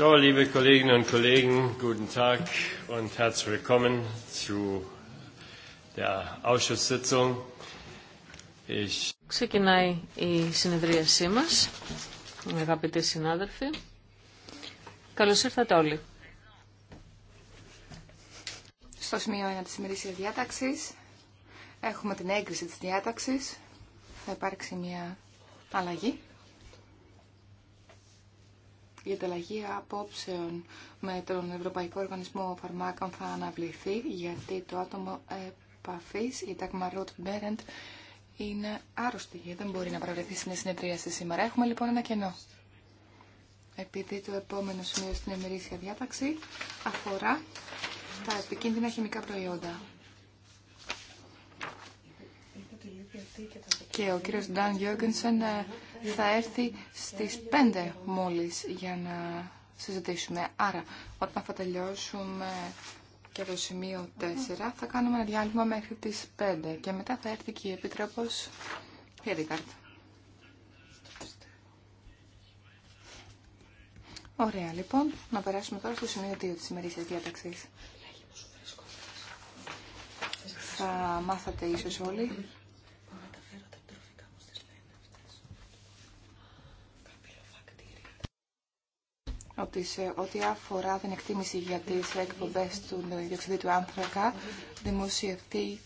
So, liebe Kolleginnen und Kollegen, guten Tag und herzlich willkommen zu der Ausschusssitzung. Ich... Ξεκινάει η συνεδρίασή μας, αγαπητοί συνάδελφοι. Καλώς ήρθατε όλοι. Στο σημείο 1 της ημερήσιας διάταξης έχουμε την έγκριση της διάταξης. Θα υπάρξει μια αλλαγή η ανταλλαγή απόψεων με τον Ευρωπαϊκό Οργανισμό Φαρμάκων θα αναβληθεί γιατί το άτομο επαφή η Dagmar Μπέρεντ, είναι άρρωστη και δεν μπορεί να παραβρεθεί στην συνεδρίαση σήμερα. Έχουμε λοιπόν ένα κενό. Επειδή το επόμενο σημείο στην εμερήσια διάταξη αφορά τα επικίνδυνα χημικά προϊόντα. Και ο κύριος Νταν Γιώργενσεν ε, θα έρθει στις 5 μόλις για να συζητήσουμε. Άρα, όταν θα τελειώσουμε και το σημείο 4, θα κάνουμε ένα διάλειμμα μέχρι τις 5 και μετά θα έρθει και η Επίτροπος Χέρικαρτ. Ωραία, λοιπόν. Να περάσουμε τώρα στο σημείο 2 της ημερήσιας διάταξης. Θα μάθατε ίσως όλοι ότι σε ό,τι αφορά την εκτίμηση για τις εκπομπέ του διοξιδίου του άνθρακα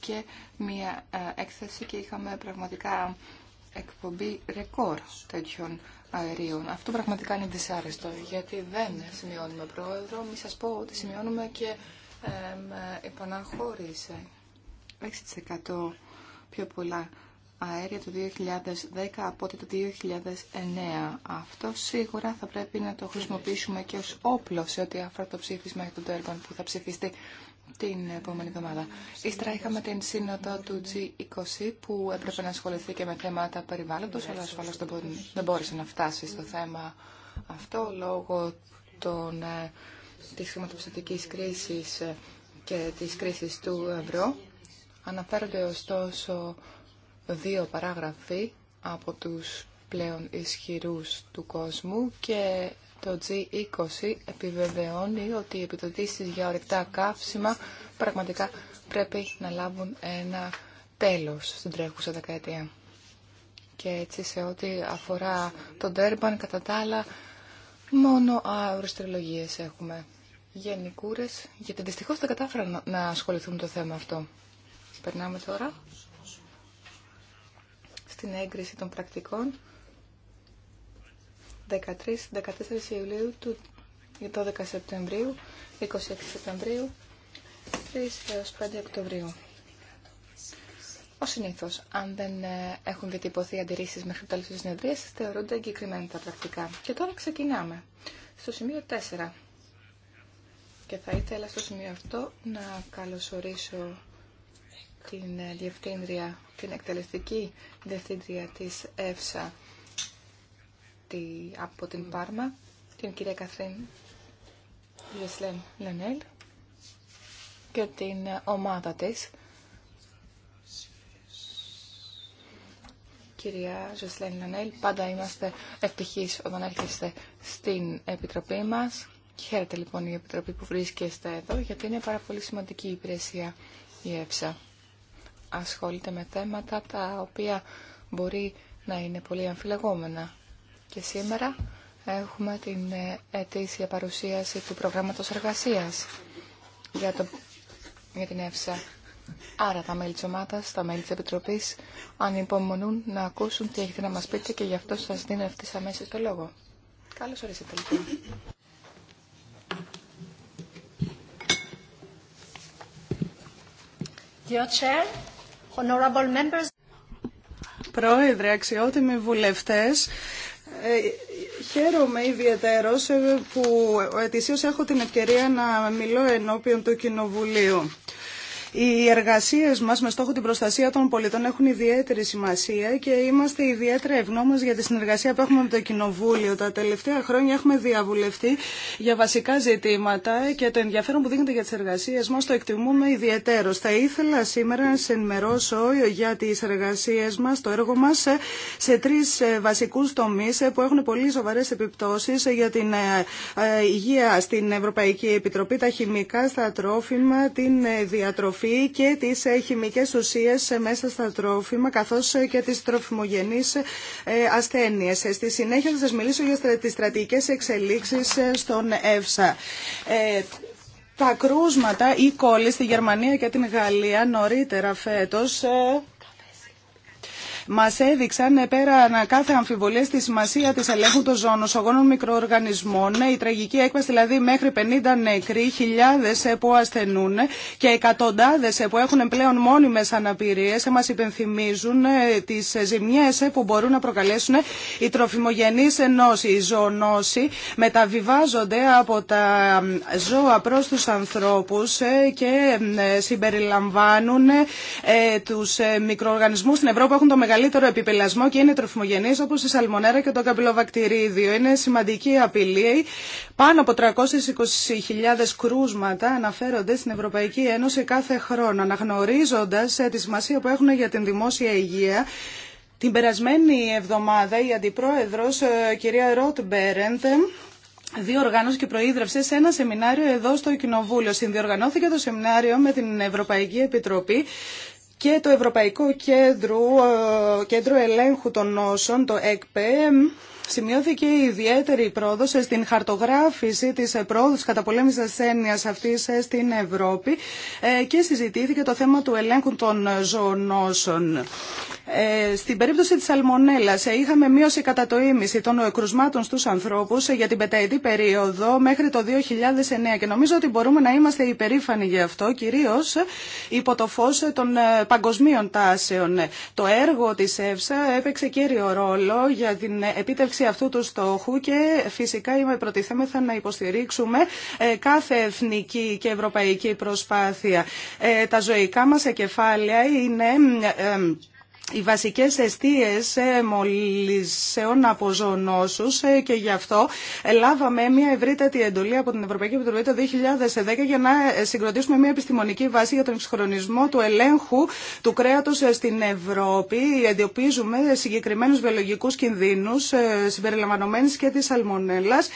και μια ε, έκθεση και είχαμε πραγματικά εκπομπή ρεκόρ τέτοιων αερίων. Αυτό πραγματικά είναι δυσάρεστο γιατί δεν σημειώνουμε πρόεδρο. Μην σας πω ότι σημειώνουμε και ε, επαναχώρηση. 6% πιο πολλά αέρια το 2010 από το 2009. Αυτό σίγουρα θα πρέπει να το χρησιμοποιήσουμε και ως όπλο σε ό,τι αφορά το ψήφισμα για τον Τέρμπαν που θα ψηφιστεί την επόμενη εβδομάδα. Ύστερα είχαμε την σύνοδο του G20 που έπρεπε να ασχοληθεί και με θέματα περιβάλλοντος, αλλά ασφαλώς δεν μπόρεσε να φτάσει στο θέμα αυτό λόγω των, ε, της χρηματοπιστωτικής ε, και της κρίσης του ευρώ. Αναφέρονται ωστόσο δύο παράγραφοι από τους πλέον ισχυρούς του κόσμου και το G20 επιβεβαιώνει ότι οι επιδοτήσεις για ορεικτά καύσιμα πραγματικά πρέπει να λάβουν ένα τέλος στην τρέχουσα δεκαετία. Και έτσι σε ό,τι αφορά τον Τέρμπαν, κατά τα άλλα, μόνο αεροστρολογίες έχουμε. Γενικούρες, γιατί δυστυχώς δεν κατάφεραν να ασχοληθούμε το θέμα αυτό. Περνάμε τώρα στην έγκριση των πρακτικών 13-14 Ιουλίου του 12 Σεπτεμβρίου, 26 Σεπτεμβρίου, 3 έως 5 Οκτωβρίου. Ως συνήθως, αν δεν ε, έχουν διατυπωθεί αντιρρήσεις μέχρι το τέλος της συνεδρίας, θεωρούνται εγκεκριμένα τα πρακτικά. Και τώρα ξεκινάμε. Στο σημείο 4. Και θα ήθελα στο σημείο αυτό να καλωσορίσω την ε, διευθύντρια, την εκτελεστική διευθύντρια της ΕΦΣΑ τη, από την Πάρμα, την κυρία Καθρίν Βεσλέν Λενέλ και την ε, ομάδα της, κυρία Ζεσλέν Λανέλ. Πάντα είμαστε ευτυχείς όταν έρχεστε στην Επιτροπή μας. Χαίρετε λοιπόν η Επιτροπή που βρίσκεστε εδώ, γιατί είναι πάρα πολύ σημαντική η υπηρεσία η ΕΦΣΑ ασχολείται με θέματα τα οποία μπορεί να είναι πολύ αμφιλεγόμενα. Και σήμερα έχουμε την ετήσια παρουσίαση του προγράμματος εργασίας για, το, για την ΕΦΣΑ. Άρα τα μέλη της ομάδας, τα μέλη της Επιτροπής ανυπομονούν να ακούσουν τι έχετε να μας πείτε και γι' αυτό σας δίνω ευθύ αμέσως το λόγο. Καλώς ορίσατε λοιπόν. Dear Chair, Honorable members. Πρόεδρε, αξιότιμοι βουλευτές, ε, Χαίρομαι ιδιαίτερος ε, που ετησίως έχω την ευκαιρία να μιλώ ενώπιον του Κοινοβουλίου. Οι εργασίε μα, με στόχο την προστασία των πολιτών έχουν ιδιαίτερη σημασία και είμαστε ιδιαίτερα ευγνώμονε για τη συνεργασία που έχουμε με το Κοινοβούλιο. Τα τελευταία χρόνια έχουμε διαβουλευτεί για βασικά ζητήματα και το ενδιαφέρον που δείχνεται για τις εργασίες μα το εκτιμούμε ιδιαίτερο. Θα ήθελα σήμερα να σας ενημερώσω για τι εργασίε μα το έργο μα, σε τρει ε, βασικού τομεί ε, που έχουν πολύ σοβαρέ επιπτώσει για την ε, υγεία στην Ευρωπαϊκή Επιτροπή, τα χημικά, στα τρόφιμα, την διατροφή και τις ε, χημικές ουσίες ε, μέσα στα τρόφιμα καθώς ε, και τις τροφιμογενείς ασθένειες. Στη συνέχεια θα σας μιλήσω για τις στρατηγικές εξελίξεις στον ΕΦΣΑ. Τα κρούσματα ή κόλλη στη Γερμανία και την Γαλλία νωρίτερα φέτος Μα έδειξαν πέραν κάθε αμφιβολία στη σημασία τη ελέγχου των οσογόνων μικροοργανισμών, η τραγική έκβαση δηλαδή μέχρι 50 νεκροί, χιλιάδε που ασθενούν και εκατοντάδε που έχουν πλέον μόνιμε αναπηρίε μα υπενθυμίζουν ε, τι ζημιέ που μπορούν να προκαλέσουν οι τροφιμογενεί νόσοι, οι ζωονόσοι μεταβιβάζονται από τα ζώα προ του ανθρώπου ε, και ε, συμπεριλαμβάνουν του μικροοργανισμού στην Ευρώπη έχουν το μεγαλύτερο μεγαλύτερο επιπελασμό και είναι τροφιμογενείς όπως η σαλμονέρα και το καμπυλοβακτηρίδιο. Είναι σημαντική απειλή. Πάνω από 320.000 κρούσματα αναφέρονται στην Ευρωπαϊκή Ένωση κάθε χρόνο, αναγνωρίζοντας τη σημασία που έχουν για την δημόσια υγεία την περασμένη εβδομάδα η Αντιπρόεδρος ε, κυρία Ροτ δύο διοργάνωσε και προείδρευσε σε ένα σεμινάριο εδώ στο Κοινοβούλιο. Συνδιοργανώθηκε το σεμινάριο με την Ευρωπαϊκή Επιτροπή και το Ευρωπαϊκό Κέντρο, ε, Κέντρο Ελέγχου των Νόσων, το ΕΚΠΕΜ, Σημειώθηκε ιδιαίτερη πρόοδο στην χαρτογράφηση τη πρόοδου καταπολέμηση τη ασθένεια αυτή στην Ευρώπη ε, και συζητήθηκε το θέμα του ελέγχου των ζωονόσων. Ε, στην περίπτωση τη Αλμονέλα ε, είχαμε μείωση κατά το ίμιση των κρουσμάτων στου ανθρώπου για την πενταετή περίοδο μέχρι το 2009 και νομίζω ότι μπορούμε να είμαστε υπερήφανοι γι' αυτό, κυρίω υπό το φω των παγκοσμίων τάσεων. Το έργο τη ΕΦΣΑ έπαιξε κύριο ρόλο για την επίτευξη αυτού του στόχου και φυσικά είμαι προτιθέμεθα να υποστηρίξουμε ε, κάθε εθνική και ευρωπαϊκή προσπάθεια. Ε, τα ζωικά μας κεφάλαια είναι ε, οι βασικές αιστείες ε, μολυσεών από ζωνόσους ε, και γι' αυτό ε, λάβαμε μια ευρύτατη εντολή από την Ευρωπαϊκή Επιτροπή το 2010 για να συγκροτήσουμε μια επιστημονική βάση για τον εξχρονισμό του ελέγχου του κρέατος στην Ευρώπη. Εντοπίζουμε συγκεκριμένους βιολογικούς κινδύνους συμπεριλαμβανομένης και της αλμονέλας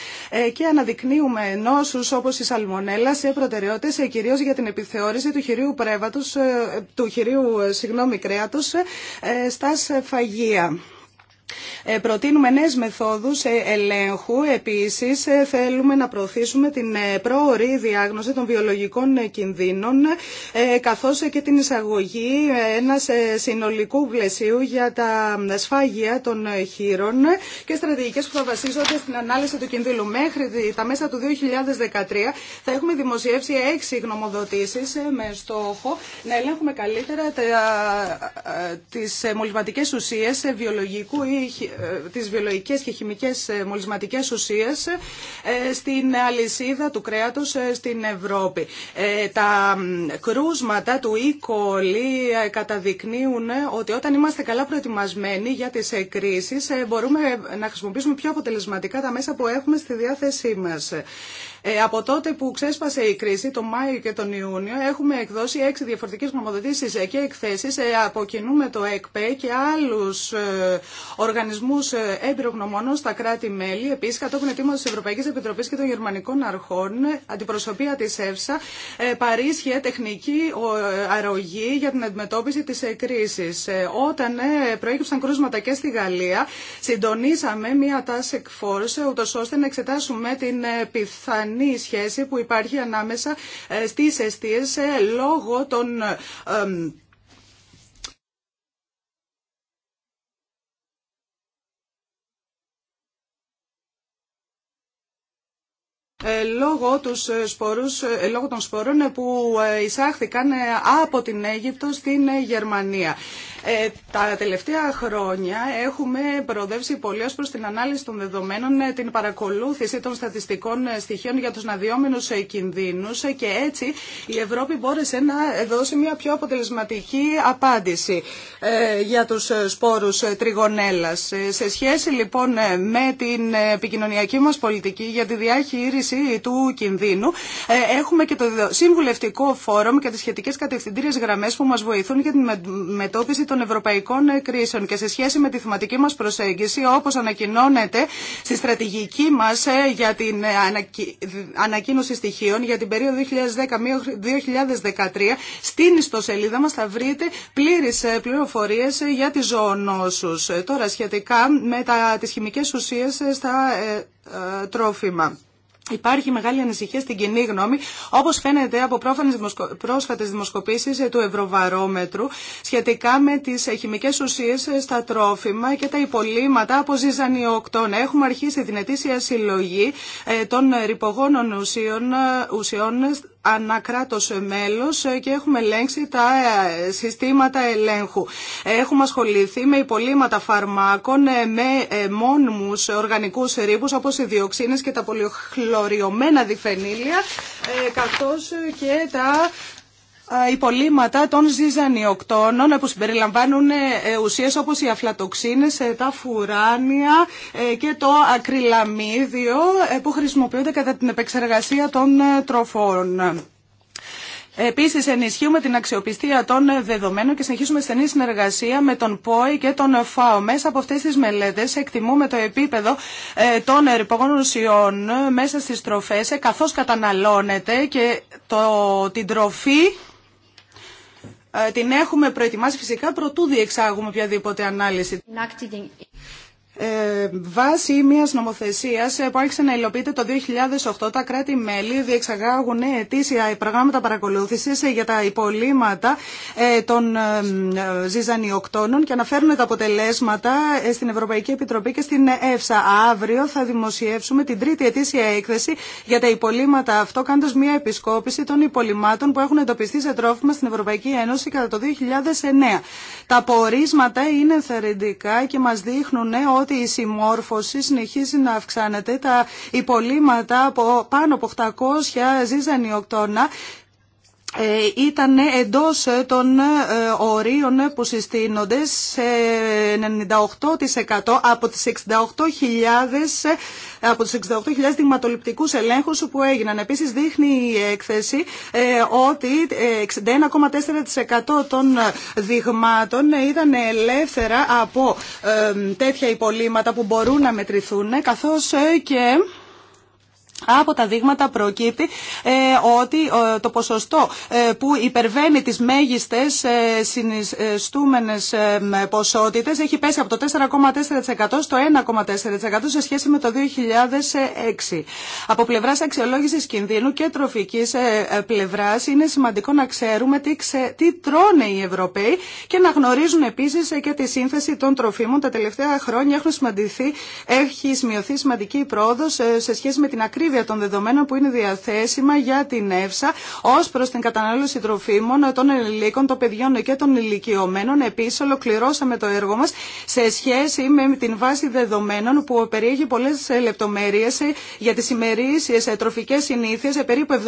και αναδεικνύουμε νόσους όπως η σαλμονέλα σε προτεραιότητες κυρίως για την επιθεώρηση του χειρίου, πρέβατος, του χειρίου συγγνώμη, κρέατος ε, στα σφαγεία. Ε, προτείνουμε νέες μεθόδους ε, ελέγχου. Επίσης, ε, θέλουμε να προωθήσουμε την πρόορη διάγνωση των βιολογικών κινδύνων, καθώς και την εισαγωγή ένας συνολικού πλαισίου για τα σφάγια των χείρων και στρατηγικές που θα βασίζονται στην ανάλυση του κινδύλου. Μέχρι τα μέσα του 2013 θα έχουμε δημοσιεύσει έξι γνωμοδοτήσεις με στόχο να ελέγχουμε καλύτερα τις μολυματικές ουσίες βιολογικού ή ε, τις βιολογικές και χημικές ε, μολυσματικές ουσίες ε, στην αλυσίδα του κρέατος στην Ευρώπη. Τα κρούσματα του E. καταδεικνύουν ότι όταν είμαστε καλά προετοιμασμένοι για τις κρίσεις μπορούμε να χρησιμοποιήσουμε πιο αποτελεσματικά τα μέσα που έχουμε στη διάθεσή μας. Ε, από τότε που ξέσπασε η κρίση, τον Μάιο και τον Ιούνιο, έχουμε εκδώσει έξι διαφορετικές νομοδοτήσεις και εκθέσεις. Ε, αποκινούμε το ΕΚΠΕ και άλλους ε, οργανισμούς ε, γνωμόνων στα κράτη-μέλη. Επίσης, κατόπιν ετοίματος της Ευρωπαϊκής Επιτροπής και των Γερμανικών Αρχών, αντιπροσωπεία της ΕΦΣΑ, ε, τεχνική αρρωγή για την αντιμετώπιση της ε, κρίσης. Όταν προέκυψαν κρούσματα και στη Γαλλία, συντονίσαμε μια task force, ώστε να εξετάσουμε την πιθανή στενή σχέση που υπάρχει ανάμεσα ε, στις αιστείες ε, λόγω των ε, Ε, λόγω, τους ε, σπόρους, ε, λόγω των σπόρων που εισάχθηκαν από την Αίγυπτο στην Γερμανία. Τα τελευταία χρόνια έχουμε προοδεύσει πολύ ως προς την ανάλυση των δεδομένων, την παρακολούθηση των στατιστικών στοιχείων για τους ναδιόμενους κινδύνους και έτσι η Ευρώπη μπόρεσε να δώσει μια πιο αποτελεσματική απάντηση για τους σπόρους τριγωνέλας. Σε σχέση λοιπόν με την επικοινωνιακή μας πολιτική για τη του κινδύνου. Ε, έχουμε και το Συμβουλευτικό Φόρουμ και τι σχετικέ κατευθυντήριε γραμμέ που μα βοηθούν για την μετώπιση των ευρωπαϊκών ε, κρίσεων. Και σε σχέση με τη θεματική μα προσέγγιση, όπω ανακοινώνεται στη στρατηγική μα ε, για την ανακοίνωση στοιχείων για την περίοδο 2010-2013, στην ιστοσελίδα μα θα βρείτε πλήρε πληροφορίε για τι ζωονόσου. Τώρα, σχετικά με τα, τις χημικές ουσίες στα τρόφιμα. Υπάρχει μεγάλη ανησυχία στην κοινή γνώμη, όπω φαίνεται από πρόσφατε δημοσκοπήσει ε, του Ευρωβαρόμετρου σχετικά με τι ε, χημικέ ουσίε ε, στα τρόφιμα και τα υπολείμματα από ζυζανιοκτώνα. Έχουμε αρχίσει την ετήσια συλλογή των ρηπογόνων ουσιών, ουσιών ανακράτος μέλος και έχουμε ελέγξει τα ε, συστήματα ελέγχου. Έχουμε ασχοληθεί με υπολείμματα φαρμάκων, ε, με ε, μόνιμους οργανικούς ρήπους όπως οι διοξίνες και τα πολυχλωριωμένα διφενήλια καθώς και τα υπολείμματα των ζυζανιοκτώνων ε, που συμπεριλαμβάνουν ε, ε, ουσίες όπως οι αφλατοξίνες, τα φουράνια και το ακριλαμίδιο που χρησιμοποιούνται κατά την επεξεργασία των τροφών. Επίση, ενισχύουμε την αξιοπιστία των δεδομένων και συνεχίζουμε στενή συνεργασία με τον ΠΟΗ και τον ΦΑΟ. Μέσα από αυτέ τι μελέτε εκτιμούμε το επίπεδο των ρηπογών ουσιών μέσα στι τροφέ, καθώ καταναλώνεται και το, την τροφή ε, την έχουμε προετοιμάσει φυσικά προτού διεξάγουμε οποιαδήποτε ανάλυση. Ε, βάσει μια νομοθεσία ε, που άρχισε να υλοποιείται το 2008, τα κράτη-μέλη διεξαγάγουν ετήσια προγράμματα παρακολούθηση ε, για τα υπολείμματα των ζυζανιοκτώνων και αναφέρουν τα αποτελέσματα στην Ευρωπαϊκή Επιτροπή και στην ΕΦΣΑ. Αύριο θα δημοσιεύσουμε την τρίτη ετήσια έκθεση για τα υπολείμματα αυτό, κάνοντα μια επισκόπηση των υπολείμματων που έχουν εντοπιστεί σε τρόφιμα στην Ευρωπαϊκή Ένωση κατά το 2009. Τα πορίσματα είναι ενθαρρυντικά και μα δείχνουν ότι ότι η συμμόρφωση συνεχίζει να αυξάνεται. Τα υπολείμματα από πάνω από 800 οκτώνα ε, ήταν εντός ε, των ε, ορίων που συστήνονται σε 98% από τις 68.000 από τις 68.000 δειγματοληπτικούς ελέγχους που έγιναν. Επίσης δείχνει η έκθεση ότι 61,4% των δειγμάτων ήταν ελεύθερα από τέτοια υπολείμματα που μπορούν να μετρηθούν καθώς και από τα δείγματα προκύπτει ε, ότι ε, το ποσοστό ε, που υπερβαίνει τις μέγιστες συνιστούμενες ποσότητες έχει πέσει από το 4,4% στο 1,4% σε σχέση με το 2006. Από πλευράς αξιολόγησης κινδύνου και τροφικής πλευράς είναι σημαντικό να ξέρουμε τι, τι τρώνε οι Ευρωπαίοι και να γνωρίζουν επίσης και τη σύνθεση των τροφίμων. Τα τελευταία χρόνια έχουν έχει σημειωθεί σημαντική πρόοδος σε σχέση με την ακρίβεια των δεδομένων που είναι διαθέσιμα για την ΕΦΣΑ ω προ την κατανάλωση τροφίμων των ελληνικών των παιδιών και των ηλικιωμένων. Επίση, ολοκληρώσαμε το έργο μα σε σχέση με την βάση δεδομένων που περιέχει πολλέ λεπτομέρειε για τι ημερήσιε τροφικέ συνήθειε σε περίπου 70.000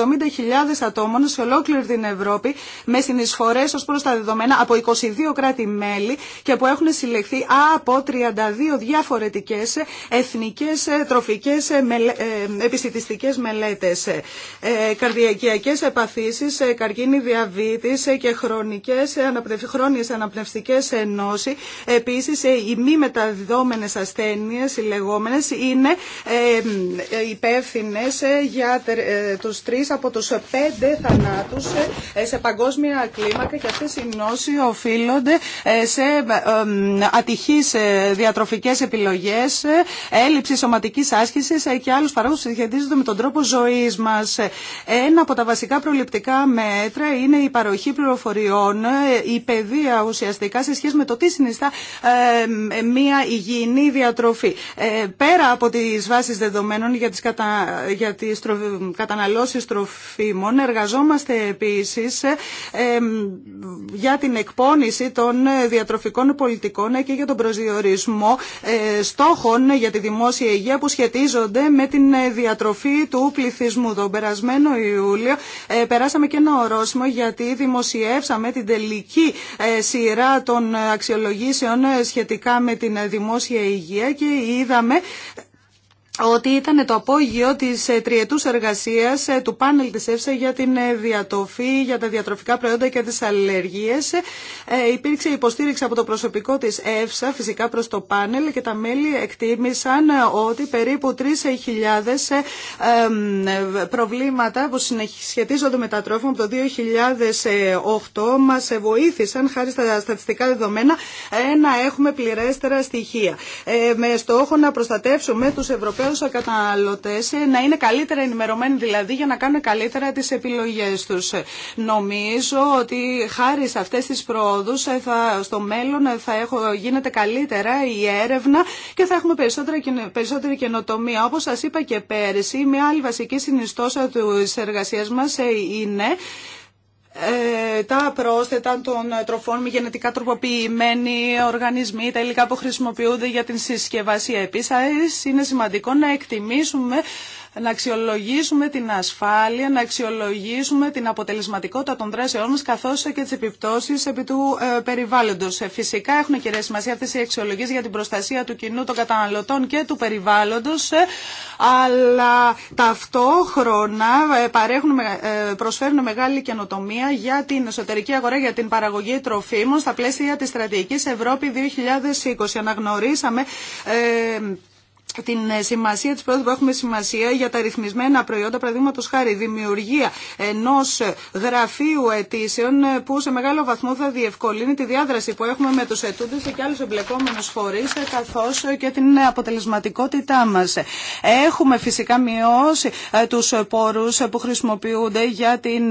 ατόμων σε ολόκληρη την Ευρώπη με συνεισφορέ ω προ τα δεδομένα από 22 κράτη-μέλη και που έχουν συλλεχθεί από 32 διαφορετικέ εθνικέ τροφικέ ε, επιστημονικέ επισητιστικές μελέτες, ε, ε, καρδιακιακές επαθήσεις, ε, καρκίνη διαβήτης και χρονικές, χρόνιες αναπνευστικές ενώσεις. Επίσης, οι μη μεταδιδόμενες ασθένειες, οι λεγόμενες, είναι υπεύθυνε για τους τρεις από τους πέντε θανάτους σε παγκόσμια κλίμακα και αυτές οι νόσοι οφείλονται σε ατυχείς διατροφικές επιλογές, έλλειψη σωματικής άσκησης και άλλους παράγοντες σχετίζονται με τον τρόπο ζωή μα. Ένα από τα βασικά προληπτικά μέτρα είναι η παροχή πληροφοριών, η παιδεία ουσιαστικά σε σχέση με το τι συνιστά ε, μια υγιεινή διατροφή. Ε, πέρα από τι βάσει δεδομένων για τι κατα... για τις καταναλώσει τροφίμων, εργαζόμαστε επίση ε, για την εκπόνηση των διατροφικών πολιτικών και για τον προσδιορισμό στόχων για τη δημόσια υγεία που σχετίζονται με την διατροφή καταστροφή του πληθυσμού. Τον περασμένο Ιούλιο ε, περάσαμε και ένα ορόσημο γιατί δημοσιεύσαμε την τελική ε, σειρά των ε, αξιολογήσεων σχετικά με την δημόσια υγεία και είδαμε ότι ήταν το απόγειο της ε, τριετούς εργασίας ε, του πάνελ της ΕΦΣΑ για την ε, διατροφή, για τα διατροφικά προϊόντα και τις αλλεργίες. Υπήρξε υποστήριξη από το προσωπικό της ΕΦΣΑ φυσικά προς το πάνελ και τα μέλη εκτίμησαν ότι περίπου 3.000 προβλήματα που σχετίζονται με τα τρόφιμα από το 2008 μας βοήθησαν χάρη στα στατιστικά δεδομένα να έχουμε πληρέστερα στοιχεία. Με στόχο να προστατεύσουμε τους Ευρωπαίους όσο καταναλωτές ε, να είναι καλύτερα ενημερωμένοι δηλαδή για να κάνουν καλύτερα τις επιλογές τους. Νομίζω ότι χάρη σε αυτές τις προόδους ε, θα, στο μέλλον ε, θα έχω, γίνεται καλύτερα η έρευνα και θα έχουμε περισσότερη καινοτομία. Όπως σας είπα και πέρυσι, μια άλλη βασική συνιστόσα τη εργασίας μας είναι ε, τα πρόσθετα των τροφών με γενετικά τροποποιημένοι οργανισμοί, τα υλικά που χρησιμοποιούνται για την συσκευασία. Επίσης, είναι σημαντικό να εκτιμήσουμε να αξιολογήσουμε την ασφάλεια, να αξιολογήσουμε την αποτελεσματικότητα των δράσεών μας καθώς και τις επιπτώσεις επί του ε, περιβάλλοντος. Ε, φυσικά έχουν κυρία σημασία αυτές οι αξιολογίες για την προστασία του κοινού, των καταναλωτών και του περιβάλλοντος, ε, αλλά ταυτόχρονα ε, παρέχουν, προσφέρουν μεγάλη καινοτομία για την εσωτερική αγορά, για την παραγωγή τροφίμων στα πλαίσια της στρατηγικής Ευρώπη 2020. Αναγνωρίσαμε την ε, σημασία τη πρόοδου που έχουμε σημασία για τα ρυθμισμένα προϊόντα, παραδείγματο χάρη δημιουργία ενό γραφείου αιτήσεων ε, που σε μεγάλο βαθμό θα διευκολύνει τη διάδραση που έχουμε με τους ετούντε και άλλου εμπλεκόμενου φορεί ε, καθώ και την αποτελεσματικότητά μα. Έχουμε φυσικά μειώσει του πόρου που χρησιμοποιούνται για την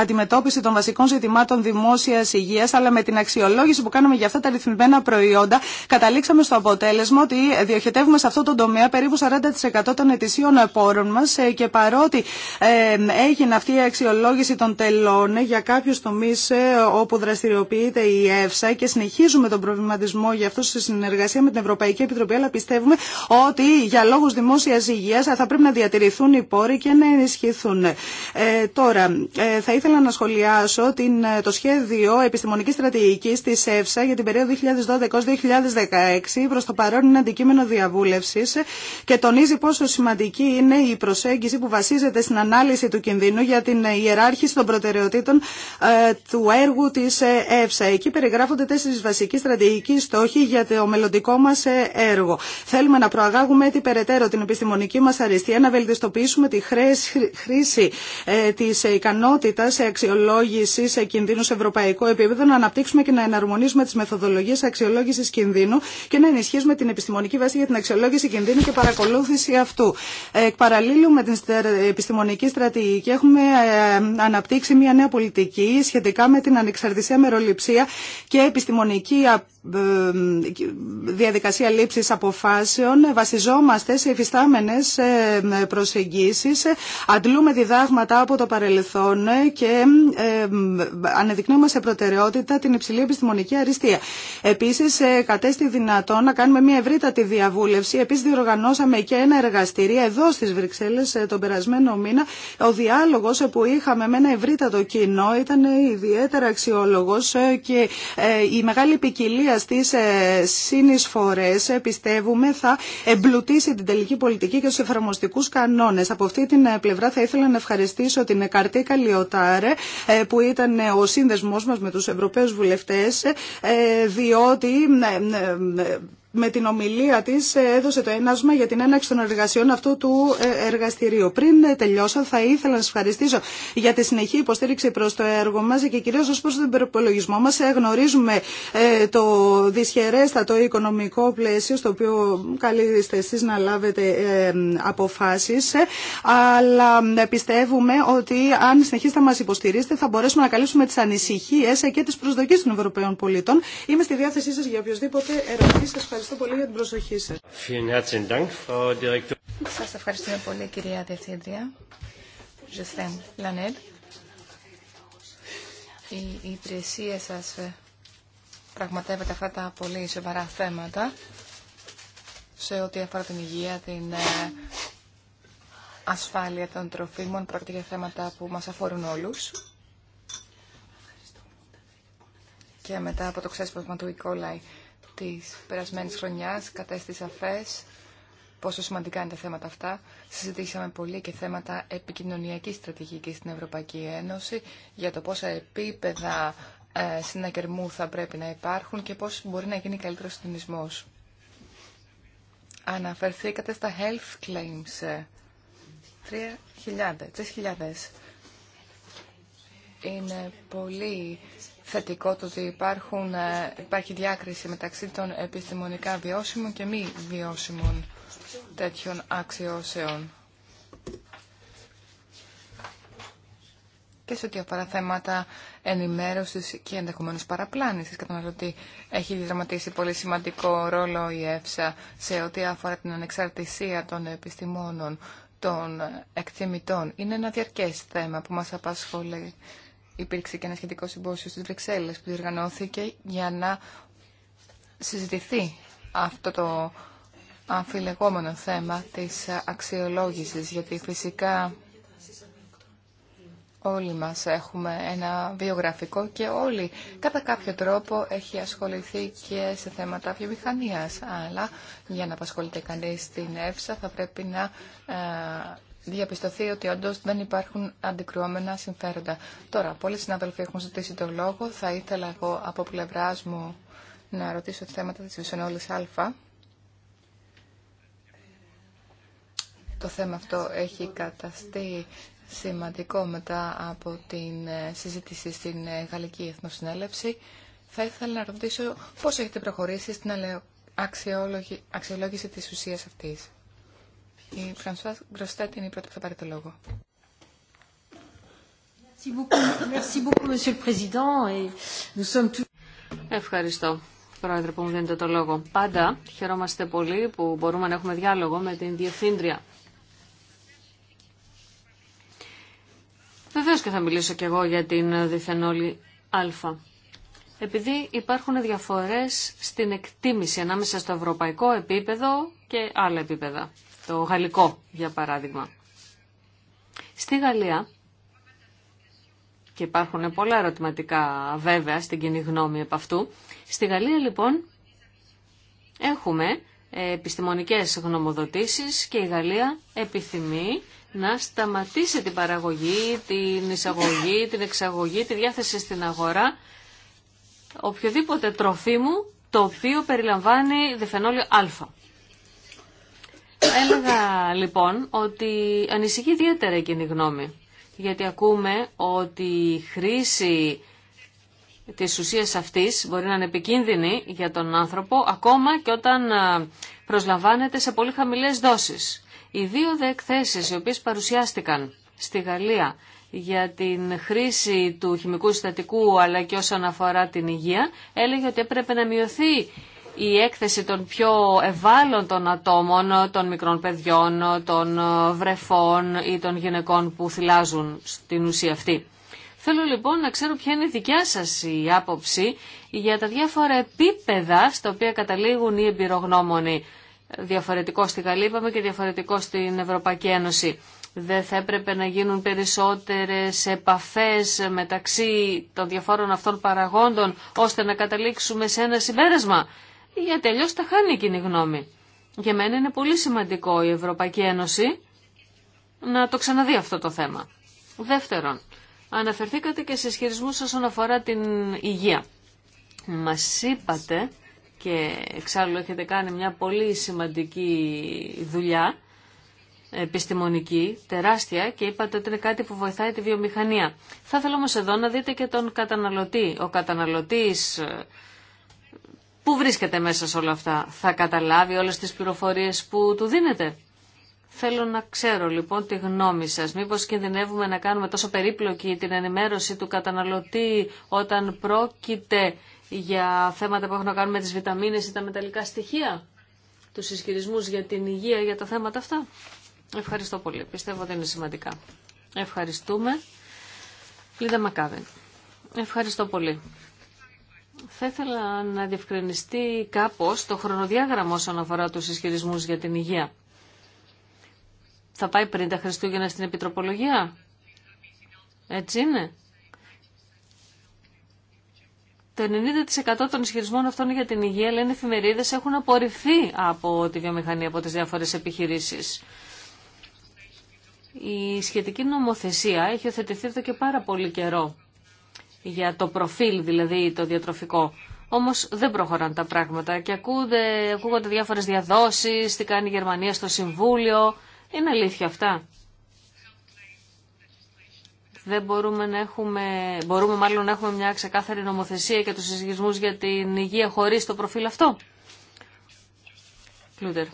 αντιμετώπιση των βασικών ζητημάτων δημόσια υγεία, αλλά με την αξιολόγηση που κάναμε για αυτά τα ρυθμισμένα προϊόντα καταλήξαμε στο αποτέλεσμα ότι διοχετεύουμε σε αυτό το τομέα περίπου 40% των ετησίων πόρων μας ε, και παρότι ε, έγινε αυτή η αξιολόγηση των τελών για κάποιους τομείς ε, όπου δραστηριοποιείται η ΕΦΣΑ και συνεχίζουμε τον προβληματισμό για αυτό σε συνεργασία με την Ευρωπαϊκή Επιτροπή αλλά πιστεύουμε ότι για λόγους δημόσιας υγείας θα πρέπει να διατηρηθούν οι πόροι και να ενισχυθούν. τώρα, θα ήθελα να σχολιάσω την, το σχέδιο επιστημονικής στρατηγικής της ΕΦΣΑ για την περίοδο 2012-2016 προς το παρόν είναι αντικείμενο διαβούλευση και τονίζει πόσο σημαντική είναι η προσέγγιση που βασίζεται στην ανάλυση του κινδύνου για την ιεράρχηση των προτεραιοτήτων ε, του έργου τη ε, ΕΦΣΑ. Εκεί περιγράφονται τέσσερι βασικοί στρατηγικοί στόχοι για το μελλοντικό μα ε, έργο. Θέλουμε να προαγάγουμε έτσι περαιτέρω την επιστημονική μα αριστεία, να βελτιστοποιήσουμε τη χρήση τη ικανότητα αξιολόγηση κινδύνου σε ευρωπαϊκό επίπεδο, να αναπτύξουμε και να εναρμονίσουμε τι μεθοδολογίε αξιολόγηση κινδύνου και να ενισχύσουμε την επιστημονική επιστημονική βάση για την αξιολόγηση κινδύνου και παρακολούθηση αυτού. Εκ παραλλήλου με την επιστημονική στρατηγική έχουμε ε, αναπτύξει μια νέα πολιτική σχετικά με την ανεξαρτησία μεροληψία και επιστημονική ε, διαδικασία λήψης αποφάσεων βασιζόμαστε σε υφιστάμενες ε, προσεγγίσεις, αντλούμε διδάγματα από το παρελθόν και ε, ανεδεικνύουμε σε προτεραιότητα την υψηλή επιστημονική αριστεία. Επίσης, κατέστη δυνατό να κάνουμε μια ευρύτατη διαβούλευση. Επίσης, διοργανώσαμε και ένα εργαστηρίο εδώ στις Βρυξέλλες τον περασμένο μήνα. Ο διάλογος που είχαμε με ένα ευρύτατο κοινό ήταν ιδιαίτερα αξιόλογος και η μεγάλη ποικιλία στις ε, συνεισφορές ε, πιστεύουμε θα εμπλουτίσει την τελική πολιτική και τους εφαρμοστικούς κανόνες. Από αυτή την ε, πλευρά θα ήθελα να ευχαριστήσω την Καρτή Καλιοτάρε που ήταν ο σύνδεσμός μας με τους Ευρωπαίους βουλευτές διότι με την ομιλία τη, ε, έδωσε το ένασμα για την έναξη των εργασιών αυτού του ε, εργαστηρίου. Πριν ε, τελειώσω θα ήθελα να σας ευχαριστήσω για τη συνεχή υποστήριξη προ το έργο μα και κυρίω ω προ τον προπολογισμό μας. Γνωρίζουμε το δυσχερέστατο οικονομικό πλαίσιο στο οποίο καλείστε εσεί να λάβετε αποφάσει. αλλά πιστεύουμε ότι αν συνεχίσετε να μα υποστηρίζετε θα μπορέσουμε να καλύψουμε τι ανησυχίε και τι προσδοκίε των Ευρωπαίων πολιτών. Είμαι στη διάθεσή σα για οποιοδήποτε ερωτήσεις ευχαριστώ πολύ για την προσοχή σας. Σα ευχαριστούμε πολύ κυρία Διευθύντρια. Ζεστέν Λανέλ. Η υπηρεσία σα ε, πραγματεύεται αυτά τα πολύ σοβαρά θέματα σε ό,τι αφορά την υγεία, την ε, ασφάλεια των τροφίμων, πρόκειται για θέματα που μα αφορούν όλου. Και μετά από το ξέσπασμα του E. coli της περασμένης χρονιάς κατέστησα φες πόσο σημαντικά είναι τα θέματα αυτά. Συζητήσαμε πολύ και θέματα επικοινωνιακής στρατηγικής στην Ευρωπαϊκή Ένωση για το πόσα επίπεδα ε, συνακερμού θα πρέπει να υπάρχουν και πώς μπορεί να γίνει καλύτερος συντονισμός. Αναφερθήκατε στα health claims. 3.000, ε. 3.000. Είναι πολύ θετικό το ότι υπάρχουν, ε, υπάρχει διάκριση μεταξύ των επιστημονικά βιώσιμων και μη βιώσιμων τέτοιων αξιώσεων. Και σε ό,τι αφορά θέματα ενημέρωση και ενδεχομένω παραπλάνησης ότι έχει διδραματίσει πολύ σημαντικό ρόλο η ΕΦΣΑ σε ό,τι αφορά την ανεξαρτησία των επιστημόνων των εκτιμητών. Είναι ένα διαρκές θέμα που μας απασχολεί υπήρξε και ένα σχετικό συμπόσιο στις Βρυξέλλες που διοργανώθηκε για να συζητηθεί αυτό το αμφιλεγόμενο θέμα της αξιολόγησης, γιατί φυσικά όλοι μας έχουμε ένα βιογραφικό και όλοι κατά κάποιο τρόπο έχει ασχοληθεί και σε θέματα βιομηχανίας. Αλλά για να απασχολείται κανείς στην Εύσα θα πρέπει να ε, διαπιστωθεί ότι όντω δεν υπάρχουν αντικρουόμενα συμφέροντα. Τώρα, πολλοί συνάδελφοι έχουν ζητήσει τον λόγο. Θα ήθελα εγώ από πλευρά μου να ρωτήσω θέματα της Βυσσονόλη Α. Το θέμα αυτό έχει καταστεί σημαντικό μετά από την ε, συζήτηση στην ε, Γαλλική Εθνοσυνέλευση. Θα ήθελα να ρωτήσω πώς έχετε προχωρήσει στην αξιολόγηση της ουσίας αυτής. Η Φρανσουά Γκροστέτ είναι η πρώτη που θα πάρει το λόγο. Ευχαριστώ, Πρόεδρε, που μου δίνετε το λόγο. Πάντα χαιρόμαστε πολύ που μπορούμε να έχουμε διάλογο με την Διευθύντρια. Βεβαίω και θα μιλήσω κι εγώ για την διφενόλη Α. Επειδή υπάρχουν διαφορές στην εκτίμηση ανάμεσα στο ευρωπαϊκό επίπεδο και άλλα επίπεδα το γαλλικό για παράδειγμα. Στη Γαλλία, και υπάρχουν πολλά ερωτηματικά βέβαια στην κοινή γνώμη από αυτού, στη Γαλλία λοιπόν έχουμε επιστημονικές γνωμοδοτήσεις και η Γαλλία επιθυμεί να σταματήσει την παραγωγή, την εισαγωγή, την εξαγωγή, τη διάθεση στην αγορά οποιοδήποτε τροφίμου το οποίο περιλαμβάνει διφενόλιο α. Έλεγα λοιπόν ότι ανησυχεί ιδιαίτερα η γνώμη. Γιατί ακούμε ότι η χρήση της ουσίας αυτής μπορεί να είναι επικίνδυνη για τον άνθρωπο ακόμα και όταν ε, προσλαμβάνεται σε πολύ χαμηλές δόσεις. Οι δύο δε εκθέσεις οι οποίες παρουσιάστηκαν στη Γαλλία για την χρήση του χημικού συστατικού αλλά και όσον αφορά την υγεία έλεγε ότι έπρεπε να μειωθεί η έκθεση των πιο ευάλωτων ατόμων, των μικρών παιδιών, των βρεφών ή των γυναικών που θυλάζουν στην ουσία αυτή. Θέλω λοιπόν να ξέρω ποια είναι η δικιά σας η άποψη για τα διάφορα επίπεδα στα οποία καταλήγουν οι εμπειρογνώμονοι. Διαφορετικό στη Γαλλία είπαμε και διαφορετικό στην Ευρωπαϊκή Ένωση. Δεν θα έπρεπε να γίνουν περισσότερες επαφές μεταξύ των διαφόρων αυτών παραγόντων ώστε να καταλήξουμε σε ένα συμπέρασμα για τελειώς τα χάνει η γνώμη. Για μένα είναι πολύ σημαντικό η Ευρωπαϊκή Ένωση να το ξαναδεί αυτό το θέμα. Δεύτερον, αναφερθήκατε και σε ισχυρισμού όσον αφορά την υγεία. Μας είπατε και εξάλλου έχετε κάνει μια πολύ σημαντική δουλειά επιστημονική, τεράστια και είπατε ότι είναι κάτι που βοηθάει τη βιομηχανία. Θα ήθελα όμως εδώ να δείτε και τον καταναλωτή. Ο καταναλωτής Πού βρίσκεται μέσα σε όλα αυτά. Θα καταλάβει όλες τις πληροφορίες που του δίνετε. Θέλω να ξέρω λοιπόν τη γνώμη σας. Μήπως κινδυνεύουμε να κάνουμε τόσο περίπλοκη την ενημέρωση του καταναλωτή όταν πρόκειται για θέματα που έχουν να κάνουν με τις βιταμίνες ή τα μεταλλικά στοιχεία. Τους ισχυρισμού για την υγεία για τα θέματα αυτά. Ευχαριστώ πολύ. Πιστεύω ότι είναι σημαντικά. Ευχαριστούμε. Λίδα Μακάβεν. Ευχαριστώ πολύ. Θα ήθελα να διευκρινιστεί κάπως το χρονοδιάγραμμα όσον αφορά τους ισχυρισμούς για την υγεία. Θα πάει πριν τα Χριστούγεννα στην Επιτροπολογία. Έτσι είναι. Το 90% των ισχυρισμών αυτών για την υγεία, λένε εφημερίδε, έχουν απορριφθεί από τη βιομηχανία, από τι διάφορε επιχειρήσει. Η σχετική νομοθεσία έχει οθετηθεί εδώ και πάρα πολύ καιρό για το προφίλ δηλαδή το διατροφικό. Όμως δεν προχωράνε τα πράγματα και ακούγονται, ακούγονται διάφορες διαδόσεις, τι κάνει η Γερμανία στο Συμβούλιο. Είναι αλήθεια αυτά. Δεν μπορούμε να έχουμε, μπορούμε μάλλον να έχουμε μια ξεκάθαρη νομοθεσία και τους συζυγισμούς για την υγεία χωρίς το προφίλ αυτό. Κλούτερ.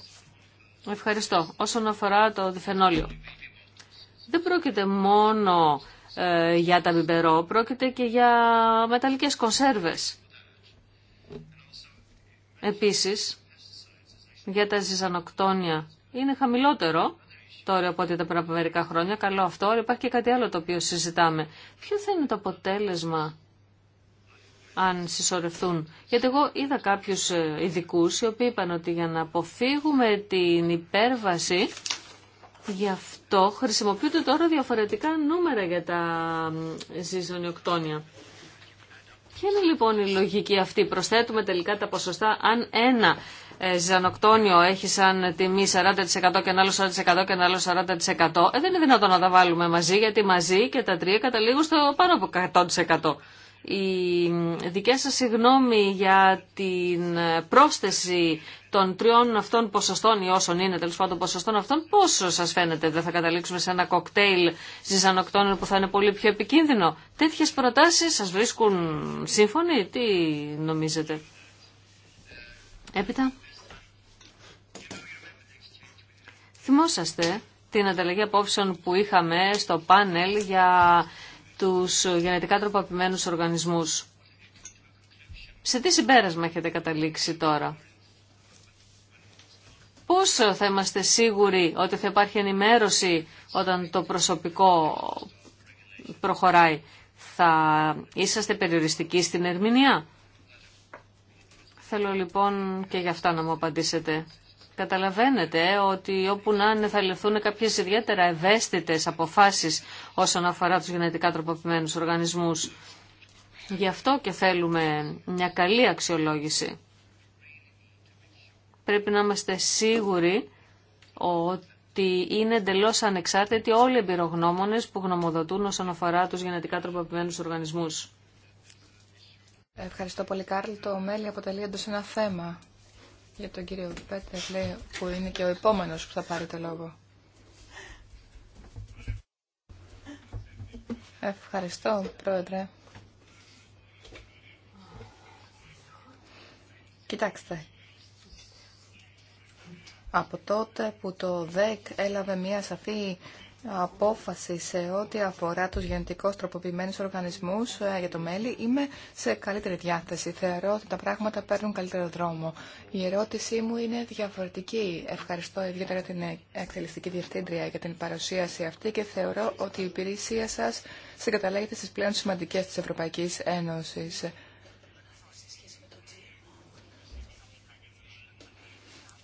Ευχαριστώ. Όσον αφορά το διφενόλιο. Δεν πρόκειται μόνο ε, για τα μπιμπερό, πρόκειται και για μεταλλικές κονσέρβες. Επίσης, για τα ζυζανοκτόνια είναι χαμηλότερο τώρα από ό,τι τα πριν από μερικά χρόνια. Καλό αυτό, αλλά υπάρχει και κάτι άλλο το οποίο συζητάμε. Ποιο θα είναι το αποτέλεσμα αν συσσωρευτούν. Γιατί εγώ είδα κάποιους ε, ειδικού οι οποίοι είπαν ότι για να αποφύγουμε την υπέρβαση Γι' αυτό χρησιμοποιούνται τώρα διαφορετικά νούμερα για τα ζυζονιοκτόνια. Ποια είναι λοιπόν η λογική αυτή. Προσθέτουμε τελικά τα ποσοστά αν ένα ε, ζυζανοκτόνιο έχει σαν τιμή 40% και ένα άλλο 40% και ένα άλλο 40%. Ε, δεν είναι δυνατόν να τα βάλουμε μαζί γιατί μαζί και τα τρία καταλήγουν στο πάνω από 100%. Η δικιά σας συγγνώμη για την ε, πρόσθεση των τριών αυτών ποσοστών ή όσων είναι τέλο πάντων ποσοστών αυτών, πόσο σα φαίνεται δεν θα καταλήξουμε σε ένα κοκτέιλ ζυζανοκτώνων που θα είναι πολύ πιο επικίνδυνο. Τέτοιε προτάσει σα βρίσκουν σύμφωνοι, τι νομίζετε. Έπειτα. Θυμόσαστε την ανταλλαγή απόψεων που είχαμε στο πάνελ για τους γενετικά τροποποιημένους οργανισμούς. Σε τι συμπέρασμα έχετε καταλήξει τώρα. Πώς θα είμαστε σίγουροι ότι θα υπάρχει ενημέρωση όταν το προσωπικό προχωράει. Θα είσαστε περιοριστικοί στην ερμηνεία. Θέλω λοιπόν και γι' αυτά να μου απαντήσετε. Καταλαβαίνετε ότι όπου να είναι θα ληφθούν κάποιες ιδιαίτερα ευαίσθητες αποφάσεις όσον αφορά τους γενετικά τροποποιημένους οργανισμούς. Γι' αυτό και θέλουμε μια καλή αξιολόγηση πρέπει να είμαστε σίγουροι ότι είναι εντελώ ανεξάρτητοι όλοι οι εμπειρογνώμονε που γνωμοδοτούν όσον αφορά του γενετικά τροποποιημένους οργανισμούς. Ευχαριστώ πολύ Κάρλ. Το μέλη αποτελεί εντό ένα θέμα για τον κύριο Πέτερ, που είναι και ο επόμενος που θα πάρει το λόγο. Ευχαριστώ, Πρόεδρε. Κοιτάξτε, από τότε που το ΔΕΚ έλαβε μια σαφή απόφαση σε ό,τι αφορά τους γενετικώς τροποποιημένους οργανισμούς ε, για το μέλι, είμαι σε καλύτερη διάθεση. Θεωρώ ότι τα πράγματα παίρνουν καλύτερο δρόμο. Η ερώτησή μου είναι διαφορετική. Ευχαριστώ ιδιαίτερα την εκτελεστική διευθύντρια για την παρουσίαση αυτή και θεωρώ ότι η υπηρεσία σας συγκαταλέγεται στις πλέον σημαντικές της Ευρωπαϊκής Ένωσης.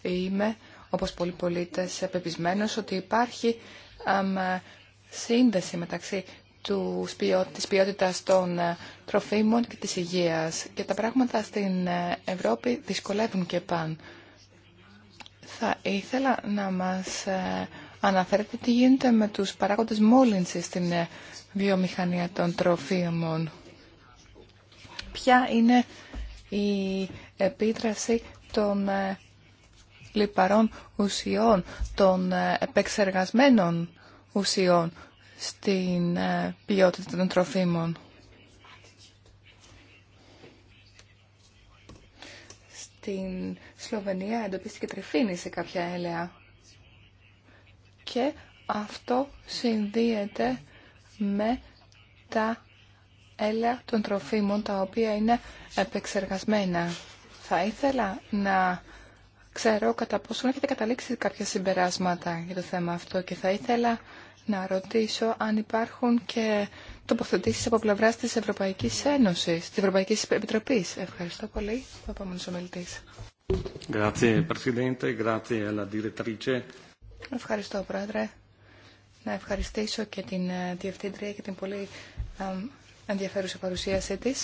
Είμαι όπως πολλοί πολίτες, επεπισμένος ότι υπάρχει σύνδεση μεταξύ του, της ποιότητας των ε, τροφίμων και της υγείας. Και τα πράγματα στην ε, Ευρώπη δυσκολεύουν και παν. Θα ήθελα να μας ε, αναφέρετε τι γίνεται με τους παράγοντες μόλυνσης στην βιομηχανία των τροφίμων. Ποια είναι η επίδραση των λιπαρών ουσιών, των ε, επεξεργασμένων ουσιών στην ε, ποιότητα των τροφίμων. Στην Σλοβενία εντοπίστηκε τρυφίνη σε κάποια έλαια. Και αυτό συνδύεται με τα έλαια των τροφίμων τα οποία είναι επεξεργασμένα. Θα ήθελα να ξέρω κατά πόσο έχετε καταλήξει κάποια συμπεράσματα για το θέμα αυτό και θα ήθελα να ρωτήσω αν υπάρχουν και τοποθετήσεις από πλευράς της Ευρωπαϊκής Ένωσης, της ευρωπαϊκή Επιτροπής. Ευχαριστώ πολύ. Ο επόμενος ομιλητής. Ευχαριστώ, Πρόεδρε. Να ευχαριστήσω και την ε, Διευθύντρια και την πολύ ε, ενδιαφέρουσα παρουσίασή της.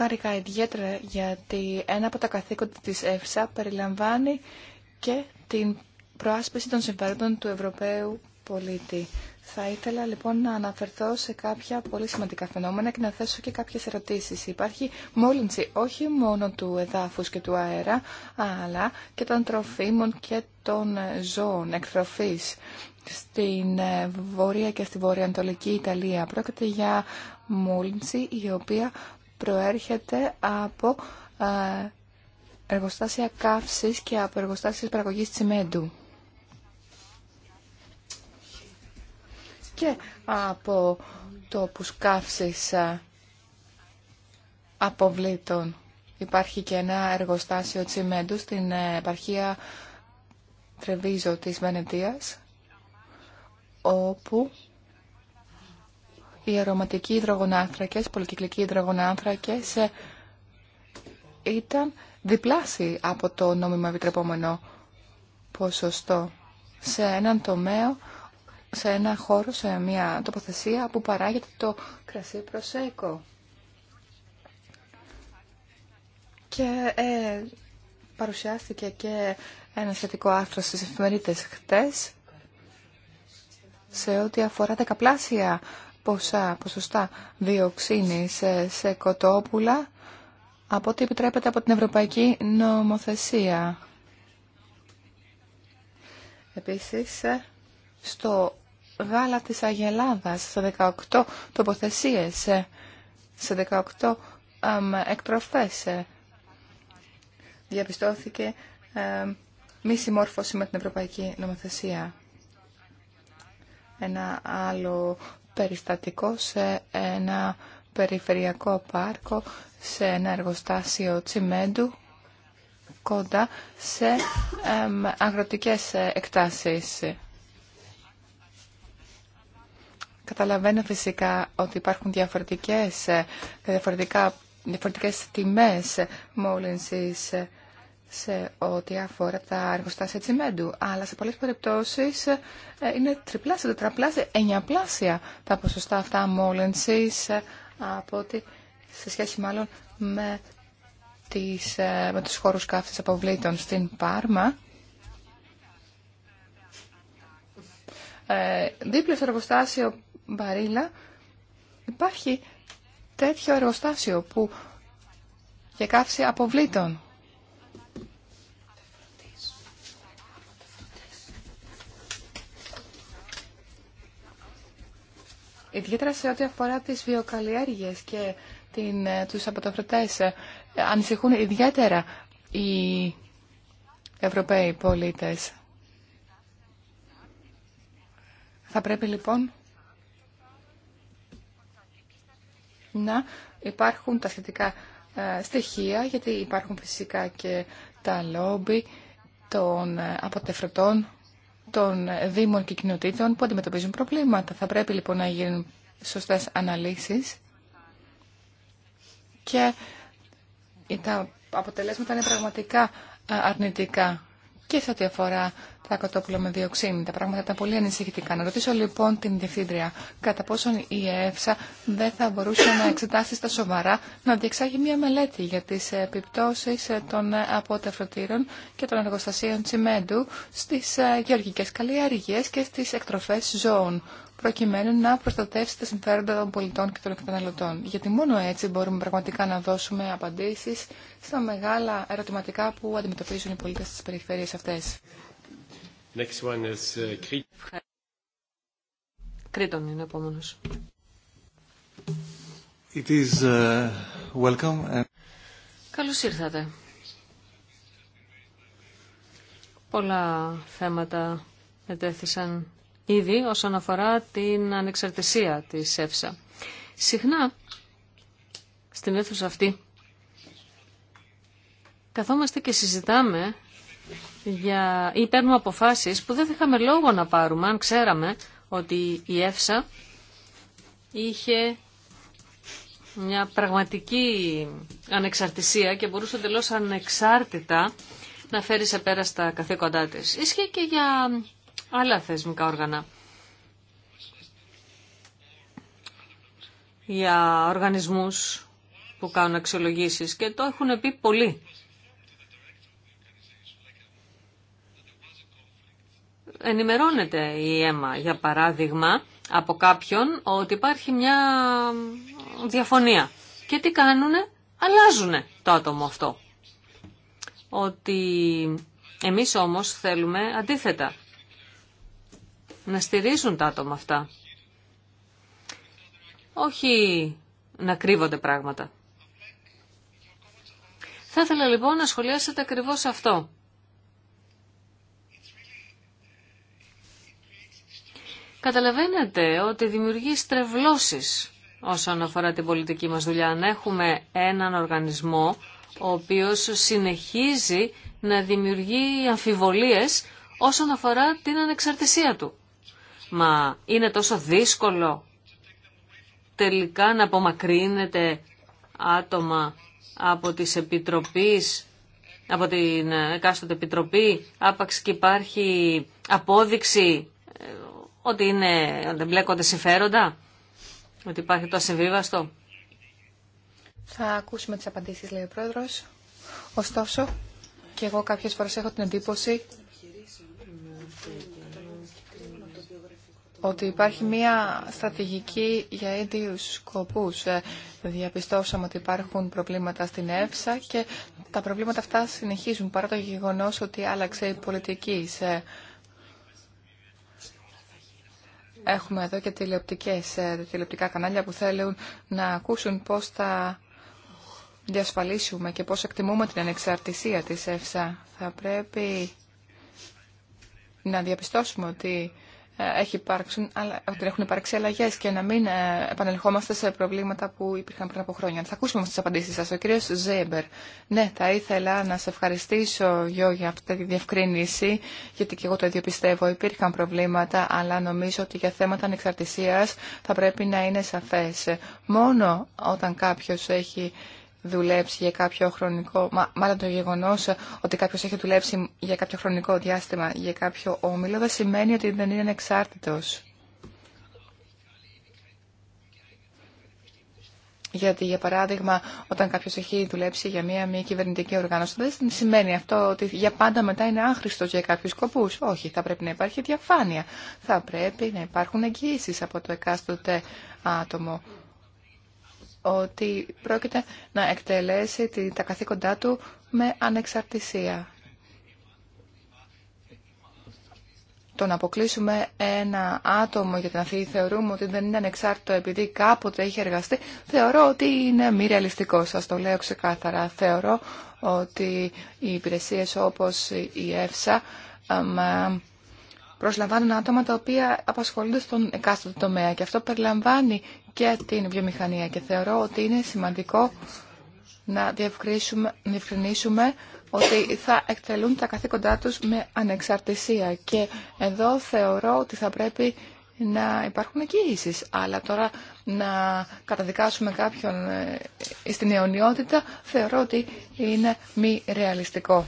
Χάρηκα ιδιαίτερα γιατί ένα από τα καθήκοντα της ΕΦΣΑ περιλαμβάνει και την προάσπιση των συμφέροντων του Ευρωπαίου πολίτη. Θα ήθελα λοιπόν να αναφερθώ σε κάποια πολύ σημαντικά φαινόμενα και να θέσω και κάποιες ερωτήσεις. Υπάρχει μόλυνση όχι μόνο του εδάφους και του αέρα, αλλά και των τροφίμων και των ζώων εκτροφής στην ε, Βόρεια και στη Βορειοανατολική Ιταλία. Πρόκειται για μόλυνση η οποία προέρχεται από ε, εργοστάσια καύσης και από εργοστάσια παραγωγής τσιμέντου. Και από τόπους καύσης ε, αποβλήτων. Υπάρχει και ένα εργοστάσιο τσιμέντου στην ε, επαρχία Τρεβίζο της Βενετίας, όπου οι αρωματικοί υδρογονάνθρακες, πολυκυκλικοί υδρογονάνθρακες ε, ήταν διπλάσιοι από το νόμιμο επιτρεπόμενο ποσοστό σε έναν τομέα, σε ένα χώρο, σε μια τοποθεσία που παράγεται το κρασί προσέκο. Και ε, παρουσιάστηκε και ένα σχετικό άρθρο στις εφημερίδες χτες σε ό,τι αφορά δεκαπλάσια ποσά, ποσοστά διοξίνη σε κοτόπουλα από ό,τι επιτρέπεται από την Ευρωπαϊκή Νομοθεσία. Επίσης, στο γάλα της Αγελάδας, σε 18 τοποθεσίες, σε 18 εκτροφές, διαπιστώθηκε μη συμμόρφωση με την Ευρωπαϊκή Νομοθεσία. Ένα άλλο περιστατικό σε ένα περιφερειακό πάρκο, σε ένα εργοστάσιο τσιμέντου, κοντά σε αγροτικές εκτάσεις. Καταλαβαίνω φυσικά ότι υπάρχουν διαφορετικές, διαφορετικά, διαφορετικές τιμές μόλυνσης σε ό,τι αφορά τα εργοστάσια τσιμέντου. Αλλά σε πολλές περιπτώσεις ε, είναι τριπλάσια, τετραπλάσια, ενιαπλάσια τα ποσοστά αυτά μόλυνσης ε, από σε σχέση μάλλον με, τις, ε, με τους χώρους καύσης αποβλήτων στην Πάρμα. δίπλα στο εργοστάσιο Μπαρίλα υπάρχει τέτοιο εργοστάσιο που για καύση αποβλήτων Ιδιαίτερα σε ό,τι αφορά τις βιοκαλλιέργειες και την, ε, τους ε, ανησυχούν ιδιαίτερα οι Ευρωπαίοι πολίτες. Θα πρέπει λοιπόν να υπάρχουν τα σχετικά ε, στοιχεία, γιατί υπάρχουν φυσικά και τα λόμπι των αποτεφρωτών των Δήμων και Κοινοτήτων που αντιμετωπίζουν προβλήματα. Θα πρέπει λοιπόν να γίνουν σωστές αναλύσεις και τα αποτελέσματα είναι πραγματικά αρνητικά και σε ό,τι αφορά τα κοτόπουλα με διοξίνη. Τα πράγματα ήταν πολύ ανησυχητικά. Να ρωτήσω λοιπόν την Διευθύντρια κατά πόσον η ΕΕΦΣΑ δεν θα μπορούσε να εξετάσει στα σοβαρά να διεξάγει μια μελέτη για τι επιπτώσεις ε, των αποτεφρωτήρων και των εργοστασίων τσιμέντου στις ε, γεωργικέ καλλιέργειες και στις εκτροφέ ζώων προκειμένου να προστατεύσει τα συμφέροντα των πολιτών και των καταναλωτών. Γιατί μόνο έτσι μπορούμε πραγματικά να δώσουμε απαντήσεις στα μεγάλα ερωτηματικά που αντιμετωπίζουν οι πολίτες στις περιφέρειες αυτές. Uh, Κρήτον είναι uh, Καλώς ήρθατε. Πολλά θέματα ετέθησαν ήδη όσον αφορά την ανεξαρτησία της ΕΦΣΑ. Συχνά στην αίθουσα αυτή καθόμαστε και συζητάμε για... ή παίρνουμε αποφάσεις που δεν είχαμε λόγο να πάρουμε αν ξέραμε ότι η ΕΦΣΑ είχε μια πραγματική ανεξαρτησία και μπορούσε εντελώ ανεξάρτητα να φέρει σε πέρα στα καθήκοντά της. Ίσχυε και για άλλα θεσμικά όργανα. για οργανισμούς που κάνουν αξιολογήσεις και το έχουν πει πολλοί. Ενημερώνεται η ΕΜΑ, για παράδειγμα, από κάποιον ότι υπάρχει μια διαφωνία. Και τι κάνουνε, αλλάζουνε το άτομο αυτό. Ότι εμείς όμως θέλουμε αντίθετα να στηρίζουν τα άτομα αυτά. Όχι να κρύβονται πράγματα. Θα ήθελα λοιπόν να σχολιάσετε ακριβώς αυτό. Καταλαβαίνετε ότι δημιουργεί στρεβλώσεις όσον αφορά την πολιτική μας δουλειά. Αν έχουμε έναν οργανισμό ο οποίος συνεχίζει να δημιουργεί αμφιβολίες όσον αφορά την ανεξαρτησία του. Μα είναι τόσο δύσκολο τελικά να απομακρύνεται άτομα από τις επιτροπής, από την εκάστοτε επιτροπή, άπαξ και υπάρχει απόδειξη ε, ότι, είναι, ότι μπλέκονται συμφέροντα, ότι υπάρχει το ασυμβίβαστο. Θα ακούσουμε τις απαντήσεις, λέει ο Πρόεδρος. Ωστόσο, και εγώ κάποιες φορές έχω την εντύπωση ότι υπάρχει μια στρατηγική για ίδιους σκοπούς. Ε, διαπιστώσαμε ότι υπάρχουν προβλήματα στην ΕΦΣΑ και τα προβλήματα αυτά συνεχίζουν παρά το γεγονός ότι άλλαξε η πολιτική. Έχουμε εδώ και τηλεοπτικές, ε, τηλεοπτικά κανάλια που θέλουν να ακούσουν πώς θα διασφαλίσουμε και πώς εκτιμούμε την ανεξαρτησία της ΕΦΣΑ. Θα πρέπει να διαπιστώσουμε ότι ε, έχει υπάρξουν, αλλά, ότι έχουν υπάρξει αλλαγέ και να μην ε, επανελχόμαστε σε προβλήματα που υπήρχαν πριν από χρόνια. Θα ακούσουμε όμω τι απαντήσει σα. Ο κύριο Ζέμπερ. Ναι, θα ήθελα να σε ευχαριστήσω, Γιώ, για αυτή τη διευκρίνηση, γιατί και εγώ το ίδιο πιστεύω. Υπήρχαν προβλήματα, αλλά νομίζω ότι για θέματα ανεξαρτησία θα πρέπει να είναι σαφέ. Μόνο όταν κάποιο έχει δουλέψει για κάποιο χρονικό, μα, μάλλον το γεγονό ότι κάποιο έχει δουλέψει για κάποιο χρονικό διάστημα για κάποιο όμιλο, δεν σημαίνει ότι δεν είναι ανεξάρτητο. Γιατί, για παράδειγμα, όταν κάποιο έχει δουλέψει για μία μη κυβερνητική οργάνωση, δεν σημαίνει αυτό ότι για πάντα μετά είναι άχρηστο για κάποιου σκοπού. Όχι, θα πρέπει να υπάρχει διαφάνεια. Θα πρέπει να υπάρχουν εγγύησει από το εκάστοτε άτομο ότι πρόκειται να εκτελέσει τα καθήκοντά του με ανεξαρτησία. Το να αποκλείσουμε ένα άτομο για την θεωρούμε ότι δεν είναι ανεξάρτητο επειδή κάποτε είχε εργαστεί, θεωρώ ότι είναι μη ρεαλιστικό. Σας το λέω ξεκάθαρα. Θεωρώ ότι οι υπηρεσίες όπως η ΕΦΣΑ προσλαμβάνουν άτομα τα οποία απασχολούνται στον εκάστοτε τομέα και αυτό περιλαμβάνει και την βιομηχανία και θεωρώ ότι είναι σημαντικό να διευκρινίσουμε ότι θα εκτελούν τα καθήκοντά τους με ανεξαρτησία και εδώ θεωρώ ότι θα πρέπει να υπάρχουν εγγύησει. Αλλά τώρα να καταδικάσουμε κάποιον ε, στην αιωνιότητα θεωρώ ότι είναι μη ρεαλιστικό.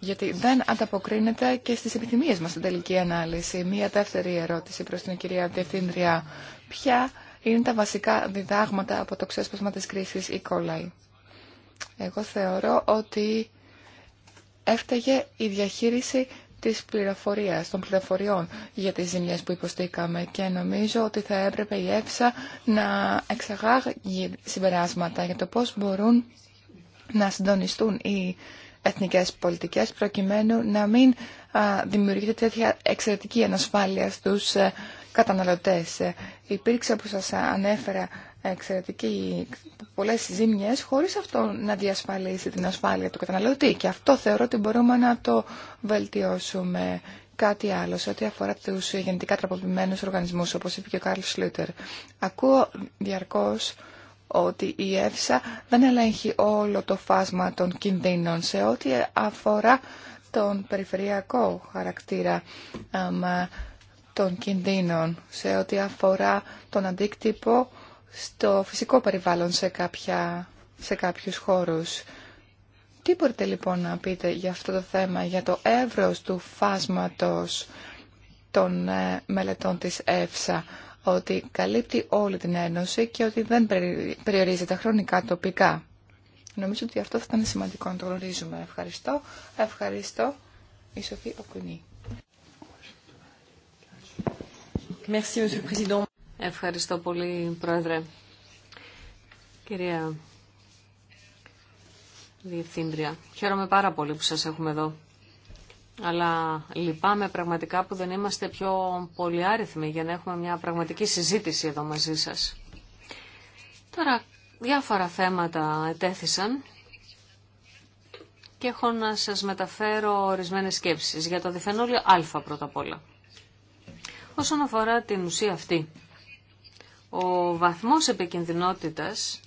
Γιατί δεν ανταποκρίνεται και στις επιθυμίες μας στην τελική ανάλυση. Μία δεύτερη ερώτηση προς την κυρία Διευθύντρια. Ποια είναι τα βασικά διδάγματα από το ξέσπασμα της κρίσης η κόλαη. Εγώ θεωρώ ότι έφταγε η διαχείριση της πληροφορίας, των πληροφοριών για τις ζημιές που υποστήκαμε και νομίζω ότι θα έπρεπε η ΕΦΣΑ να εξαγάγει συμπεράσματα για το πώς μπορούν να συντονιστούν οι εθνικές πολιτικές προκειμένου να μην δημιουργείται τέτοια εξαιρετική ανασφάλεια στους ε, καταναλωτές. Υπήρξε, όπως σας ανέφερα, εξαιρετική πολλές ζήμιες χωρίς αυτό να διασφαλίσει την ασφάλεια του καταναλωτή και αυτό θεωρώ ότι μπορούμε να το βελτιώσουμε κάτι άλλο σε ό,τι αφορά τους γενετικά τραποποιημένους οργανισμούς όπως είπε και ο Κάρλ Σλούτερ. Ακούω διαρκώς ότι η ΕΦΣΑ δεν ελέγχει όλο το φάσμα των κινδύνων σε ό,τι αφορά τον περιφερειακό χαρακτήρα των κινδύνων σε ό,τι αφορά τον αντίκτυπο στο φυσικό περιβάλλον σε, κάποια, σε κάποιους χώρους. Τι μπορείτε λοιπόν να πείτε για αυτό το θέμα, για το εύρος του φάσματος των ε, μελετών της ΕΦΣΑ, ότι καλύπτει όλη την Ένωση και ότι δεν περιορίζεται χρονικά τοπικά. Νομίζω ότι αυτό θα ήταν σημαντικό να το γνωρίζουμε. Ευχαριστώ. Ευχαριστώ η Σοφή Οκουνή. Ευχαριστώ πολύ, Πρόεδρε. Κυρία Διευθύντρια, χαίρομαι πάρα πολύ που σας έχουμε εδώ. Αλλά λυπάμαι πραγματικά που δεν είμαστε πιο πολυάριθμοι για να έχουμε μια πραγματική συζήτηση εδώ μαζί σας. Τώρα διάφορα θέματα ετέθησαν και έχω να σας μεταφέρω ορισμένες σκέψεις για το διφενόλιο α πρώτα απ' όλα. Όσον αφορά την ουσία αυτή, ο βαθμός επικινδυνότητας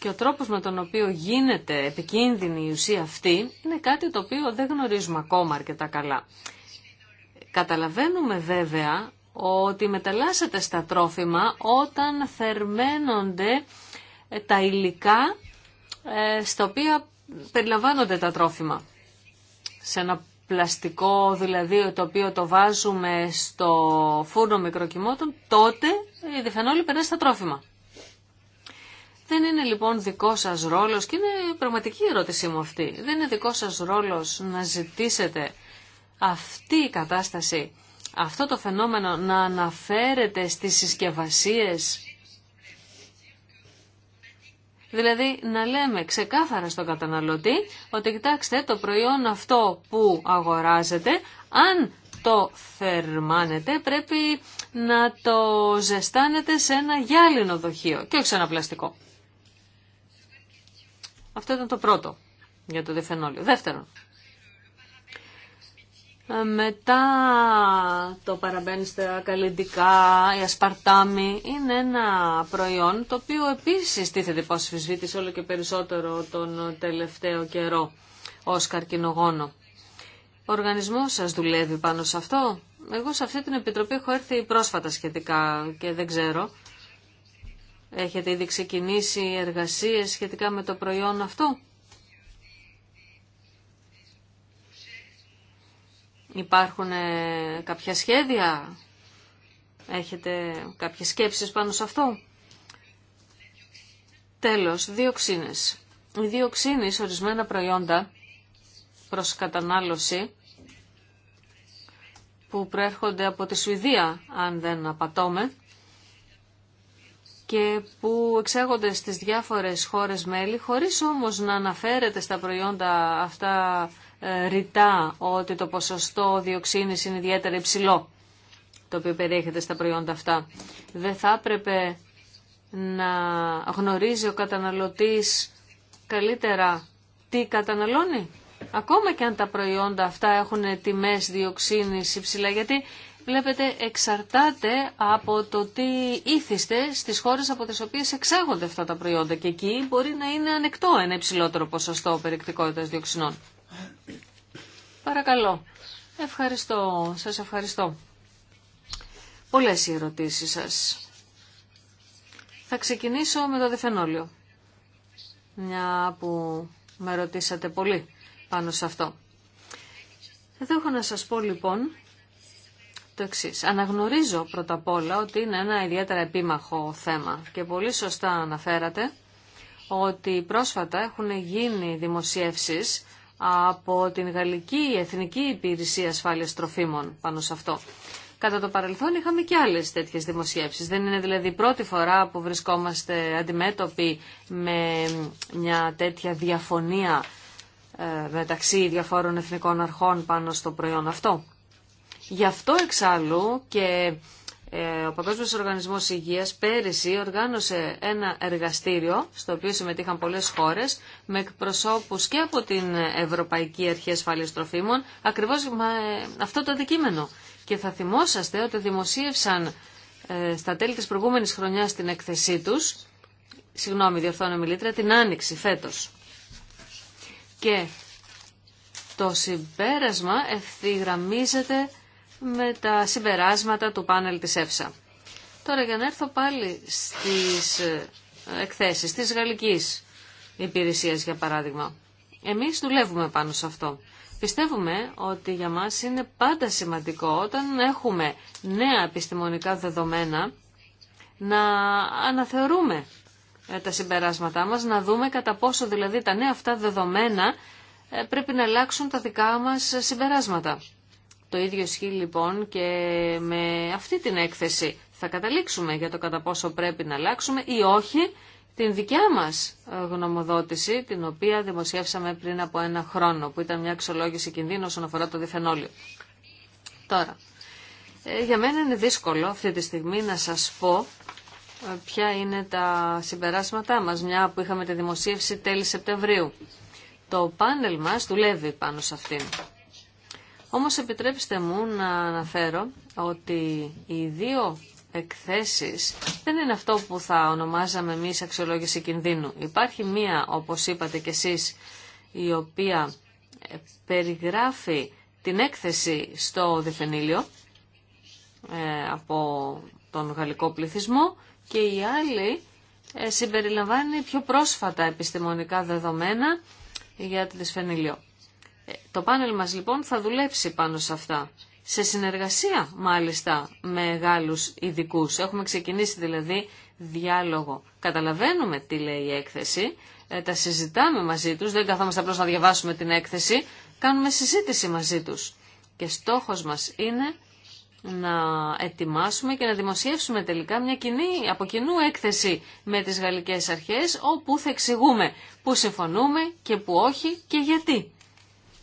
και ο τρόπος με τον οποίο γίνεται επικίνδυνη η ουσία αυτή είναι κάτι το οποίο δεν γνωρίζουμε ακόμα αρκετά καλά. Καταλαβαίνουμε βέβαια ότι μεταλλάσσεται στα τρόφιμα όταν θερμαίνονται τα υλικά ε, στα οποία περιλαμβάνονται τα τρόφιμα σε ένα πλαστικό δηλαδή το οποίο το βάζουμε στο φούρνο μικροκυμώτων, τότε η διφενόλη περνάει στα τρόφιμα. Δεν είναι λοιπόν δικό σας ρόλος, και είναι πραγματική ερώτησή μου αυτή, δεν είναι δικό σας ρόλος να ζητήσετε αυτή η κατάσταση, αυτό το φαινόμενο να αναφέρεται στις συσκευασίες Δηλαδή να λέμε ξεκάθαρα στον καταναλωτή ότι κοιτάξτε το προϊόν αυτό που αγοράζετε, αν το θερμάνετε πρέπει να το ζεστάνετε σε ένα γυάλινο δοχείο και όχι σε ένα πλαστικό. Αυτό ήταν το πρώτο για το διφενόλιο. Δεύτερον, ε, μετά το παραμπαίνει στα καλλιντικά, η ασπαρτάμι, είναι ένα προϊόν το οποίο επίσης τίθεται υπό φυσβήτησε όλο και περισσότερο τον τελευταίο καιρό ως καρκινογόνο. Ο οργανισμός σας δουλεύει πάνω σε αυτό. Εγώ σε αυτή την επιτροπή έχω έρθει πρόσφατα σχετικά και δεν ξέρω. Έχετε ήδη ξεκινήσει εργασίες σχετικά με το προϊόν αυτό. Υπάρχουν ε, κάποια σχέδια, έχετε κάποιες σκέψεις πάνω σε αυτό. Τέλος, διοξίνες. Οι δύο διοξίνες, ορισμένα προϊόντα προς κατανάλωση, που προέρχονται από τη Σουηδία, αν δεν απατώμε, και που εξάγονται στις διάφορες χώρες μέλη, χωρίς όμως να αναφέρεται στα προϊόντα αυτά ε, ρητά ότι το ποσοστό διοξίνης είναι ιδιαίτερα υψηλό, το οποίο περιέχεται στα προϊόντα αυτά. Δεν θα έπρεπε να γνωρίζει ο καταναλωτής καλύτερα τι καταναλώνει, ακόμα και αν τα προϊόντα αυτά έχουν τιμές διοξίνης υψηλά, γιατί βλέπετε εξαρτάται από το τι ήθιστε στις χώρες από τις οποίες εξάγονται αυτά τα προϊόντα και εκεί μπορεί να είναι ανεκτό ένα υψηλότερο ποσοστό περιεκτικότητας διοξινών. Παρακαλώ. Ευχαριστώ. Σας ευχαριστώ. Πολλές οι ερωτήσεις σας. Θα ξεκινήσω με το διφενόλιο. Μια που με ρωτήσατε πολύ πάνω σε αυτό. Εδώ έχω να σας πω λοιπόν το εξής. Αναγνωρίζω πρώτα απ' όλα ότι είναι ένα ιδιαίτερα επίμαχο θέμα και πολύ σωστά αναφέρατε ότι πρόσφατα έχουν γίνει δημοσιεύσεις από την Γαλλική Εθνική Υπηρεσία Ασφάλειας Τροφίμων πάνω σε αυτό. Κατά το παρελθόν είχαμε και άλλες τέτοιες δημοσιεύσεις. Δεν είναι δηλαδή η πρώτη φορά που βρισκόμαστε αντιμέτωποι με μια τέτοια διαφωνία ε, μεταξύ διαφόρων εθνικών αρχών πάνω στο προϊόν αυτό. Γι' αυτό εξάλλου και ε, ο Παγκόσμιο Οργανισμός Υγείας πέρυσι οργάνωσε ένα εργαστήριο στο οποίο συμμετείχαν πολλές χώρες με εκπροσώπου και από την Ευρωπαϊκή Αρχή Ασφάλειας Τροφίμων ακριβώς με αυτό το αντικείμενο. Και θα θυμόσαστε ότι δημοσίευσαν ε, στα τέλη τη προηγούμενης χρονιάς την έκθεσή τους, συγγνώμη διορθώνω μιλήτρα την Άνοιξη φέτο. Και το συμπέρασμα ευθυγραμμίζεται με τα συμπεράσματα του πάνελ της ΕΦΣΑ. Τώρα για να έρθω πάλι στις ε, εκθέσεις της γαλλικής υπηρεσίας για παράδειγμα. Εμείς δουλεύουμε πάνω σε αυτό. Πιστεύουμε ότι για μας είναι πάντα σημαντικό όταν έχουμε νέα επιστημονικά δεδομένα να αναθεωρούμε ε, τα συμπεράσματά μας, να δούμε κατά πόσο δηλαδή τα νέα αυτά δεδομένα ε, πρέπει να αλλάξουν τα δικά μας συμπεράσματα. Το ίδιο ισχύει λοιπόν και με αυτή την έκθεση. Θα καταλήξουμε για το κατά πόσο πρέπει να αλλάξουμε ή όχι την δικιά μας ε, γνωμοδότηση, την οποία δημοσιεύσαμε πριν από ένα χρόνο, που ήταν μια αξιολόγηση κινδύνου όσον αφορά το διφενόλιο. Τώρα, ε, για μένα είναι δύσκολο αυτή τη στιγμή να σας πω ε, ποια είναι τα συμπεράσματά μας, μια που είχαμε τη δημοσίευση τέλη Σεπτεμβρίου. Το πάνελ μας δουλεύει πάνω σε αυτήν. Όμως επιτρέψτε μου να αναφέρω ότι οι δύο εκθέσεις δεν είναι αυτό που θα ονομάζαμε εμείς αξιολόγηση κινδύνου. Υπάρχει μία, όπως είπατε κι εσείς, η οποία περιγράφει την έκθεση στο διφενήλιο ε, από τον γαλλικό πληθυσμό και η άλλη ε, συμπεριλαμβάνει πιο πρόσφατα επιστημονικά δεδομένα για τη διφενήλιο. Το πάνελ μας λοιπόν θα δουλέψει πάνω σε αυτά. Σε συνεργασία μάλιστα με Γάλλους ειδικού. Έχουμε ξεκινήσει δηλαδή διάλογο. Καταλαβαίνουμε τι λέει η έκθεση, ε, τα συζητάμε μαζί τους, δεν καθόμαστε απλώς να διαβάσουμε την έκθεση, κάνουμε συζήτηση μαζί τους. Και στόχος μας είναι να ετοιμάσουμε και να δημοσιεύσουμε τελικά μια κοινή, από κοινού έκθεση με τις γαλλικές αρχές, όπου θα εξηγούμε που συμφωνούμε και που όχι και γιατί.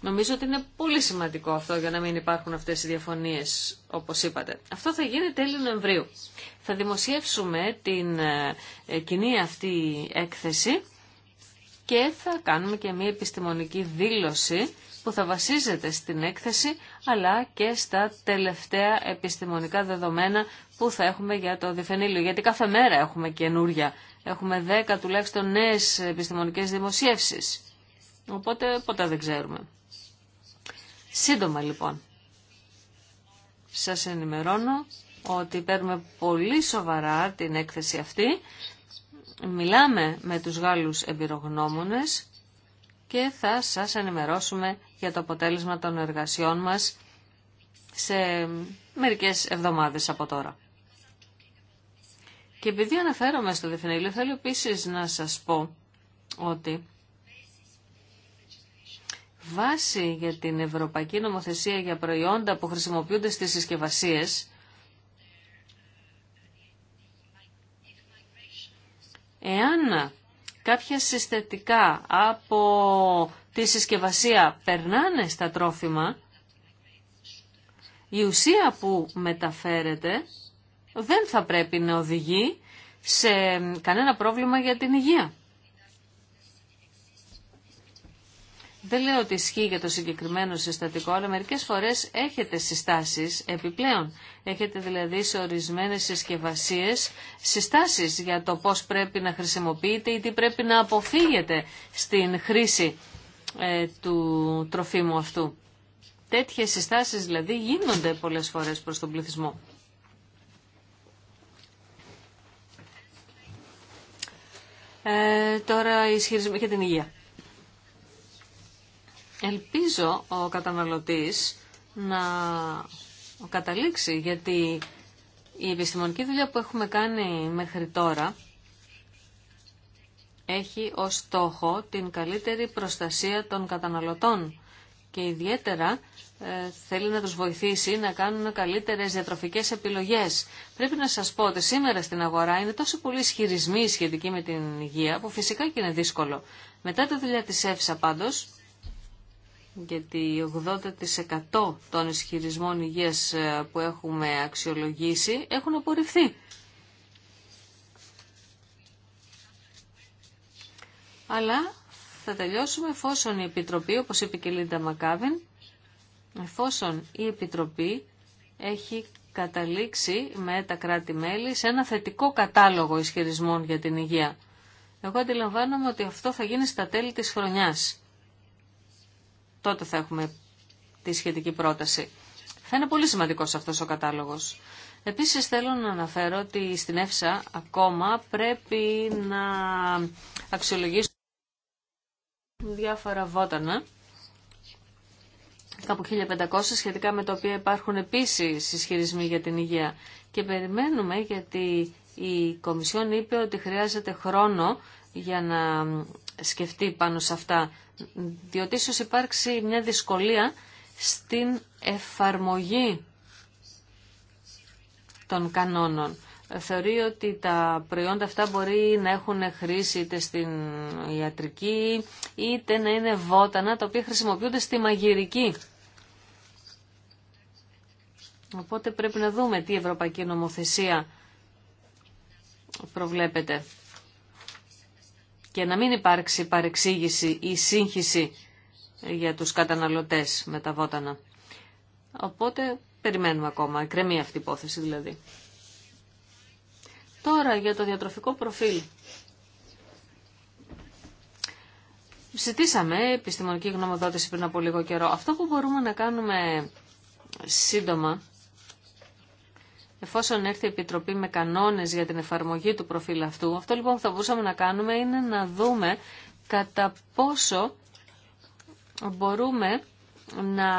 Νομίζω ότι είναι πολύ σημαντικό αυτό για να μην υπάρχουν αυτές οι διαφωνίε, όπως είπατε. Αυτό θα γίνει τέλη Νοεμβρίου. Θα δημοσιεύσουμε την ε, ε, κοινή αυτή έκθεση και θα κάνουμε και μια επιστημονική δήλωση που θα βασίζεται στην έκθεση αλλά και στα τελευταία επιστημονικά δεδομένα που θα έχουμε για το διφενήλιο. Γιατί κάθε μέρα έχουμε καινούρια. Έχουμε 10 τουλάχιστον νέες επιστημονικές δημοσίευσεις. Οπότε ποτέ δεν ξέρουμε. Σύντομα λοιπόν, σας ενημερώνω ότι παίρνουμε πολύ σοβαρά την έκθεση αυτή. Μιλάμε με τους Γάλλους εμπειρογνώμονες και θα σας ενημερώσουμε για το αποτέλεσμα των εργασιών μας σε μερικές εβδομάδες από τώρα. Και επειδή αναφέρομαι στο Δεφινέλιο, θέλω επίσης να σας πω ότι βάση για την Ευρωπαϊκή Νομοθεσία για προϊόντα που χρησιμοποιούνται στις συσκευασίες, Εάν κάποια συστατικά από τη συσκευασία περνάνε στα τρόφιμα, η ουσία που μεταφέρεται δεν θα πρέπει να οδηγεί σε κανένα πρόβλημα για την υγεία. Δεν λέω ότι ισχύει για το συγκεκριμένο συστατικό, αλλά μερικές φορές έχετε συστάσεις επιπλέον. Έχετε δηλαδή σε ορισμένες συσκευασίε συστάσεις για το πώς πρέπει να χρησιμοποιείτε ή τι πρέπει να αποφύγετε στην χρήση ε, του τροφίμου αυτού. Τέτοιες συστάσεις δηλαδή γίνονται πολλές φορές προς τον πληθυσμό. Ε, τώρα ισχυρισμοί για την υγεία. Ελπίζω ο καταναλωτής να καταλήξει, γιατί η επιστημονική δουλειά που έχουμε κάνει μέχρι τώρα έχει ως στόχο την καλύτερη προστασία των καταναλωτών και ιδιαίτερα ε, θέλει να τους βοηθήσει να κάνουν καλύτερες διατροφικές επιλογές. Πρέπει να σας πω ότι σήμερα στην αγορά είναι τόσο πολλοί ισχυρισμοί σχετικοί με την υγεία που φυσικά και είναι δύσκολο. Μετά τη δουλειά της ΕΦΣΑ πάντως γιατί 80% των ισχυρισμών υγείας ε, που έχουμε αξιολογήσει έχουν απορριφθεί. Αλλά θα τελειώσουμε εφόσον η Επιτροπή, όπως είπε και η Λίντα Μακάβιν, εφόσον η Επιτροπή έχει καταλήξει με τα κράτη-μέλη σε ένα θετικό κατάλογο ισχυρισμών για την υγεία. Εγώ αντιλαμβάνομαι ότι αυτό θα γίνει στα τέλη της χρονιάς τότε θα έχουμε τη σχετική πρόταση. Θα είναι πολύ σημαντικός αυτός ο κατάλογος. Επίσης θέλω να αναφέρω ότι στην ΕΦΣΑ ακόμα πρέπει να αξιολογήσουμε διάφορα βότανα, κάπου 1500 σχετικά με τα οποία υπάρχουν επίσης ισχυρισμοί για την υγεία. Και περιμένουμε γιατί η Κομισιόν είπε ότι χρειάζεται χρόνο για να σκεφτεί πάνω σε αυτά, διότι ίσως υπάρξει μια δυσκολία στην εφαρμογή των κανόνων. Θεωρεί ότι τα προϊόντα αυτά μπορεί να έχουν χρήση είτε στην ιατρική, είτε να είναι βότανα, τα οποία χρησιμοποιούνται στη μαγειρική. Οπότε πρέπει να δούμε τι ευρωπαϊκή νομοθεσία προβλέπεται και να μην υπάρξει παρεξήγηση ή σύγχυση για τους καταναλωτές με τα βότανα. Οπότε περιμένουμε ακόμα, εκκρεμεί αυτή η υπόθεση δηλαδή. Τώρα για το διατροφικό προφίλ. Ζητήσαμε επιστημονική γνωμοδότηση πριν από λίγο καιρό. Αυτό που μπορούμε να κάνουμε σύντομα εφόσον έρθει η Επιτροπή με κανόνες για την εφαρμογή του προφίλ αυτού, αυτό λοιπόν που θα μπορούσαμε να κάνουμε είναι να δούμε κατά πόσο μπορούμε να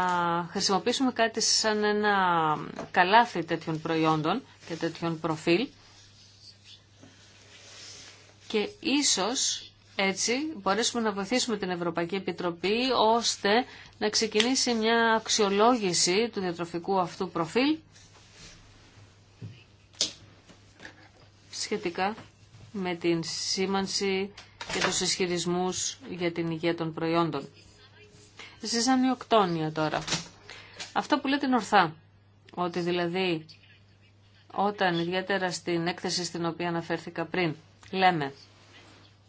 χρησιμοποιήσουμε κάτι σαν ένα καλάθι τέτοιων προϊόντων και τέτοιων προφίλ και ίσως έτσι μπορέσουμε να βοηθήσουμε την Ευρωπαϊκή Επιτροπή ώστε να ξεκινήσει μια αξιολόγηση του διατροφικού αυτού προφίλ σχετικά με την σήμανση και τους ισχυρισμού για την υγεία των προϊόντων. Ζήσανε οκτώνια τώρα. Αυτό που λέτε είναι ορθά, ότι δηλαδή όταν ιδιαίτερα στην έκθεση στην οποία αναφέρθηκα πριν λέμε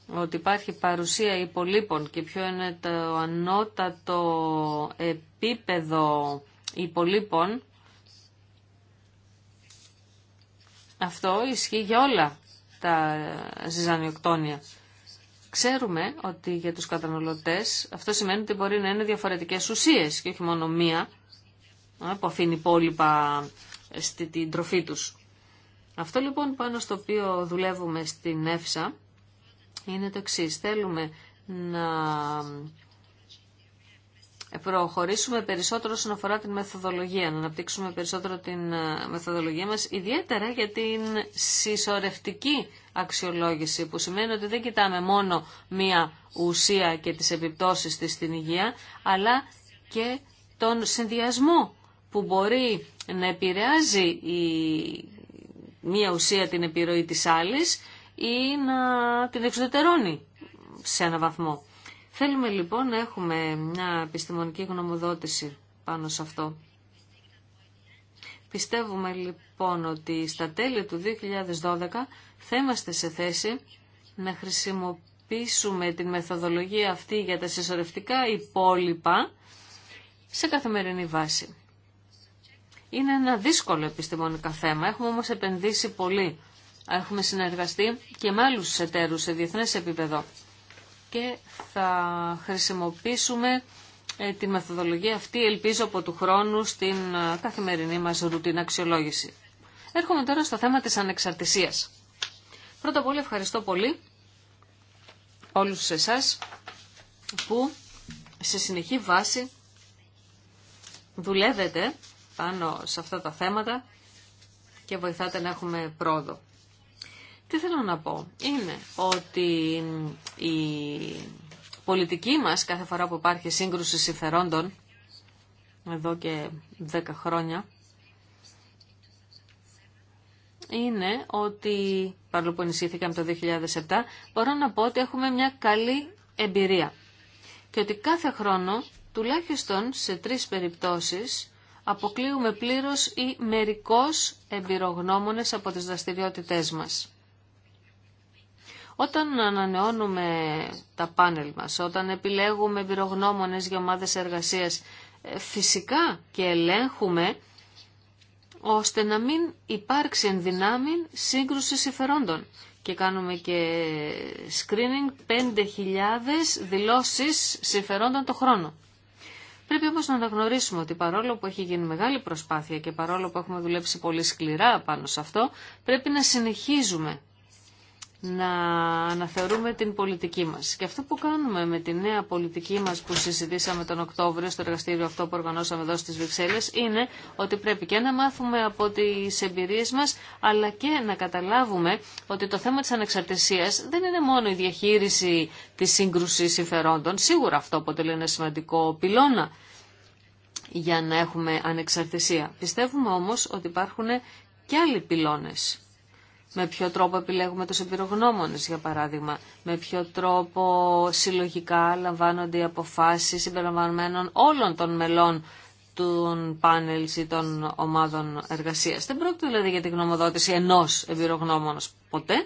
ότι υπάρχει παρουσία υπολείπων και ποιο είναι το ανώτατο επίπεδο υπολείπων Αυτό ισχύει για όλα τα ζυζανιοκτόνια. Ξέρουμε ότι για τους καταναλωτές αυτό σημαίνει ότι μπορεί να είναι διαφορετικές ουσίες και όχι μόνο μία ε, που αφήνει υπόλοιπα ε, στην τροφή τους. Αυτό λοιπόν πάνω στο οποίο δουλεύουμε στην ΕΦΣΑ είναι το εξή. Θέλουμε να προχωρήσουμε περισσότερο όσον αφορά την μεθοδολογία, να αναπτύξουμε περισσότερο την ε, μεθοδολογία μας, ιδιαίτερα για την συσσωρευτική αξιολόγηση, που σημαίνει ότι δεν κοιτάμε μόνο μία ουσία και τις επιπτώσεις της στην υγεία, αλλά και τον συνδυασμό που μπορεί να επηρεάζει η... μία ουσία την επιρροή της άλλης ή να την εξωτερώνει σε έναν βαθμό. Θέλουμε λοιπόν να έχουμε μια επιστημονική γνωμοδότηση πάνω σε αυτό. Πιστεύουμε λοιπόν ότι στα τέλη του 2012 θα είμαστε σε θέση να χρησιμοποιήσουμε την μεθοδολογία αυτή για τα συσσωρευτικά υπόλοιπα σε καθημερινή βάση. Είναι ένα δύσκολο επιστημονικά θέμα, έχουμε όμως επενδύσει πολύ. Έχουμε συνεργαστεί και με άλλους εταίρους σε διεθνές επίπεδο και θα χρησιμοποιήσουμε ε, τη μεθοδολογία αυτή, ελπίζω από του χρόνου, στην ε, καθημερινή μας ρουτίνα αξιολόγηση. Έρχομαι τώρα στο θέμα της ανεξαρτησίας. Πρώτα απ' όλα ευχαριστώ πολύ όλους εσάς που σε συνεχή βάση δουλεύετε πάνω σε αυτά τα θέματα και βοηθάτε να έχουμε πρόοδο. Τι θέλω να πω είναι ότι η πολιτική μας κάθε φορά που υπάρχει σύγκρουση συμφερόντων εδώ και δέκα χρόνια είναι ότι παρόλο που ενισχύθηκαμε το 2007 μπορώ να πω ότι έχουμε μια καλή εμπειρία και ότι κάθε χρόνο τουλάχιστον σε τρεις περιπτώσεις αποκλείουμε πλήρως ή μερικώς εμπειρογνώμονες από τις δραστηριότητές μας. Όταν ανανεώνουμε τα πάνελ μας, όταν επιλέγουμε εμπειρογνώμονες για ομάδες εργασίας, ε, φυσικά και ελέγχουμε ώστε να μην υπάρξει ενδυνάμει σύγκρουση συμφερόντων. Και κάνουμε και screening 5.000 δηλώσεις συμφερόντων το χρόνο. Πρέπει όμως να αναγνωρίσουμε ότι παρόλο που έχει γίνει μεγάλη προσπάθεια και παρόλο που έχουμε δουλέψει πολύ σκληρά πάνω σε αυτό, πρέπει να συνεχίζουμε να αναθεωρούμε την πολιτική μας. Και αυτό που κάνουμε με τη νέα πολιτική μας που συζητήσαμε τον Οκτώβριο στο εργαστήριο αυτό που οργανώσαμε εδώ στις Βρυξέλλες είναι ότι πρέπει και να μάθουμε από τις εμπειρίες μας αλλά και να καταλάβουμε ότι το θέμα της ανεξαρτησίας δεν είναι μόνο η διαχείριση της σύγκρουσης συμφερόντων. Σίγουρα αυτό αποτελεί ένα σημαντικό πυλώνα για να έχουμε ανεξαρτησία. Πιστεύουμε όμως ότι υπάρχουν και άλλοι πυλώνες με ποιο τρόπο επιλέγουμε τους εμπειρογνώμονες, για παράδειγμα. Με ποιο τρόπο συλλογικά λαμβάνονται οι αποφάσεις συμπεριλαμβανομένων όλων των μελών των πάνελ ή των ομάδων εργασίας. Δεν πρόκειται δηλαδή για την γνωμοδότηση ενός εμπειρογνώμονος ποτέ.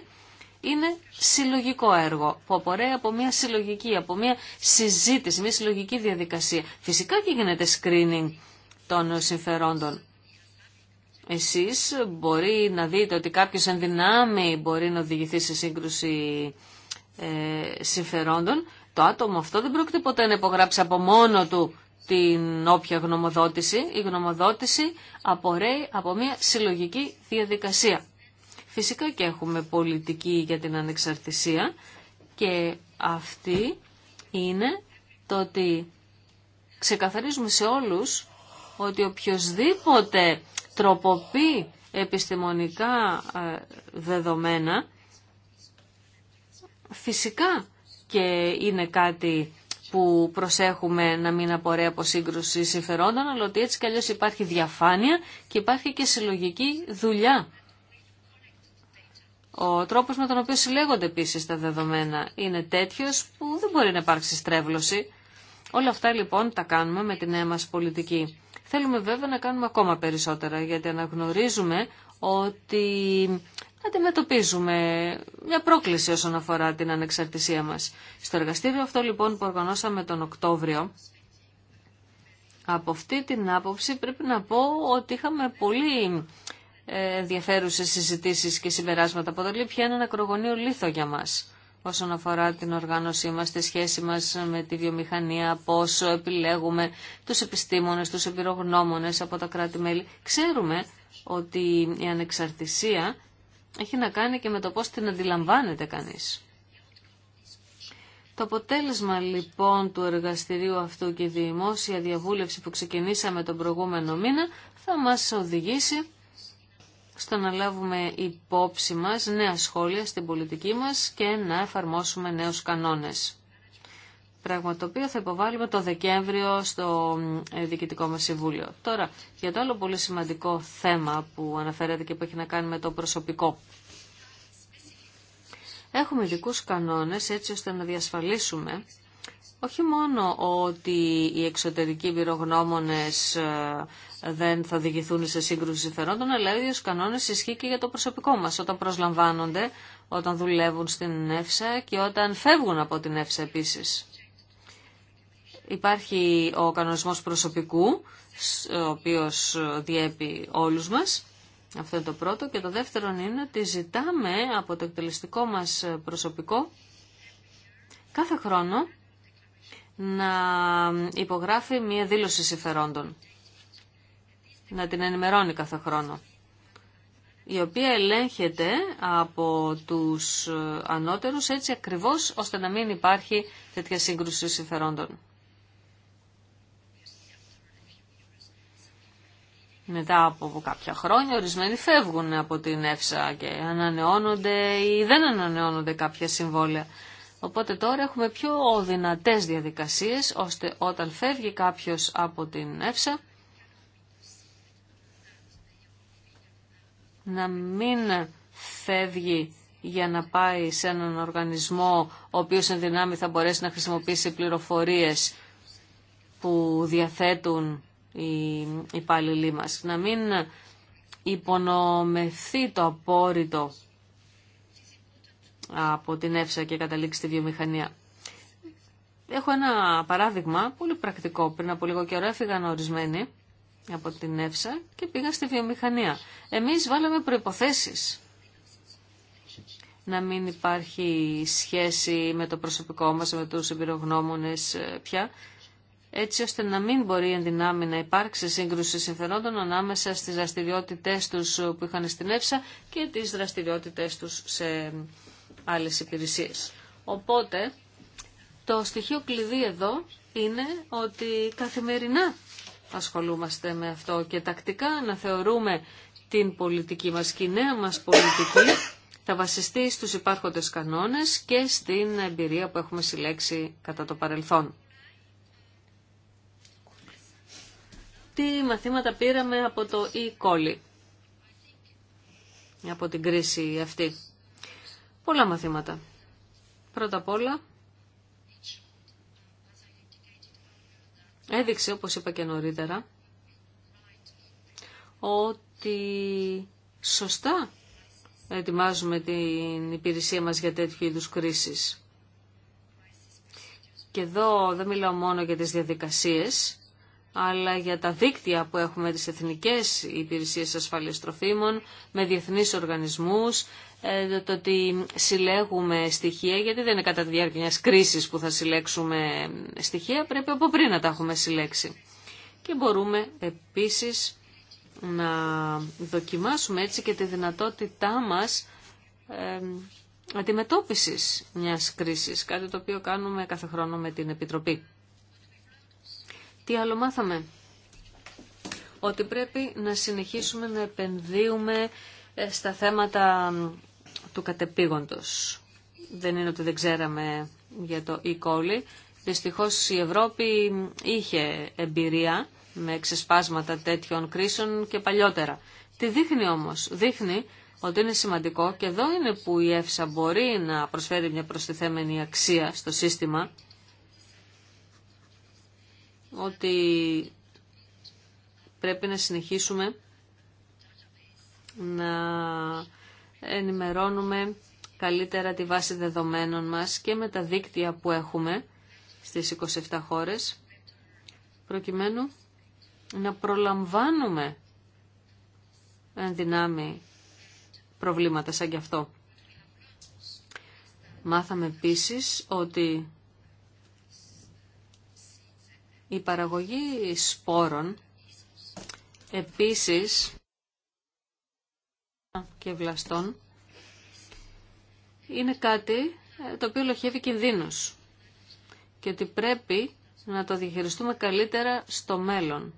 Είναι συλλογικό έργο που απορρέει από μια συλλογική, από μια συζήτηση, μια συλλογική διαδικασία. Φυσικά και γίνεται screening των συμφερόντων εσείς μπορεί να δείτε ότι κάποιος δυνάμει μπορεί να οδηγηθεί σε σύγκρουση ε, συμφερόντων, το άτομο αυτό δεν πρόκειται ποτέ να υπογράψει από μόνο του την όποια γνωμοδότηση. Η γνωμοδότηση απορρέει από μια συλλογική διαδικασία. Φυσικά και έχουμε πολιτική για την ανεξαρτησία και αυτή είναι το ότι ξεκαθαρίζουμε σε όλους ότι οποιοδήποτε τροποποιεί επιστημονικά ε, δεδομένα, φυσικά και είναι κάτι που προσέχουμε να μην απορρέει από σύγκρουση συμφερόντων, αλλά ότι έτσι κι αλλιώς υπάρχει διαφάνεια και υπάρχει και συλλογική δουλειά. Ο τρόπος με τον οποίο συλλέγονται επίση τα δεδομένα είναι τέτοιος που δεν μπορεί να υπάρξει στρέβλωση. Όλα αυτά λοιπόν τα κάνουμε με την νέα μας πολιτική. Θέλουμε βέβαια να κάνουμε ακόμα περισσότερα, γιατί αναγνωρίζουμε ότι αντιμετωπίζουμε μια πρόκληση όσον αφορά την ανεξαρτησία μας. Στο εργαστήριο αυτό λοιπόν που οργανώσαμε τον Οκτώβριο, από αυτή την άποψη πρέπει να πω ότι είχαμε πολύ ε, ενδιαφέρουσες συζητήσεις και συμπεράσματα. Αποτελεί πια έναν ακρογωνίο λίθο για μας όσον αφορά την οργάνωσή μας, τη σχέση μας με τη βιομηχανία, πόσο επιλέγουμε τους επιστήμονες, τους εμπειρογνώμονες από τα κράτη-μέλη. Ξέρουμε ότι η ανεξαρτησία έχει να κάνει και με το πώς την αντιλαμβάνεται κανείς. Το αποτέλεσμα λοιπόν του εργαστηρίου αυτού και η δημόσια διαβούλευση που ξεκινήσαμε τον προηγούμενο μήνα θα μας οδηγήσει στο να λάβουμε υπόψη μας νέα σχόλια στην πολιτική μας και να εφαρμόσουμε νέους κανόνες. Πράγμα το οποίο θα υποβάλουμε το Δεκέμβριο στο ε, Διοικητικό μας Συμβούλιο. Τώρα, για το άλλο πολύ σημαντικό θέμα που αναφέρεται και που έχει να κάνει με το προσωπικό. Έχουμε ειδικού κανόνες έτσι ώστε να διασφαλίσουμε όχι μόνο ότι οι εξωτερικοί πυρογνώμονες ε, δεν θα διηγηθούν σε σύγκρουση συμφερόντων, αλλά ο ίδιος κανόνες ισχύει και για το προσωπικό μας, όταν προσλαμβάνονται, όταν δουλεύουν στην ΕΦΣΑ και όταν φεύγουν από την ΕΦΣΑ επίσης. Υπάρχει ο κανονισμός προσωπικού, ο οποίος διέπει όλους μας. Αυτό είναι το πρώτο. Και το δεύτερο είναι ότι ζητάμε από το εκτελεστικό μας προσωπικό κάθε χρόνο να υπογράφει μία δήλωση συμφερόντων. Να την ενημερώνει κάθε χρόνο. Η οποία ελέγχεται από τους ε, ανώτερους έτσι ακριβώς ώστε να μην υπάρχει τέτοια σύγκρουση συμφερόντων. μετά από κάποια χρόνια ορισμένοι φεύγουν από την ΕΦΣΑ και ανανεώνονται ή δεν ανανεώνονται κάποια συμβόλαια. Οπότε τώρα έχουμε πιο δυνατέ διαδικασίες, ώστε όταν φεύγει κάποιος από την ΕΦΣΑ, να μην φεύγει για να πάει σε έναν οργανισμό ο οποίος εν δυνάμει θα μπορέσει να χρησιμοποιήσει πληροφορίες που διαθέτουν οι υπάλληλοι μας. Να μην υπονομεθεί το απόρριτο από την ΕΦΣΑ και καταλήξει στη βιομηχανία. Έχω ένα παράδειγμα πολύ πρακτικό. Πριν από λίγο καιρό έφυγαν ορισμένοι από την ΕΦΣΑ και πήγαν στη βιομηχανία. Εμείς βάλαμε προϋποθέσεις να μην υπάρχει σχέση με το προσωπικό μας, με τους εμπειρογνώμονες ε, πια, έτσι ώστε να μην μπορεί εν δυνάμει να υπάρξει σύγκρουση συμφερόντων ανάμεσα στις δραστηριότητές τους που είχαν στην ΕΦΣΑ και τις δραστηριότητές τους σε άλλες Οπότε, το στοιχείο κλειδί εδώ είναι ότι καθημερινά ασχολούμαστε με αυτό και τακτικά να θεωρούμε την πολιτική μας και η νέα μας πολιτική θα βασιστεί στους υπάρχοντες κανόνες και στην εμπειρία που έχουμε συλλέξει κατά το παρελθόν. Τι μαθήματα πήραμε από το e-coli, από την κρίση αυτή πολλά μαθήματα. Πρώτα απ' όλα, έδειξε, όπως είπα και νωρίτερα, ότι σωστά ετοιμάζουμε την υπηρεσία μας για τέτοιου είδους κρίσεις. Και εδώ δεν μιλάω μόνο για τις διαδικασίες, αλλά για τα δίκτυα που έχουμε τις εθνικές υπηρεσίες ασφαλείας τροφίμων, με διεθνείς οργανισμούς, ε, το ότι συλλέγουμε στοιχεία, γιατί δεν είναι κατά τη διάρκεια μιας κρίσης που θα συλλέξουμε στοιχεία, πρέπει από πριν να τα έχουμε συλλέξει. Και μπορούμε επίσης να δοκιμάσουμε έτσι και τη δυνατότητά μας ε, αντιμετώπισης μιας κρίσης, κάτι το οποίο κάνουμε κάθε χρόνο με την Επιτροπή. Τι άλλο μάθαμε. Ότι πρέπει να συνεχίσουμε να επενδύουμε ε, στα θέματα του κατεπήγοντος. Δεν είναι ότι δεν ξέραμε για το e-coli. Δυστυχώς η Ευρώπη είχε εμπειρία με ξεσπάσματα τέτοιων κρίσεων και παλιότερα. Τι δείχνει όμως. Δείχνει ότι είναι σημαντικό και εδώ είναι που η ΕΦΣΑ μπορεί να προσφέρει μια προστιθέμενη αξία στο σύστημα ότι πρέπει να συνεχίσουμε να ενημερώνουμε καλύτερα τη βάση δεδομένων μας και με τα δίκτυα που έχουμε στις 27 χώρες, προκειμένου να προλαμβάνουμε εν δυνάμει προβλήματα σαν κι αυτό. Μάθαμε επίσης ότι η παραγωγή σπόρων επίσης και βλαστών είναι κάτι ε, το οποίο λοχεύει κινδύνους και ότι πρέπει να το διαχειριστούμε καλύτερα στο μέλλον.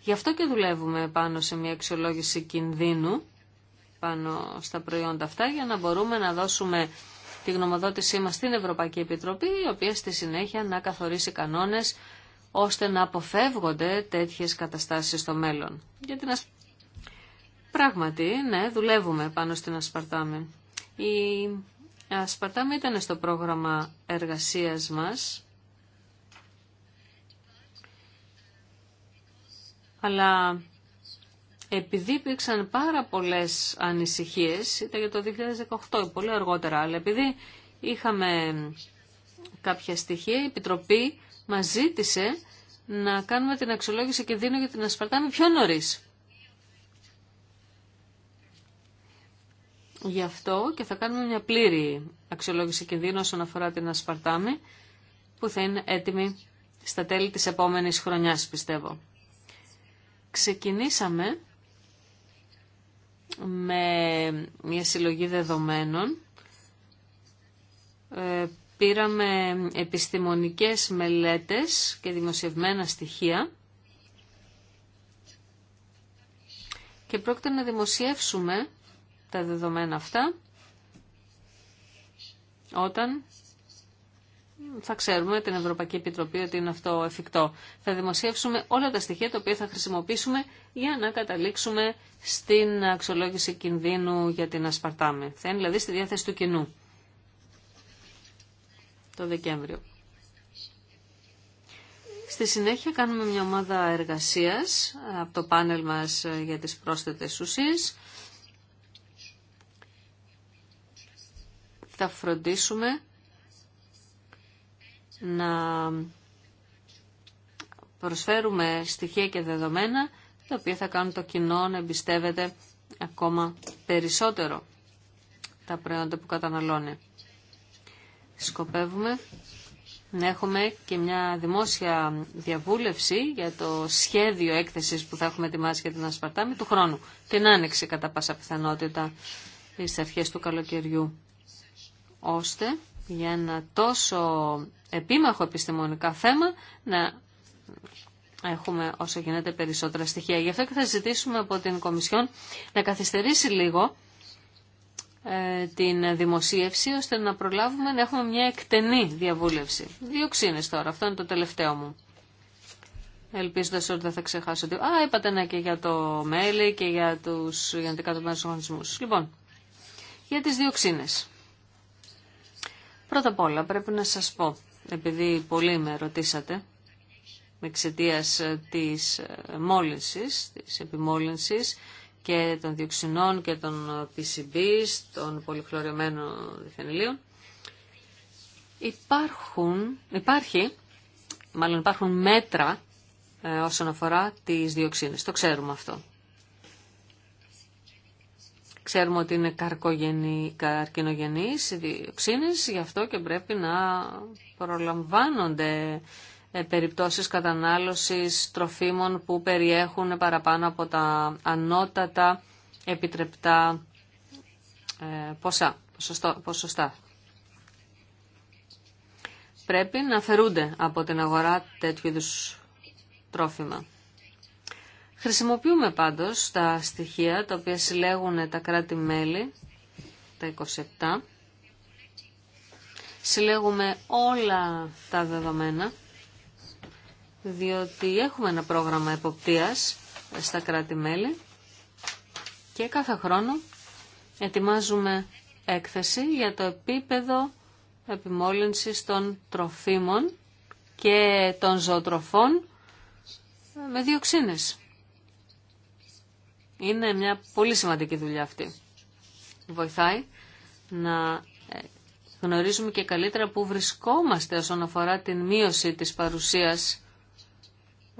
Γι' αυτό και δουλεύουμε πάνω σε μια αξιολόγηση κινδύνου πάνω στα προϊόντα αυτά για να μπορούμε να δώσουμε τη γνωμοδότησή μας στην Ευρωπαϊκή Επιτροπή, η οποία στη συνέχεια να καθορίσει κανόνες ώστε να αποφεύγονται τέτοιες καταστάσεις στο μέλλον. Γιατί την Πράγματι, ναι, δουλεύουμε πάνω στην ασπαρτάμε. Η Ασπαρτάμι ήταν στο πρόγραμμα εργασίας μας, αλλά επειδή υπήρξαν πάρα πολλές ανησυχίες, ήταν για το 2018, πολύ αργότερα, αλλά επειδή είχαμε κάποια στοιχεία, η Επιτροπή μας ζήτησε να κάνουμε την αξιολόγηση κινδύνου για την ασπαρτάμι πιο νωρίς. Γι' αυτό και θα κάνουμε μια πλήρη αξιολόγηση κινδύνου όσον αφορά την ασπαρτάμι, που θα είναι έτοιμη στα τέλη της επόμενης χρονιάς, πιστεύω. Ξεκινήσαμε με μια συλλογή δεδομένων. Ε, πήραμε επιστημονικές μελέτες και δημοσιευμένα στοιχεία και πρόκειται να δημοσιεύσουμε τα δεδομένα αυτά όταν θα ξέρουμε την Ευρωπαϊκή Επιτροπή ότι είναι αυτό εφικτό. Θα δημοσιεύσουμε όλα τα στοιχεία τα οποία θα χρησιμοποιήσουμε για να καταλήξουμε στην αξιολόγηση κινδύνου για την Ασπαρτάμι. Θα είναι δηλαδή στη διάθεση του κοινού το Δεκέμβριο. Στη συνέχεια κάνουμε μια ομάδα εργασίας από το πάνελ μας για τις πρόσθετες ουσίες. Θα φροντίσουμε να προσφέρουμε στοιχεία και δεδομένα τα οποία θα κάνουν το κοινό να εμπιστεύεται ακόμα περισσότερο τα προϊόντα που καταναλώνει. Σκοπεύουμε να έχουμε και μια δημόσια διαβούλευση για το σχέδιο έκθεσης που θα έχουμε ετοιμάσει για την Ασπαρτάμι του χρόνου. Την άνοιξη κατά πάσα πιθανότητα στις αρχές του καλοκαιριού. Ώστε για ένα τόσο επίμαχο επιστημονικά θέμα να έχουμε όσο γίνεται περισσότερα στοιχεία. Γι' αυτό και θα ζητήσουμε από την Κομισιόν να καθυστερήσει λίγο ε, την δημοσίευση ώστε να προλάβουμε να έχουμε μια εκτενή διαβούλευση. Δύο ξύνες τώρα, αυτό είναι το τελευταίο μου. Ελπίζοντα ότι δεν θα ξεχάσω. Α, είπατε να και για το ΜΕΛΗ και για του γενικά του οργανισμούς. Λοιπόν, για τι δύο Πρώτα απ' όλα πρέπει να σας πω, επειδή πολλοί με ρωτήσατε, εξαιτία της ε, μόλυνσης, της επιμόλυνσης και των διοξινών και των ε, PCB, των πολυχλωριωμένων διφενηλίων, υπάρχουν, υπάρχει, μάλλον υπάρχουν μέτρα ε, όσον αφορά τις διοξίνες. Το ξέρουμε αυτό. Ξέρουμε ότι είναι καρκινογενείς οξύνες, γι' αυτό και πρέπει να προλαμβάνονται ε, περιπτώσεις κατανάλωσης τροφίμων που περιέχουν παραπάνω από τα ανώτατα επιτρεπτά ε, ποσά, ποσοστά. Πρέπει να αφαιρούνται από την αγορά τέτοιου είδους τρόφιμα. Χρησιμοποιούμε πάντως τα στοιχεία τα οποία συλλέγουν τα κράτη-μέλη, τα 27. Συλλέγουμε όλα τα δεδομένα, διότι έχουμε ένα πρόγραμμα εποπτείας στα κράτη-μέλη και κάθε χρόνο ετοιμάζουμε έκθεση για το επίπεδο επιμόλυνσης των τροφίμων και των ζωοτροφών με διοξίνες. Είναι μια πολύ σημαντική δουλειά αυτή. Βοηθάει να ε, γνωρίζουμε και καλύτερα πού βρισκόμαστε όσον αφορά την μείωση της παρουσίας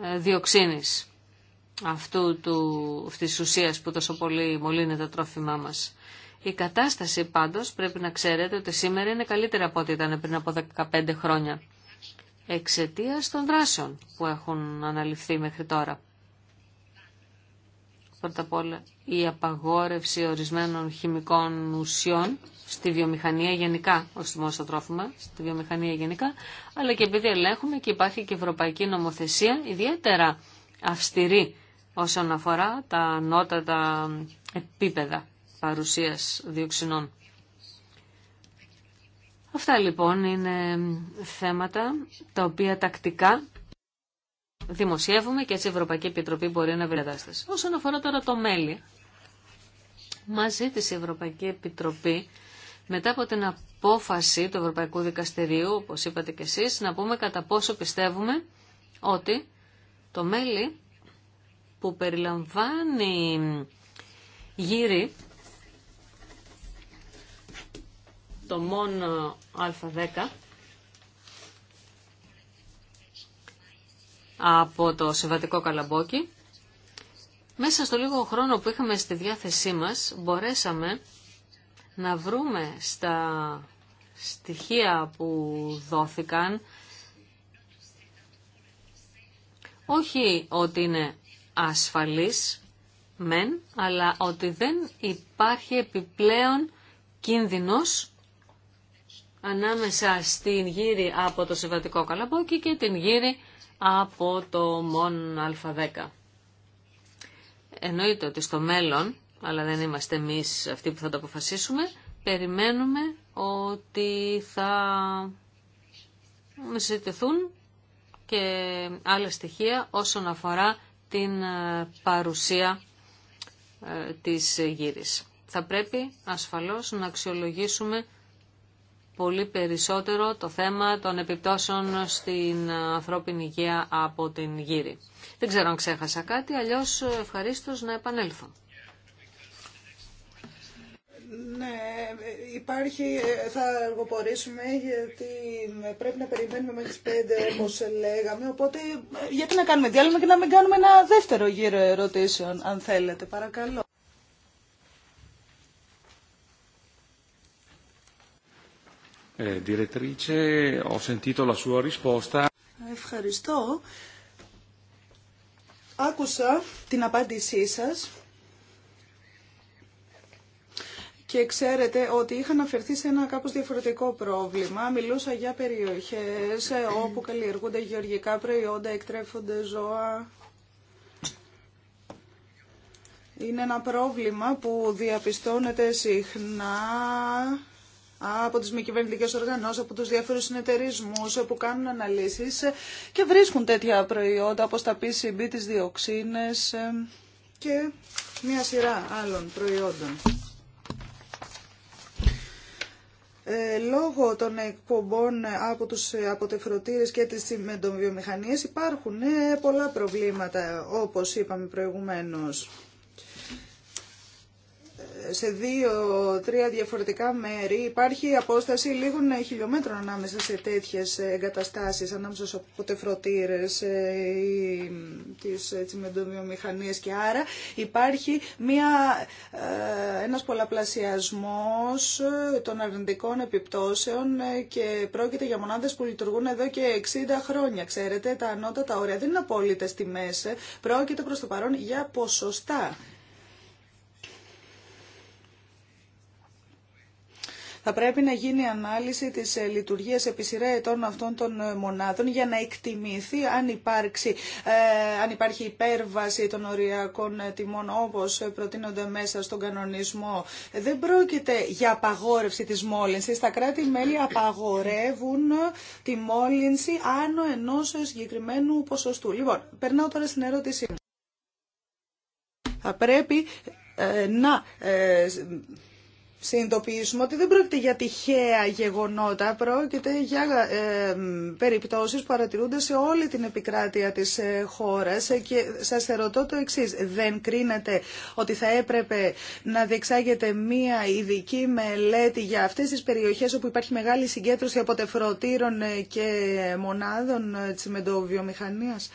ε, διοξίνης αυτού του, αυτής της ουσίας που τόσο παρουσιας διοξινης αυτου του αυτης μολύνει τα τρόφιμά μας. Η κατάσταση πάντως πρέπει να ξέρετε ότι σήμερα είναι καλύτερα από ό,τι ήταν πριν από 15 χρόνια εξαιτίας των δράσεων που έχουν αναλυφθεί μέχρι τώρα. Πρώτα απ' όλα η απαγόρευση ορισμένων χημικών ουσιών στη βιομηχανία γενικά, όχι μόνο τρόφιμα, στη βιομηχανία γενικά, αλλά και επειδή ελέγχουμε και υπάρχει και ευρωπαϊκή νομοθεσία ιδιαίτερα αυστηρή όσον αφορά τα ανώτατα επίπεδα παρουσίας διοξινών. Αυτά λοιπόν είναι θέματα τα οποία τακτικά δημοσιεύουμε και έτσι η Ευρωπαϊκή Επιτροπή μπορεί να βρει Όσον αφορά τώρα το μέλι, μαζί ζήτησε η Ευρωπαϊκή Επιτροπή μετά από την απόφαση του Ευρωπαϊκού Δικαστηρίου, όπως είπατε και εσείς, να πούμε κατά πόσο πιστεύουμε ότι το μέλι που περιλαμβάνει γύρι το μόνο α10 από το συμβατικό καλαμπόκι. Μέσα στο λίγο χρόνο που είχαμε στη διάθεσή μας μπορέσαμε να βρούμε στα στοιχεία που δόθηκαν όχι ότι είναι ασφαλής μεν, αλλά ότι δεν υπάρχει επιπλέον κίνδυνος ανάμεσα στην γύρι από το συμβατικό καλαμπόκι και την γύρι από το μόν α10. Εννοείται ότι στο μέλλον, αλλά δεν είμαστε εμείς αυτοί που θα το αποφασίσουμε, περιμένουμε ότι θα συζητηθούν και άλλα στοιχεία όσον αφορά την ε, παρουσία ε, της γύρης. Θα πρέπει ασφαλώς να αξιολογήσουμε πολύ περισσότερο το θέμα των επιπτώσεων στην ανθρώπινη υγεία από την γύρη. Δεν ξέρω αν ξέχασα κάτι, αλλιώς ευχαρίστως να επανέλθω. Ναι, υπάρχει, θα εργοπορήσουμε γιατί πρέπει να περιμένουμε μέχρι τις 5 όπως λέγαμε, οπότε γιατί να κάνουμε διάλειμμα και να μην κάνουμε ένα δεύτερο γύρο ερωτήσεων αν θέλετε, παρακαλώ. Eh, Ευχαριστώ. Άκουσα την απάντησή σας και ξέρετε ότι είχα αναφερθεί σε ένα κάπως διαφορετικό πρόβλημα. Μιλούσα για περιοχές όπου καλλιεργούνται γεωργικά προϊόντα, εκτρέφονται ζώα. Είναι ένα πρόβλημα που διαπιστώνεται συχνά από τις μη κυβερνητικέ οργανώσεις, από τους διάφορους συνεταιρισμούς που κάνουν αναλύσεις και βρίσκουν τέτοια προϊόντα όπως τα PCB, τις διοξίνες ε, και μια σειρά άλλων προϊόντων. Ε, λόγω των εκπομπών από τους αποτεφρωτήρες και τις τσιμεντοβιομηχανίες υπάρχουν ε, πολλά προβλήματα όπως είπαμε προηγουμένως σε δύο-τρία διαφορετικά μέρη υπάρχει απόσταση λίγων χιλιόμετρων ανάμεσα σε τέτοιες εγκαταστάσεις, ανάμεσα σε ποτεφρωτήρες ή ε, τις ε, τσιμεντομιομηχανίες και άρα υπάρχει μια, ε, ένας πολλαπλασιασμός των αρνητικών επιπτώσεων και πρόκειται για μονάδες που λειτουργούν εδώ και 60 χρόνια. Ξέρετε, τα ανώτατα όρια δεν είναι απόλυτες τιμές, πρόκειται προς το παρόν για ποσοστά. θα πρέπει να γίνει ανάλυση της ε, λειτουργίας επί σειρά ετών αυτών των ε, μονάδων για να εκτιμηθεί αν, υπάρξει, ε, αν υπάρχει υπέρβαση των οριακών τιμών όπως προτείνονται μέσα στον κανονισμό. Δεν πρόκειται για απαγόρευση της μόλυνσης. Τα κράτη-μέλη απαγορεύουν τη μόλυνση άνω ενός συγκεκριμένου ποσοστού. Λοιπόν, περνάω τώρα στην ερώτησή μου. Θα πρέπει να συνειδητοποιήσουμε ότι δεν πρόκειται για τυχαία γεγονότα, πρόκειται για ε, περιπτώσεις που παρατηρούνται σε όλη την επικράτεια της ε, χώρας ε, και σας ερωτώ το εξής, δεν κρίνεται ότι θα έπρεπε να διεξάγεται μία ειδική μελέτη για αυτές τις περιοχές όπου υπάρχει μεγάλη συγκέντρωση αποτεφρωτήρων ε, και μονάδων ε, τσιμεντοβιομηχανίας.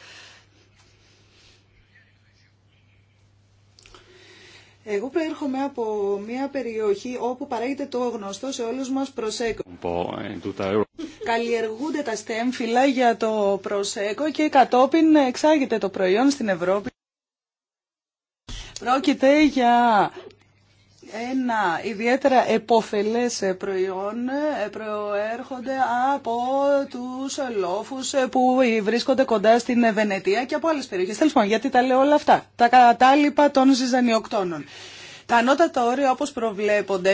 Εγώ προέρχομαι από μια περιοχή όπου παράγεται το γνωστό σε όλους μας προσέκο. Καλλιεργούνται τα στέμφυλα για το προσέκο και κατόπιν εξάγεται το προϊόν στην Ευρώπη. Πρόκειται για ένα ιδιαίτερα επώφελες προϊόν ε, προέρχονται από τους λόφους ε, που βρίσκονται κοντά στην Βενετία και από άλλες περιοχές. Τέλος γιατί τα λέω όλα αυτά. Τα κατάλοιπα των ζυζανιοκτώνων. Τα ανώτατα όρια όπως προβλέπονται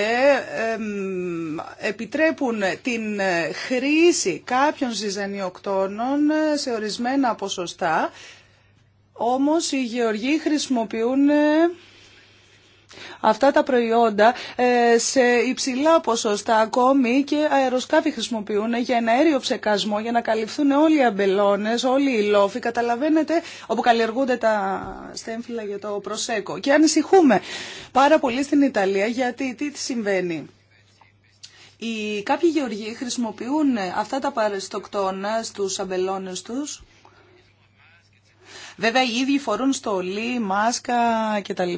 επιτρέπουν την ε, χρήση κάποιων ζυζανιοκτώνων σε ορισμένα ποσοστά, όμως οι γεωργοί χρησιμοποιούν αυτά τα προϊόντα ε, σε υψηλά ποσοστά ακόμη και αεροσκάφη χρησιμοποιούν για ένα αέριο ψεκασμό για να καλυφθούν όλοι οι αμπελώνες, όλοι οι λόφοι, καταλαβαίνετε, όπου καλλιεργούνται τα στέμφυλα για το προσέκο. Και ανησυχούμε πάρα πολύ στην Ιταλία γιατί τι συμβαίνει. Οι, κάποιοι γεωργοί χρησιμοποιούν αυτά τα παρεστοκτόνα στους αμπελώνες τους Βέβαια οι ίδιοι φορούν στολή, μάσκα κτλ.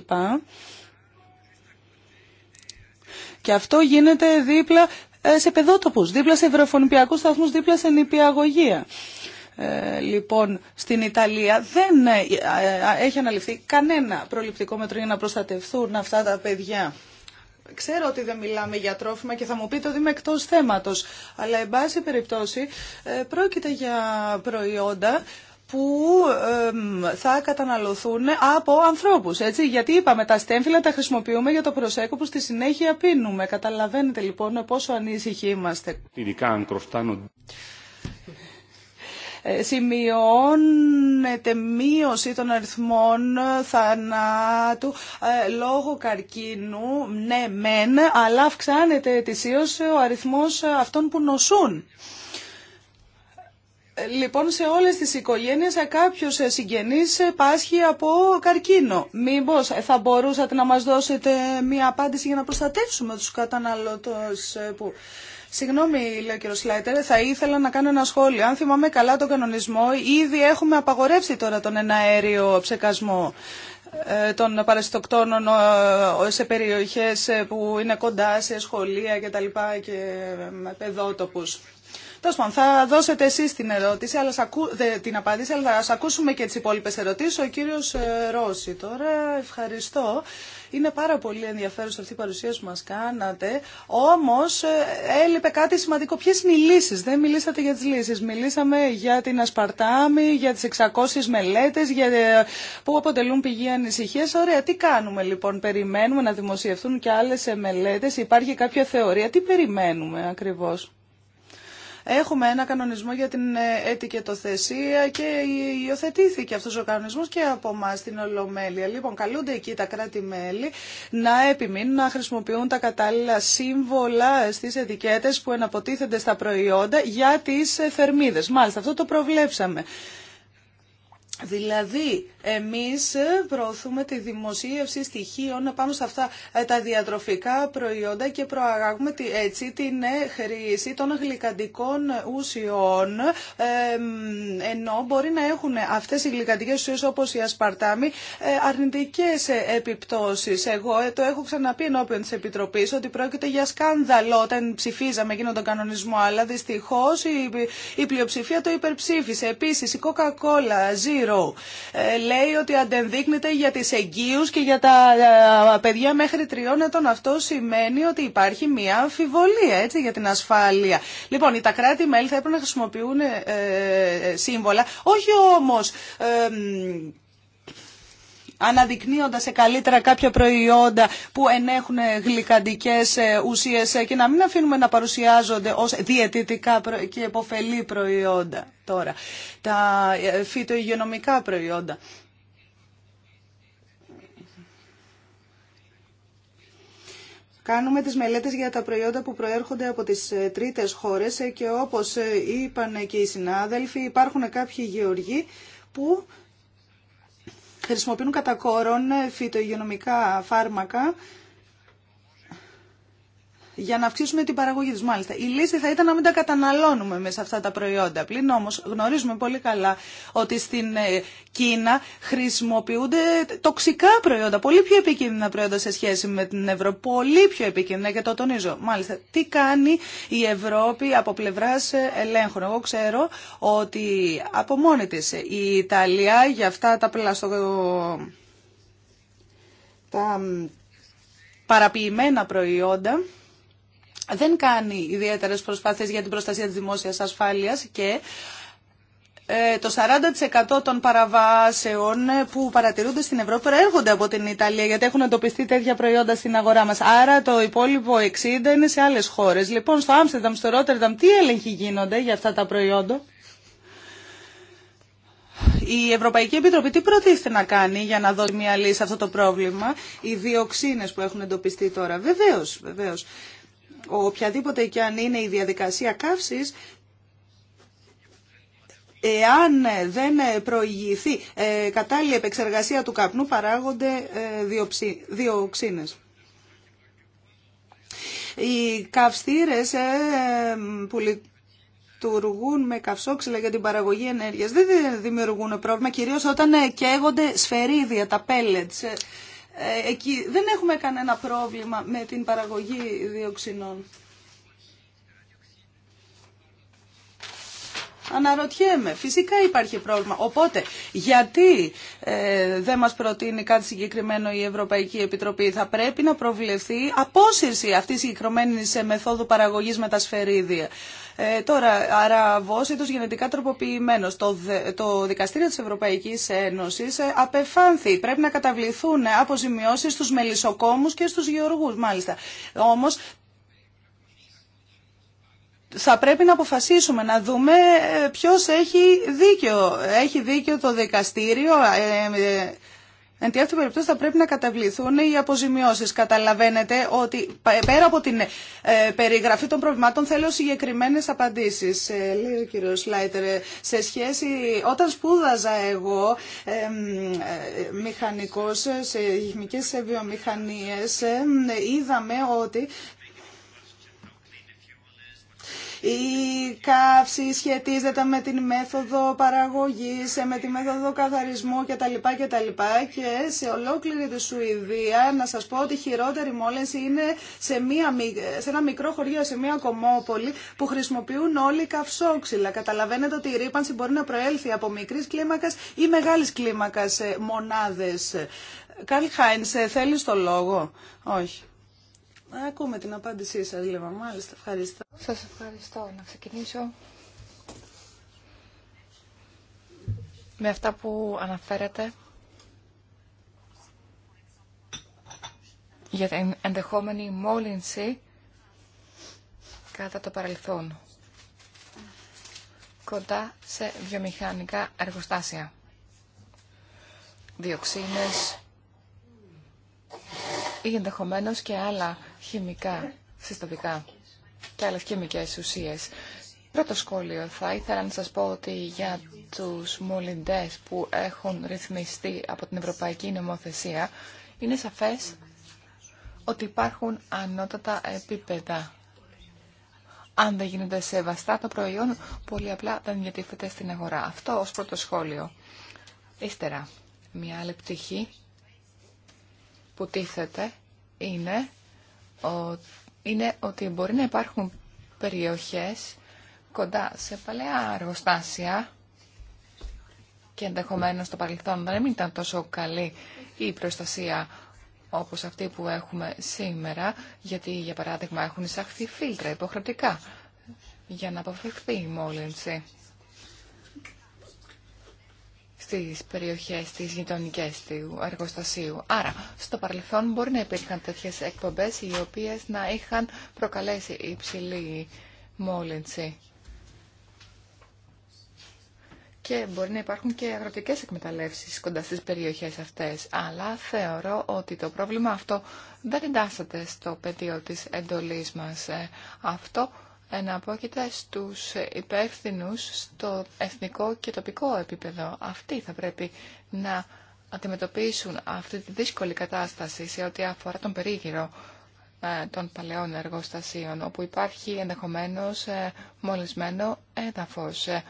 Και αυτό γίνεται δίπλα ε, σε παιδότοπους, δίπλα σε ευρωφωνηπιακούς σταθμούς, δίπλα σε νηπιαγωγεία. Ε, λοιπόν, στην Ιταλία δεν ε, ε, έχει αναλυφθεί κανένα προληπτικό μέτρο για να προστατευθούν αυτά τα παιδιά. Ξέρω ότι δεν μιλάμε για τρόφιμα και θα μου πείτε ότι είμαι εκτό θέματο. Αλλά, εν πάση περιπτώσει, πρόκειται για προϊόντα που θα καταναλωθούν από ανθρώπους, έτσι, γιατί είπαμε τα στέμφυλλα τα χρησιμοποιούμε για το προσέκο που στη συνέχεια πίνουμε. Καταλαβαίνετε λοιπόν πόσο ανήσυχοι είμαστε. Ε, σημειώνεται μείωση των αριθμών θανάτου ε, λόγω καρκίνου, ναι μεν, αλλά αυξάνεται ετησίως ο αριθμός αυτών που νοσούν. Λοιπόν, σε όλες τις οικογένειες ε, κάποιος ε, συγγενής ε, πάσχει από καρκίνο. Μήπως θα μπορούσατε να μας δώσετε μία απάντηση για να προστατεύσουμε τους καταναλωτές που... Συγγνώμη, λέει ο κύριο Σλάιτερ, θα ήθελα να κάνω ένα σχόλιο. Αν θυμάμαι καλά τον κανονισμό, ήδη έχουμε απαγορεύσει τώρα τον εναέριο ψεκασμό των παρασιτοκτόνων σε περιοχές που είναι κοντά σε σχολεία και και παιδότοπους. Τέλο πάντων, θα δώσετε εσεί την ερώτηση, αλλά ακού... την απάντηση, αλλά θα ακούσουμε και τι υπόλοιπε ερωτήσει. Ο κύριο ε, Ρώση τώρα. Ευχαριστώ. Είναι πάρα πολύ ενδιαφέρουσα αυτή η παρουσίαση που μα κάνατε. Όμω ε, έλειπε κάτι σημαντικό. Ποιε είναι οι λύσει. Δεν μιλήσατε για τι λύσει. Μιλήσαμε για την Ασπαρτάμι, για τι 600 μελέτε για... Ε, που αποτελούν πηγή ανησυχία. Ωραία, τι κάνουμε λοιπόν. Περιμένουμε να δημοσιευτούν και άλλε μελέτε. Υπάρχει κάποια θεωρία. Τι περιμένουμε ακριβώ. Έχουμε ένα κανονισμό για την ε, ετικετοθεσία και υιοθετήθηκε αυτός ο κανονισμός και από εμά στην Ολομέλεια. Λοιπόν, καλούνται εκεί τα κράτη-μέλη να επιμείνουν να χρησιμοποιούν τα κατάλληλα σύμβολα στις ετικέτες που εναποτίθενται στα προϊόντα για τις ε, θερμίδες. Μάλιστα, αυτό το προβλέψαμε. Δηλαδή, εμείς προωθούμε τη δημοσίευση στοιχείων πάνω σε αυτά ε, τα διατροφικά προϊόντα και προαγάγουμε έτσι την ε, χρήση των γλυκαντικών ουσιών ενώ μπορεί να έχουν αυτές οι γλυκαντικές ουσίες όπως η ασπαρτάμι ε, αρνητικές επιπτώσεις. Εγώ το έχω ξαναπεί ενώπιον της Επιτροπής ότι πρόκειται για σκάνδαλο όταν ψηφίζαμε εκείνον τον κανονισμό αλλά δυστυχώς η πλειοψηφία το υπερψήφισε. Επίσης η Coca-Cola Zero λέει ότι αντεδείκνεται για τις εγγύους και για τα ε, παιδιά μέχρι τριών ετών. Αυτό σημαίνει ότι υπάρχει μια αμφιβολία έτσι, για την ασφάλεια. Λοιπόν, τα κράτη-μέλη θα έπρεπε να χρησιμοποιούν ε, ε, σύμβολα, όχι όμως... Ε, αναδεικνύοντας σε καλύτερα κάποια προϊόντα που ενέχουν γλυκαντικέ ουσίες και να μην αφήνουμε να παρουσιάζονται ω διαιτητικά και υποφελή προϊόντα τώρα. Τα ε, φυτοϊγειονομικά προϊόντα. Κάνουμε τις μελέτες για τα προϊόντα που προέρχονται από τις ε, τρίτες χώρες ε, και όπως είπαν και οι συνάδελφοι υπάρχουν κάποιοι γεωργοί που χρησιμοποιούν κατά κόρον φυτοϊγειονομικά φάρμακα για να αυξήσουμε την παραγωγή της. Μάλιστα, η λύση θα ήταν να μην τα καταναλώνουμε μέσα αυτά τα προϊόντα. Πλην όμως γνωρίζουμε πολύ καλά ότι στην ε, Κίνα χρησιμοποιούνται τοξικά προϊόντα, πολύ πιο επικίνδυνα προϊόντα σε σχέση με την Ευρώπη, πολύ πιο επικίνδυνα και το τονίζω. Μάλιστα, τι κάνει η Ευρώπη από πλευράς ε, ελέγχων. Εγώ ξέρω ότι από μόνη της η Ιταλία για αυτά τα πλαστο... τα παραποιημένα προϊόντα δεν κάνει ιδιαίτερες προσπάθειες για την προστασία της δημόσιας ασφάλειας και ε, το 40% των παραβάσεων ε, που παρατηρούνται στην Ευρώπη προέρχονται από την Ιταλία γιατί έχουν εντοπιστεί τέτοια προϊόντα στην αγορά μας. Άρα το υπόλοιπο 60% είναι σε άλλες χώρες. Λοιπόν, στο Άμστερνταμ, στο Ρότερνταμ, τι έλεγχοι γίνονται για αυτά τα προϊόντα. Η Ευρωπαϊκή Επιτροπή τι προτίθεται να κάνει για να δώσει μια λύση σε αυτό το πρόβλημα, οι διοξίνες που έχουν εντοπιστεί τώρα. Βεβαίως, βεβαίως οποιαδήποτε και αν είναι η διαδικασία καύσης, εάν δεν προηγηθεί ε, κατάλληλη επεξεργασία του καπνού παράγονται ε, διοξίνες. Οι καυστήρες ε, που λειτουργούν με καυσόξυλα για την παραγωγή ενέργειας δεν δημιουργούν πρόβλημα, κυρίως όταν καίγονται σφαιρίδια, τα «pellets». Ε, εκεί δεν έχουμε κανένα πρόβλημα με την παραγωγή διοξινών. Αναρωτιέμαι. Φυσικά υπάρχει πρόβλημα. Οπότε, γιατί ε, δεν μας προτείνει κάτι συγκεκριμένο η Ευρωπαϊκή Επιτροπή. Θα πρέπει να προβλεφθεί απόσυρση αυτής συγκεκριμένη ε, μεθόδου παραγωγής με τα σφαιρίδια. Ε, τώρα, αραβός ή γενετικά τροποποιημένος. Το, το Δικαστήριο της Ευρωπαϊκής Ένωσης ε, απεφάνθη. Πρέπει να καταβληθούν αποζημιώσεις στους μελισσοκόμους και στους γεωργούς, μάλιστα. Όμως, θα πρέπει να αποφασίσουμε, να δούμε ε, ποιος έχει δίκιο. Έχει δίκιο το δικαστήριο. Ε, ε, εν τη θα πρέπει να καταβληθούν οι αποζημιώσεις. Καταλαβαίνετε ότι πέρα από την περιγραφή των προβλημάτων θέλω συγκεκριμένε απαντήσει. λέει ο κύριο Λάιτερ, σε σχέση. Όταν σπούδαζα εγώ ε, μηχανικό σε ε, βιομηχανίε, είδαμε ότι η καύση σχετίζεται με την μέθοδο παραγωγής, με τη μέθοδο καθαρισμού κτλ. Και σε ολόκληρη τη Σουηδία, να σας πω ότι η χειρότερη μόλυνση είναι σε, μία, σε ένα μικρό χωριό, σε μία κομμόπολη που χρησιμοποιούν όλοι καυσόξυλα. Καταλαβαίνετε ότι η ρήπανση μπορεί να προέλθει από μικρής κλίμακας ή μεγάλης κλίμακας ε, μονάδες. Καλ Χάινσε, θέλεις το λόγο. Όχι. Ακούμε την απάντησή σα Λέβα. Μάλιστα, ευχαριστώ. Σας ευχαριστώ. Να ξεκινήσω με αυτά που αναφέρατε για την ενδεχόμενη μόλυνση κατά το παρελθόν κοντά σε βιομηχανικά εργοστάσια. Διοξίνες ή ενδεχομένως και άλλα χημικά, συστατικά και άλλες χημικές ουσίες. Πρώτο σχόλιο, θα ήθελα να σας πω ότι για τους μολυντές που έχουν ρυθμιστεί από την Ευρωπαϊκή Νομοθεσία, είναι σαφές ότι υπάρχουν ανώτατα επίπεδα. Αν δεν γίνονται σεβαστά το προϊόν, πολύ απλά δεν διατίθεται στην αγορά. Αυτό ως πρώτο σχόλιο. Ύστερα, μια άλλη πτυχή που τίθεται είναι είναι ότι μπορεί να υπάρχουν περιοχές κοντά σε παλαιά εργοστάσια και ενδεχομένως στο παρελθόν δεν ήταν τόσο καλή η προστασία όπως αυτή που έχουμε σήμερα, γιατί για παράδειγμα έχουν εισαχθεί φίλτρα υποχρεωτικά για να αποφευχθεί η μόλυνση στις περιοχές της γειτονικέ του εργοστασίου. Άρα, στο παρελθόν μπορεί να υπήρχαν τέτοιες εκπομπές οι οποίες να είχαν προκαλέσει υψηλή μόλυνση. Και μπορεί να υπάρχουν και αγροτικές εκμεταλλεύσεις κοντά στις περιοχές αυτές. Αλλά θεωρώ ότι το πρόβλημα αυτό δεν εντάσσεται στο πεδίο της εντολής μας. Ε, αυτό εναπόκειται στους υπεύθυνους στο εθνικό και τοπικό επίπεδο. Αυτοί θα πρέπει να αντιμετωπίσουν αυτή τη δύσκολη κατάσταση σε ό,τι αφορά τον περίγυρο ε, των παλαιών εργοστασίων, όπου υπάρχει ενδεχομένως ε, μολυσμένο έδαφος, ε,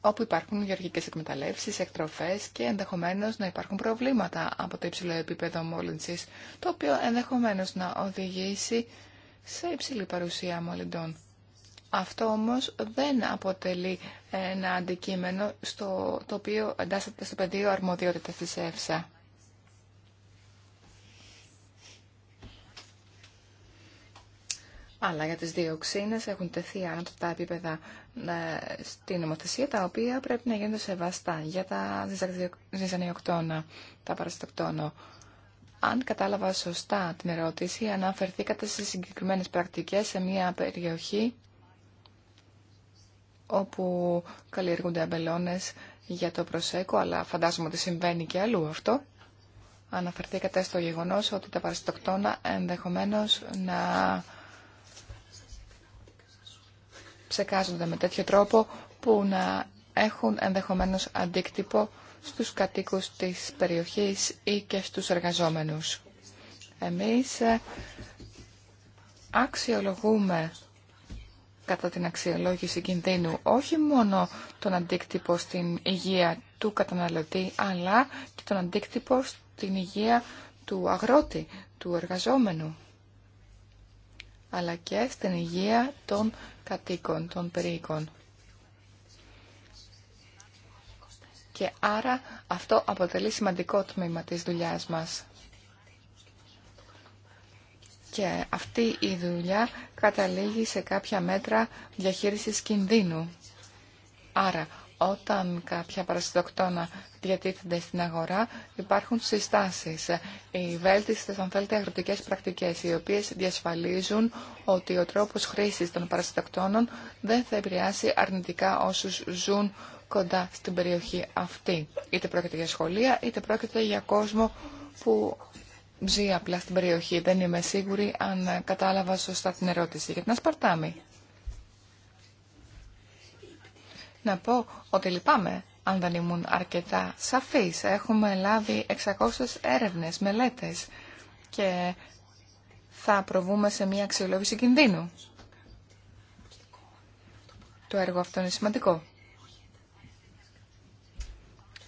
όπου υπάρχουν γεωργικές εκμεταλλεύσεις, εκτροφές και ενδεχομένως να υπάρχουν προβλήματα από το υψηλό επίπεδο μόλυνσης, το οποίο ενδεχομένως να οδηγήσει σε υψηλή παρουσία μολυντών. Αυτό όμως δεν αποτελεί ένα αντικείμενο στο το οποίο εντάσσεται στο πεδίο αρμοδιότητας της ΕΦΣΑ. Αλλά για τις διοξίνες έχουν τεθεί άνω τα επίπεδα ε, στην νομοθεσία, τα οποία πρέπει να γίνονται σεβαστά για τα ζυζανιοκτώνα, τα παραστακτόνο αν κατάλαβα σωστά την ερώτηση, αναφερθήκατε σε συγκεκριμένες πρακτικές σε μια περιοχή όπου καλλιεργούνται αμπελώνες για το προσέκο, αλλά φαντάζομαι ότι συμβαίνει και αλλού αυτό. Αναφερθήκατε στο γεγονός ότι τα παραστοκτόνα ενδεχομένως να ψεκάζονται με τέτοιο τρόπο που να έχουν ενδεχομένως αντίκτυπο στους κατοίκους της περιοχής ή και στους εργαζόμενους. Εμείς ε, αξιολογούμε κατά την αξιολόγηση κινδύνου όχι μόνο τον αντίκτυπο στην υγεία του καταναλωτή αλλά και τον αντίκτυπο στην υγεία του αγρότη, του εργαζόμενου αλλά και στην υγεία των κατοίκων, των περιοίκων. και άρα αυτό αποτελεί σημαντικό τμήμα της δουλειάς μας. Και αυτή η δουλειά καταλήγει σε κάποια μέτρα διαχείρισης κινδύνου. Άρα, όταν κάποια παρασυντοκτόνα διατίθενται στην αγορά, υπάρχουν συστάσεις. Οι βέλτιστες, αν θέλετε, αγροτικές πρακτικές, οι οποίες διασφαλίζουν ότι ο τρόπος χρήσης των παρασυντοκτόνων δεν θα επηρεάσει αρνητικά όσους ζουν κοντά στην περιοχή αυτή. Είτε πρόκειται για σχολεία, είτε πρόκειται για κόσμο που ζει απλά στην περιοχή. Δεν είμαι σίγουρη αν κατάλαβα σωστά την ερώτηση. Για την Ασπαρτάμι. να πω ότι λυπάμαι αν δεν ήμουν αρκετά σαφής. Έχουμε λάβει 600 έρευνες, μελέτες και θα προβούμε σε μια αξιολόγηση κινδύνου. Το έργο αυτό είναι σημαντικό.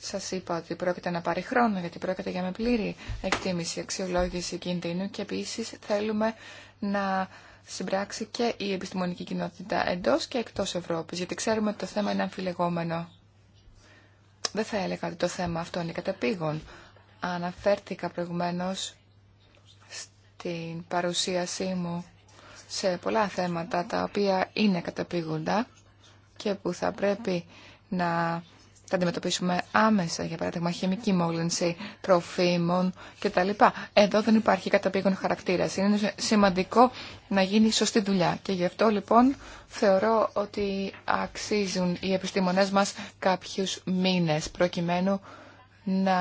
Σας είπα ότι πρόκειται να πάρει χρόνο, γιατί πρόκειται για με πλήρη εκτίμηση, αξιολόγηση κινδύνου και επίσης θέλουμε να συμπράξει και η επιστημονική κοινότητα εντός και εκτός Ευρώπης, γιατί ξέρουμε ότι το θέμα είναι αμφιλεγόμενο. Δεν θα έλεγα ότι το θέμα αυτό είναι καταπήγον. Αναφέρθηκα προηγουμένως στην παρουσίασή μου σε πολλά θέματα τα οποία είναι καταπήγοντα και που θα πρέπει να θα αντιμετωπίσουμε άμεσα, για παράδειγμα, χημική μόλυνση τροφίμων κτλ. Εδώ δεν υπάρχει καταπήγον χαρακτήρα. Είναι σημαντικό να γίνει σωστή δουλειά. Και γι' αυτό λοιπόν θεωρώ ότι αξίζουν οι επιστήμονές μας κάποιους μήνε προκειμένου να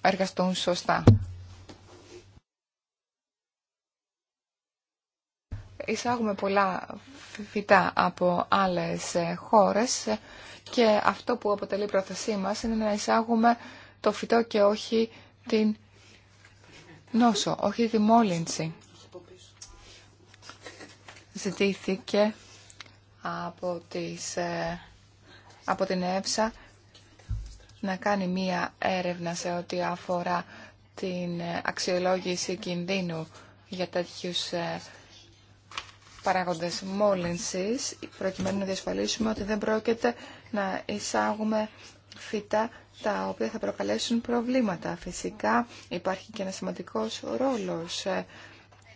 εργαστούν σωστά. Εισάγουμε πολλά φυτά από άλλες ε, χώρες ε, και αυτό που αποτελεί η πρόθεσή μας είναι να εισάγουμε το φυτό και όχι την νόσο, όχι τη μόλυνση. Ζητήθηκε από, ε, από την έψα να κάνει μία έρευνα σε ό,τι αφορά την αξιολόγηση κινδύνου για τέτοιους ε, παράγοντες μόλυνσης, προκειμένου να διασφαλίσουμε ότι δεν πρόκειται να εισάγουμε φυτά τα οποία θα προκαλέσουν προβλήματα. Φυσικά υπάρχει και ένα σημαντικό ρόλο ε,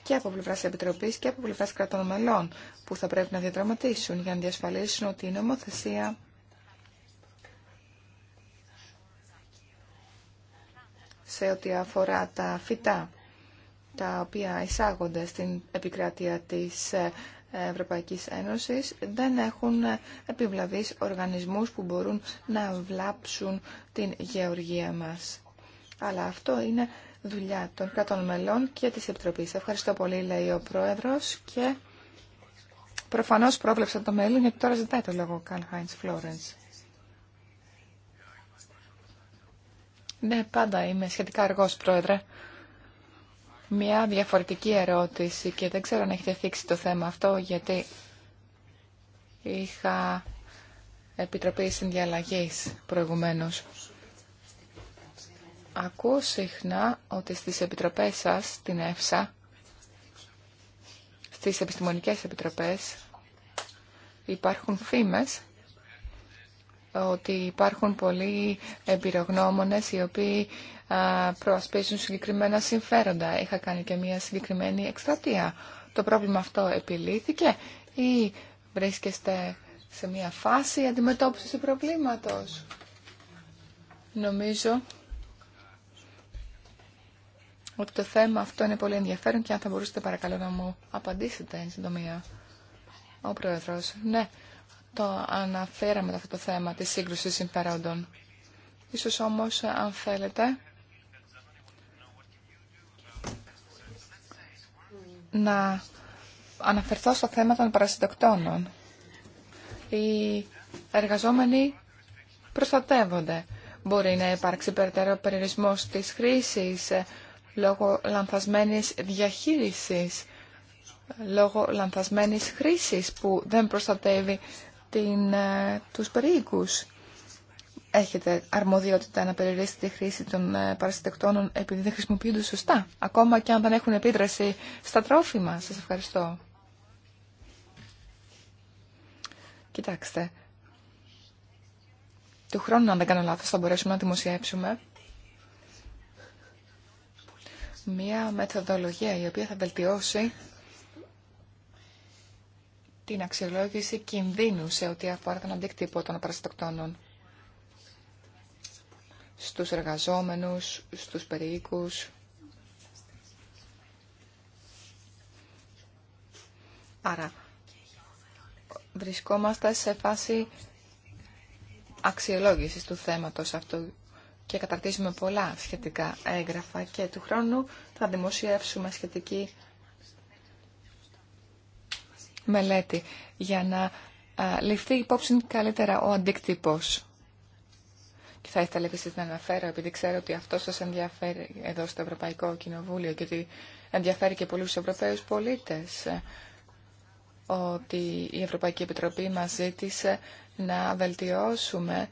και από πλευρά Επιτροπή και από πλευρά κρατών μελών που θα πρέπει να διαδραματίσουν για να διασφαλίσουν ότι η νομοθεσία σε ό,τι αφορά τα φυτά τα οποία εισάγονται στην επικράτεια της ε, Ευρωπαϊκής Ένωσης δεν έχουν επιβλαβείς οργανισμούς που μπορούν να βλάψουν την γεωργία μας. Αλλά αυτό είναι δουλειά των κρατών μελών και της Επιτροπής. Ευχαριστώ πολύ, λέει ο Πρόεδρος και προφανώς πρόβλεψα το μέλλον γιατί τώρα ζητάει το λόγο Καν Χάιντς Φλόρενς. Ναι, πάντα είμαι σχετικά αργός, Πρόεδρε μια διαφορετική ερώτηση και δεν ξέρω αν έχετε θίξει το θέμα αυτό γιατί είχα Επιτροπή Συνδιαλλαγής προηγουμένως. Ακούω συχνά ότι στις επιτροπές σας, την ΕΦΣΑ, στις επιστημονικές επιτροπές, υπάρχουν φήμες ότι υπάρχουν πολλοί εμπειρογνώμονε οι οποίοι προασπίζουν συγκεκριμένα συμφέροντα. Είχα κάνει και μια συγκεκριμένη εκστρατεία. Το πρόβλημα αυτό επιλύθηκε ή βρίσκεστε σε μια φάση αντιμετώπισης του προβλήματος. Νομίζω ότι το θέμα αυτό είναι πολύ ενδιαφέρον και αν θα μπορούσατε παρακαλώ να μου απαντήσετε εν συντομία. Ο Πρόεδρος, ναι, το αναφέραμε αυτό το θέμα της σύγκρουσης συμφέροντων. Ίσως όμως, αν θέλετε, να αναφερθώ στο θέμα των παρασυντοκτώνων. Οι εργαζόμενοι προστατεύονται. Μπορεί να υπάρξει περαιτέρω περιορισμός της χρήσης ε, λόγω λανθασμένης διαχείρισης, ε, λόγω λανθασμένης χρήσης που δεν προστατεύει την, ε, τους περίοικους. Έχετε αρμοδιότητα να περιορίσετε τη χρήση των ε, παρασιτεκτόνων επειδή δεν χρησιμοποιούνται σωστά, ακόμα και αν δεν έχουν επίδραση στα τρόφιμα. Σας ευχαριστώ. Κοιτάξτε, του χρόνου, αν δεν κάνω λάθος, θα μπορέσουμε να δημοσιεύσουμε μία μεθοδολογία η οποία θα βελτιώσει την αξιολόγηση κινδύνου σε ό,τι αφορά τον αντίκτυπο των παραστακτώνων στους εργαζόμενους, στους περίοικους. Άρα, βρισκόμαστε σε φάση αξιολόγησης του θέματος αυτού και καταρτίζουμε πολλά σχετικά έγγραφα και του χρόνου θα δημοσιεύσουμε σχετική μελέτη για να ληφθεί υπόψη καλύτερα ο αντίκτυπος. Και θα ήθελα επίσης να αναφέρω, επειδή ξέρω ότι αυτό σας ενδιαφέρει εδώ στο Ευρωπαϊκό Κοινοβούλιο και ότι ενδιαφέρει και πολλούς Ευρωπαίους πολίτες, ότι η Ευρωπαϊκή Επιτροπή μας ζήτησε να βελτιώσουμε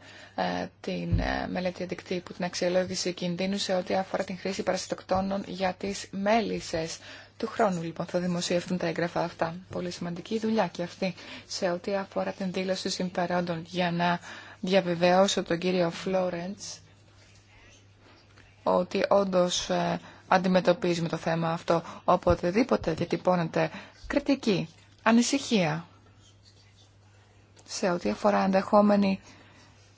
την μελέτη αντικτύπου, την αξιολόγηση κινδύνου σε ό,τι αφορά την χρήση παραστοκτώνων για τις μέλισσες. Του χρόνου λοιπόν θα δημοσιευτούν τα έγγραφα αυτά. Πολύ σημαντική δουλειά και αυτή σε ό,τι αφορά την δήλωση συμφερόντων για να διαβεβαιώσω τον κύριο Φλόρεντς ότι όντως ε, αντιμετωπίζουμε το θέμα αυτό. Οποτεδήποτε διατυπώνεται κριτική, ανησυχία σε ό,τι αφορά ενδεχόμενη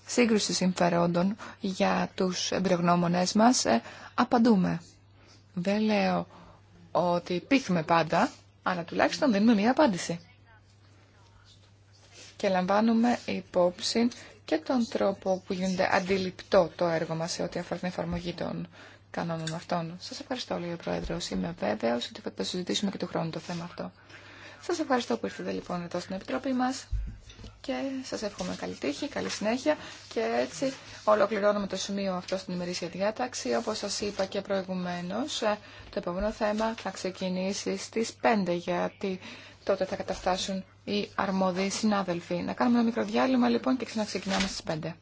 σύγκρουση συμφερόντων για τους εμπειρογνώμονές μας, ε, απαντούμε. Δεν λέω ότι πείθουμε πάντα, αλλά τουλάχιστον δίνουμε μία απάντηση. Και λαμβάνουμε υπόψη και τον τρόπο που γίνεται αντιληπτό το έργο μας σε ό,τι αφορά την εφαρμογή των κανόνων αυτών. Σας ευχαριστώ, λέει ο Πρόεδρος. Είμαι βέβαιος ότι θα το συζητήσουμε και του χρόνου το θέμα αυτό. Σας ευχαριστώ που ήρθατε λοιπόν εδώ στην Επιτροπή μας και σας εύχομαι καλή τύχη, καλή συνέχεια και έτσι ολοκληρώνουμε το σημείο αυτό στην ημερήσια διάταξη. Όπως σας είπα και προηγουμένως, ε, το επόμενο θέμα θα ξεκινήσει στις 5 γιατί τότε θα καταφτάσουν οι αρμόδιοι συνάδελφοι. Να κάνουμε ένα μικρό διάλειμμα λοιπόν και ξαναξεκινάμε στις 5.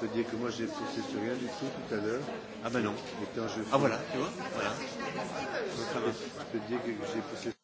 C'est-à-dire que moi, j'ai poussé sur rien du tout tout à l'heure. Ah ben non. Et quand je... Ah voilà, tu vois voila je peux dire que j'ai poussé...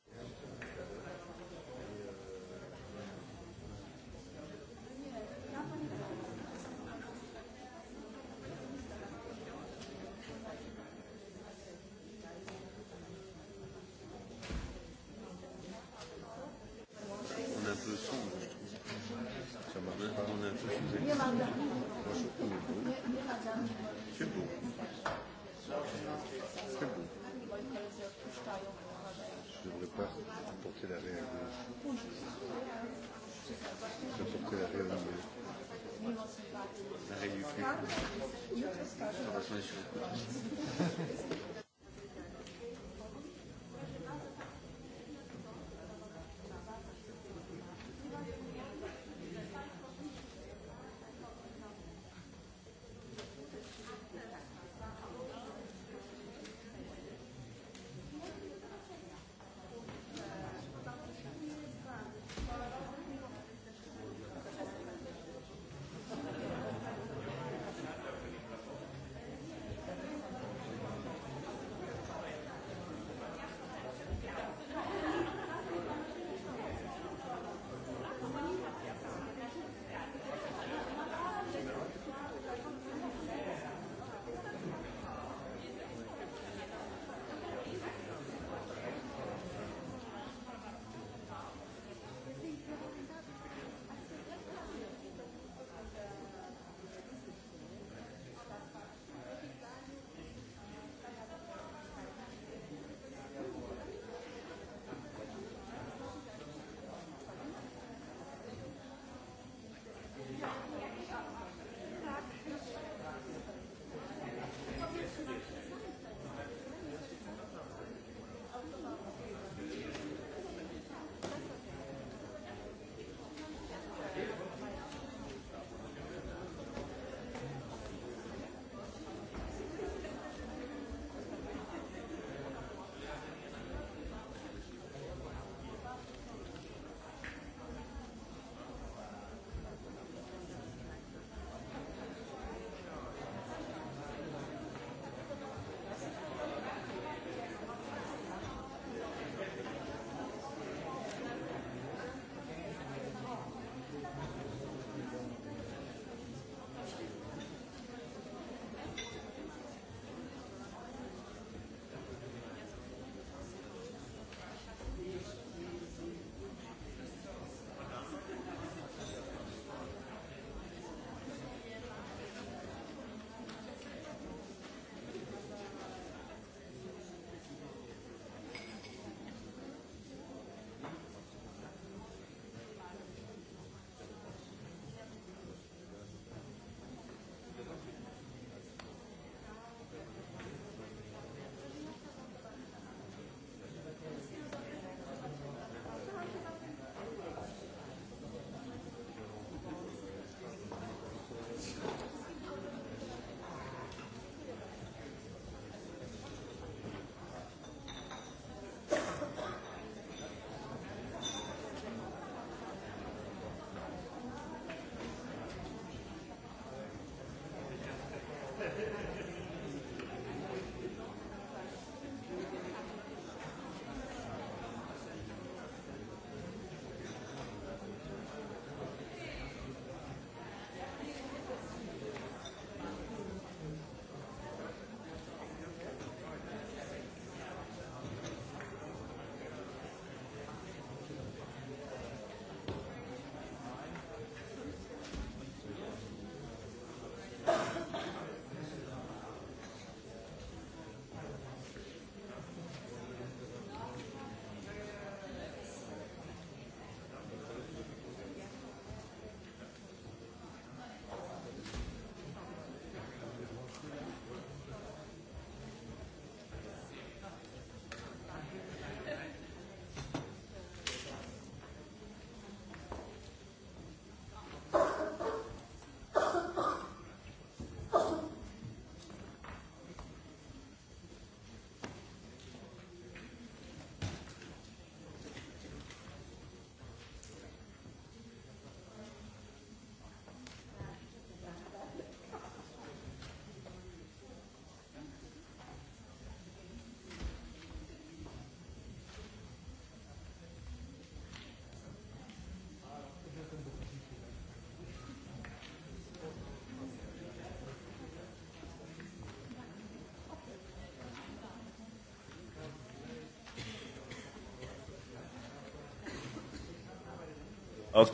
Uh,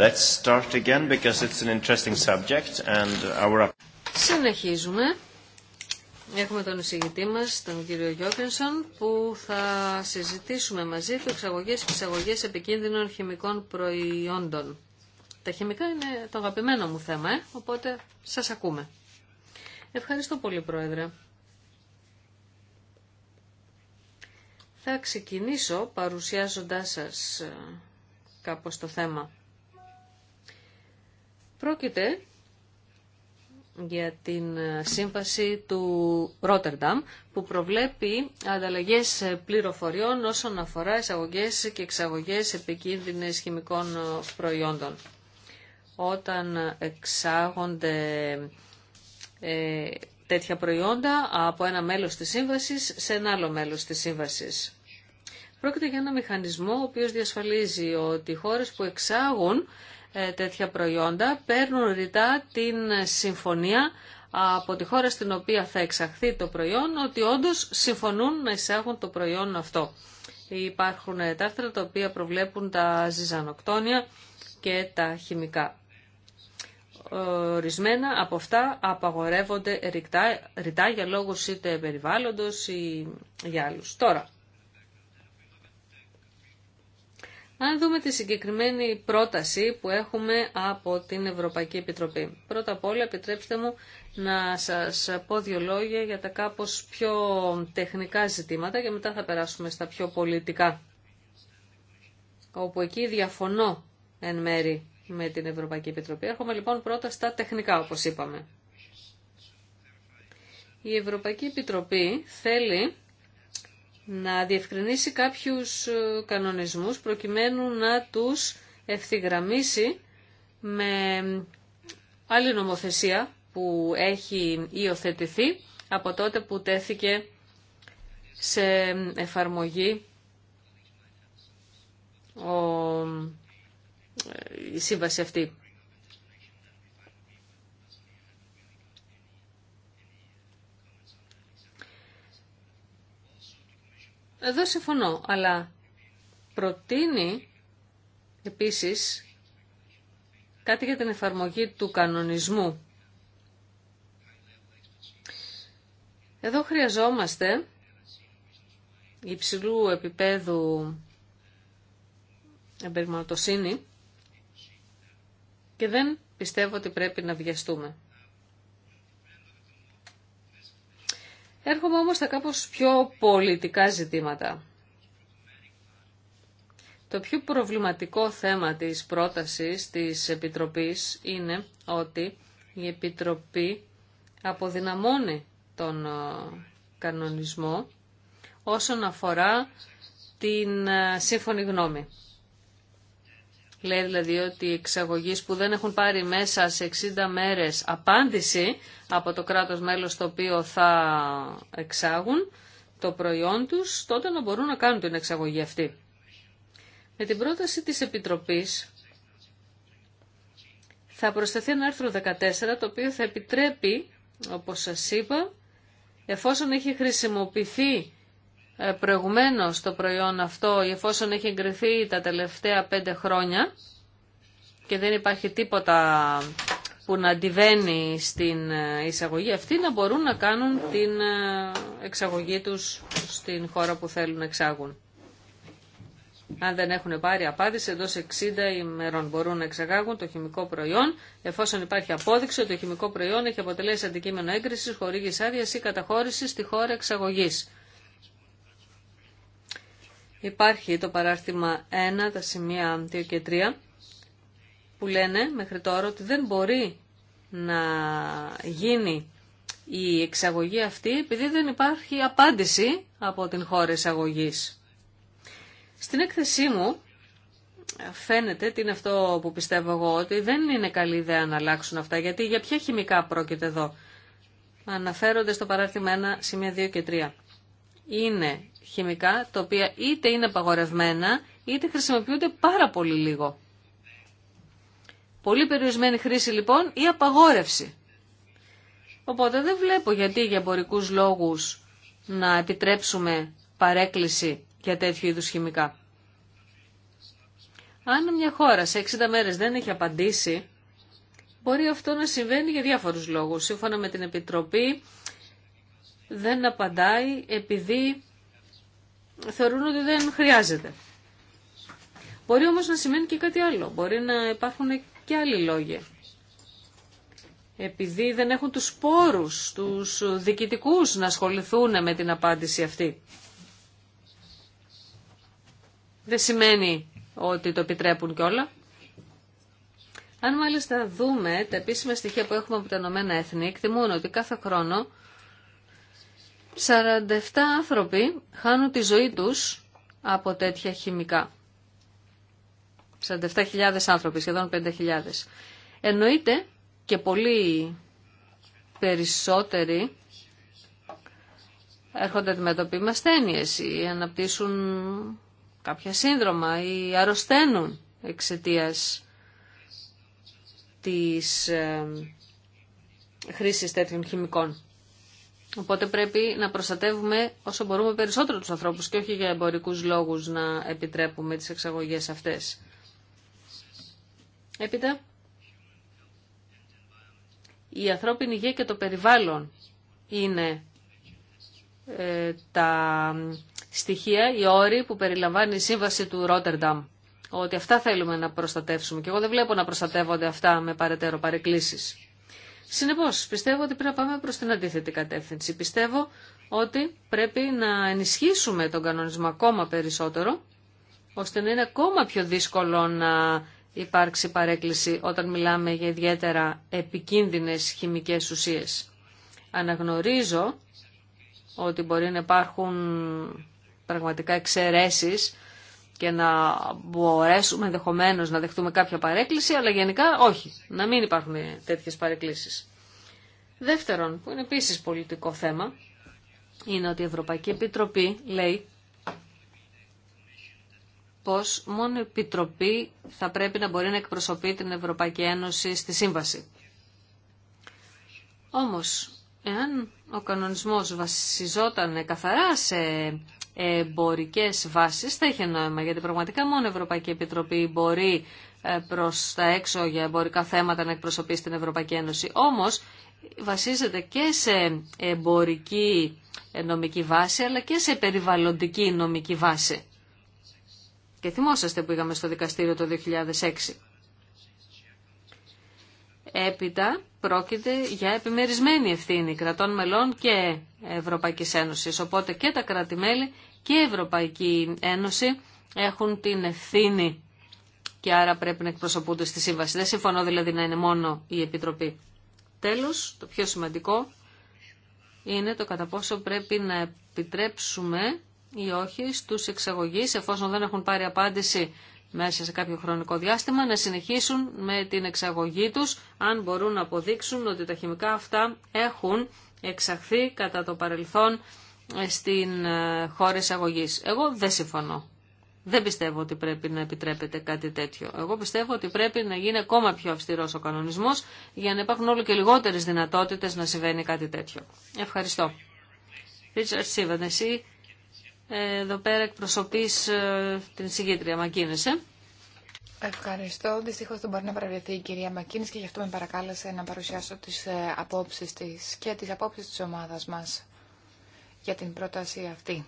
let's subject and Συνεχίζουμε. Έχουμε τον εισηγητή μας, τον κύριο Γιώκενσον, που θα συζητήσουμε μαζί του εξαγωγές και εξαγωγές επικίνδυνων χημικών προϊόντων. Τα χημικά είναι το αγαπημένο μου θέμα, ε, οπότε σας ακούμε. Ευχαριστώ πολύ, Πρόεδρε. Θα ξεκινήσω παρουσιάζοντάς σας ε, κάπως το θέμα. Πρόκειται για την σύμβαση του Ρότερνταμ που προβλέπει ανταλλαγές πληροφοριών όσον αφορά εισαγωγές και εξαγωγές επικίνδυνες χημικών προϊόντων. Όταν εξάγονται ε, τέτοια προϊόντα από ένα μέλος της σύμβασης σε ένα άλλο μέλος της σύμβασης. Πρόκειται για ένα μηχανισμό ο οποίος διασφαλίζει ότι οι χώρες που εξάγουν ε, τέτοια προϊόντα παίρνουν ρητά την συμφωνία από τη χώρα στην οποία θα εξαχθεί το προϊόν ότι όντως συμφωνούν να εισάγουν το προϊόν αυτό. Υπάρχουν τάρτρα τα οποία προβλέπουν τα ζυζανοκτόνια και τα χημικά. Ορισμένα από αυτά απαγορεύονται ρητά, για λόγους είτε περιβάλλοντος ή για άλλους. Τώρα, Αν δούμε τη συγκεκριμένη πρόταση που έχουμε από την Ευρωπαϊκή Επιτροπή. Πρώτα απ' όλα επιτρέψτε μου να σας πω δύο λόγια για τα κάπως πιο τεχνικά ζητήματα και μετά θα περάσουμε στα πιο πολιτικά. Όπου εκεί διαφωνώ εν μέρη με την Ευρωπαϊκή Επιτροπή. Έρχομαι λοιπόν πρώτα στα τεχνικά όπως είπαμε. Η Ευρωπαϊκή Επιτροπή θέλει να διευκρινίσει κάποιους ε, κανονισμούς προκειμένου να τους ευθυγραμμίσει με άλλη νομοθεσία που έχει υιοθετηθεί από τότε που τέθηκε σε εφαρμογή ο... Ε, η σύμβαση αυτή. Εδώ συμφωνώ, αλλά προτείνει επίσης κάτι για την εφαρμογή του κανονισμού. Εδώ χρειαζόμαστε υψηλού επίπεδου εμπεριματοσύνη και δεν πιστεύω ότι πρέπει να βιαστούμε. Έρχομαι όμως στα κάπως πιο πολιτικά ζητήματα. Το πιο προβληματικό θέμα της πρότασης της Επιτροπής είναι ότι η Επιτροπή αποδυναμώνει τον ε, κανονισμό όσον αφορά την ε, σύμφωνη γνώμη. Λέει δηλαδή ότι οι εξαγωγείς που δεν έχουν πάρει μέσα σε 60 μέρες απάντηση από το κράτος μέλος το οποίο θα εξάγουν το προϊόν τους, τότε να μπορούν να κάνουν την εξαγωγή αυτή. Με την πρόταση της Επιτροπής θα προσθεθεί ένα άρθρο 14 το οποίο θα επιτρέπει, όπως σας είπα, εφόσον έχει χρησιμοποιηθεί ε, προηγουμένως το προϊόν αυτό, εφόσον έχει εγκριθεί τα τελευταία πέντε χρόνια και δεν υπάρχει τίποτα που να αντιβαίνει στην ε, εισαγωγή αυτή, να μπορούν να κάνουν την ε, εξαγωγή τους στην χώρα που θέλουν να εξάγουν. Αν δεν έχουν πάρει απάντηση, εντό 60 ημερών μπορούν να εξαγάγουν το χημικό προϊόν, εφόσον υπάρχει απόδειξη ότι το χημικό προϊόν έχει αποτελέσει αντικείμενο έγκριση, χορήγηση άδεια ή καταχώρηση στη χώρα εξαγωγή. Υπάρχει το παράρτημα 1, τα σημεία 2 και 3, που λένε μέχρι τώρα ότι δεν μπορεί να γίνει η εξαγωγή αυτή επειδή δεν υπάρχει απάντηση από την χώρα εισαγωγής. Στην έκθεσή μου φαίνεται, τι είναι αυτό που πιστεύω εγώ, ότι δεν είναι καλή ιδέα να αλλάξουν αυτά, γιατί για ποια χημικά πρόκειται εδώ. Αναφέρονται στο παράρτημα 1, σημεία 2 και 3. Είναι χημικά τα οποία είτε είναι απαγορευμένα είτε χρησιμοποιούνται πάρα πολύ λίγο. Πολύ περιορισμένη χρήση λοιπόν ή απαγόρευση. Οπότε δεν βλέπω γιατί για εμπορικού λόγους να επιτρέψουμε παρέκκληση για τέτοιου είδους χημικά. Αν μια χώρα σε 60 μέρες δεν έχει απαντήσει, μπορεί αυτό να συμβαίνει για διάφορους λόγους. Σύμφωνα με την Επιτροπή δεν απαντάει επειδή θεωρούν ότι δεν χρειάζεται. Μπορεί όμως να σημαίνει και κάτι άλλο. Μπορεί να υπάρχουν και άλλοι λόγοι. Επειδή δεν έχουν τους πόρους, τους δικητικούς να ασχοληθούν με την απάντηση αυτή. Δεν σημαίνει ότι το επιτρέπουν κιόλα. Αν μάλιστα δούμε τα επίσημα στοιχεία που έχουμε από τα Ηνωμένα Έθνη, εκτιμούν ότι κάθε χρόνο 47 άνθρωποι χάνουν τη ζωή τους από τέτοια χημικά. 47.000 άνθρωποι, σχεδόν 5.000. Εννοείται και πολύ περισσότεροι έρχονται να με ασθένειε ή αναπτύσσουν κάποια σύνδρομα ή αρρωσταίνουν εξαιτία της ε, χρήσης τέτοιων χημικών. Οπότε πρέπει να προστατεύουμε όσο μπορούμε περισσότερο τους ανθρώπους και όχι για εμπορικούς λόγους να επιτρέπουμε τις εξαγωγές αυτές. Έπειτα, η ανθρώπινη υγεία και το περιβάλλον είναι ε, τα στοιχεία, οι όροι που περιλαμβάνει η σύμβαση του Ρότερνταμ. Ότι αυτά θέλουμε να προστατεύσουμε. Και εγώ δεν βλέπω να προστατεύονται αυτά με παρετέρω παρεκκλήσεις. Συνεπώ, πιστεύω ότι πρέπει να πάμε προς την αντίθετη κατεύθυνση. Πιστεύω ότι πρέπει να ενισχύσουμε τον κανονισμό ακόμα περισσότερο, ώστε να είναι ακόμα πιο δύσκολο να υπάρξει παρέκκληση όταν μιλάμε για ιδιαίτερα επικίνδυνες χημικές ουσίες. Αναγνωρίζω ότι μπορεί να υπάρχουν πραγματικά εξαιρέσεις και να μπορέσουμε ενδεχομένω να δεχτούμε κάποια παρέκκληση, αλλά γενικά όχι, να μην υπάρχουν τέτοιες παρεκκλήσεις. Δεύτερον, που είναι επίσης πολιτικό θέμα, είναι ότι η Ευρωπαϊκή Επιτροπή λέει πως μόνο η Επιτροπή θα πρέπει να μπορεί να εκπροσωπεί την Ευρωπαϊκή Ένωση στη Σύμβαση. Όμως, εάν ο κανονισμός βασιζόταν καθαρά σε εμπορικέ βάσει θα είχε νόημα, γιατί πραγματικά μόνο η Ευρωπαϊκή Επιτροπή μπορεί ε, προ τα έξω για εμπορικά θέματα να εκπροσωπεί την Ευρωπαϊκή Ένωση. Όμω βασίζεται και σε εμπορική ε, νομική βάση, αλλά και σε περιβαλλοντική νομική βάση. Και θυμόσαστε που είχαμε στο δικαστήριο το 2006. Έπειτα πρόκειται για επιμερισμένη ευθύνη κρατών μελών και Ευρωπαϊκής Ένωσης. Οπότε και τα κρατη και η Ευρωπαϊκή Ένωση έχουν την ευθύνη και άρα πρέπει να εκπροσωπούνται στη σύμβαση. Δεν συμφωνώ δηλαδή να είναι μόνο η Επιτροπή. Τέλος, το πιο σημαντικό είναι το κατά πόσο πρέπει να επιτρέψουμε ή όχι στους εξαγωγείς εφόσον δεν έχουν πάρει απάντηση μέσα σε κάποιο χρονικό διάστημα να συνεχίσουν με την εξαγωγή τους αν μπορούν να αποδείξουν ότι τα χημικά αυτά έχουν εξαχθεί κατά το παρελθόν ε, στην ε, χώρα εισαγωγή. Εγώ δεν συμφωνώ. Δεν πιστεύω ότι πρέπει να επιτρέπεται κάτι τέτοιο. Εγώ πιστεύω ότι πρέπει να γίνει ακόμα πιο αυστηρός ο κανονισμός για να υπάρχουν όλο και λιγότερε δυνατότητε να συμβαίνει κάτι τέτοιο. Ευχαριστώ. εσύ εδώ πέρα εκπροσωπείς ε, την συγκέντρια Μακίνησε. Ευχαριστώ. Δυστυχώ δεν μπορεί να παρευρεθεί η κυρία Μακίνη και γι' αυτό με παρακάλεσε να παρουσιάσω τι ε, απόψει τη και τι απόψει τη ομάδα μα για την πρόταση αυτή.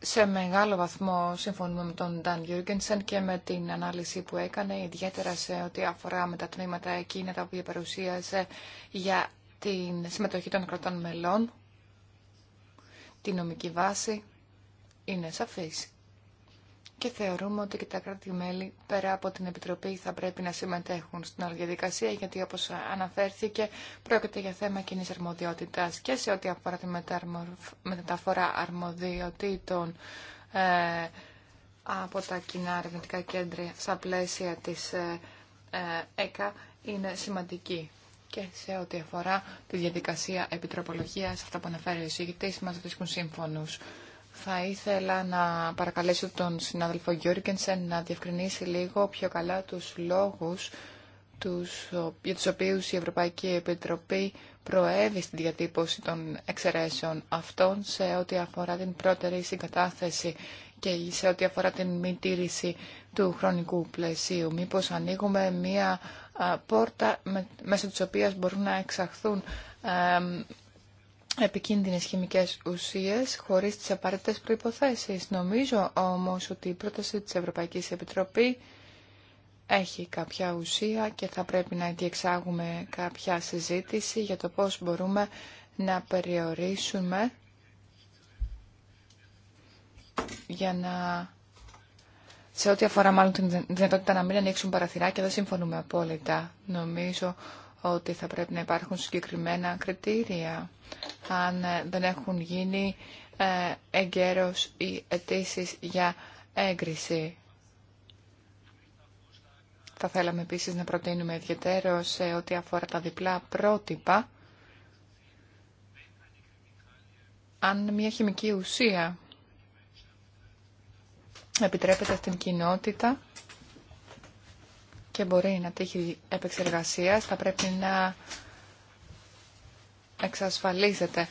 Σε μεγάλο βαθμό συμφωνούμε με τον Νταν Γιούργενσεν και με την ανάλυση που έκανε, ιδιαίτερα σε ό,τι αφορά με τα τμήματα εκείνα τα οποία παρουσίασε για την συμμετοχή των κρατών μελών η νομική βάση είναι σαφής. Και θεωρούμε ότι και τα κράτη-μέλη πέρα από την Επιτροπή θα πρέπει να συμμετέχουν στην άλλη διαδικασία γιατί όπως αναφέρθηκε πρόκειται για θέμα κοινή αρμοδιότητας και σε ό,τι αφορά τη μεταφορά αρμοδιοτήτων ε, από τα κοινά αρνητικά κέντρα στα πλαίσια της ε, ε, ΕΚΑ είναι σημαντική και σε ό,τι αφορά τη διαδικασία επιτροπολογίας, αυτά που αναφέρει ο εισηγητής, μας βρίσκουν σύμφωνους. Θα ήθελα να παρακαλέσω τον συνάδελφο Γιώργενσεν να διευκρινίσει λίγο πιο καλά τους λόγους τους, για του οποίου η Ευρωπαϊκή Επιτροπή προέβη στη διατύπωση των εξαιρέσεων αυτών σε ό,τι αφορά την πρώτερη συγκατάθεση και σε ό,τι αφορά την μη τήρηση του χρονικού πλαισίου. Μήπως ανοίγουμε μία ε, πόρτα μέσω της οποίας μπορούν να εξαχθούν ε, επικίνδυνες χημικές ουσίες χωρίς τις απαραίτητες προϋποθέσεις. Νομίζω όμως ότι η πρόταση της Ευρωπαϊκής Επιτροπή έχει κάποια ουσία και θα πρέπει να διεξάγουμε κάποια συζήτηση για το πώς μπορούμε να περιορίσουμε για να σε ό,τι αφορά μάλλον την δυνατότητα να μην ανοίξουν παραθυράκια, δεν συμφωνούμε απόλυτα. Νομίζω ότι θα πρέπει να υπάρχουν συγκεκριμένα κριτήρια αν ε, δεν έχουν γίνει ε, εγκαίρως οι αιτήσει για έγκριση. Θα θέλαμε επίσης να προτείνουμε ιδιαίτερο σε ό,τι αφορά τα διπλά πρότυπα αν μια χημική ουσία επιτρέπεται στην κοινότητα και μπορεί να τύχει επεξεργασία. θα πρέπει να εξασφαλίζεται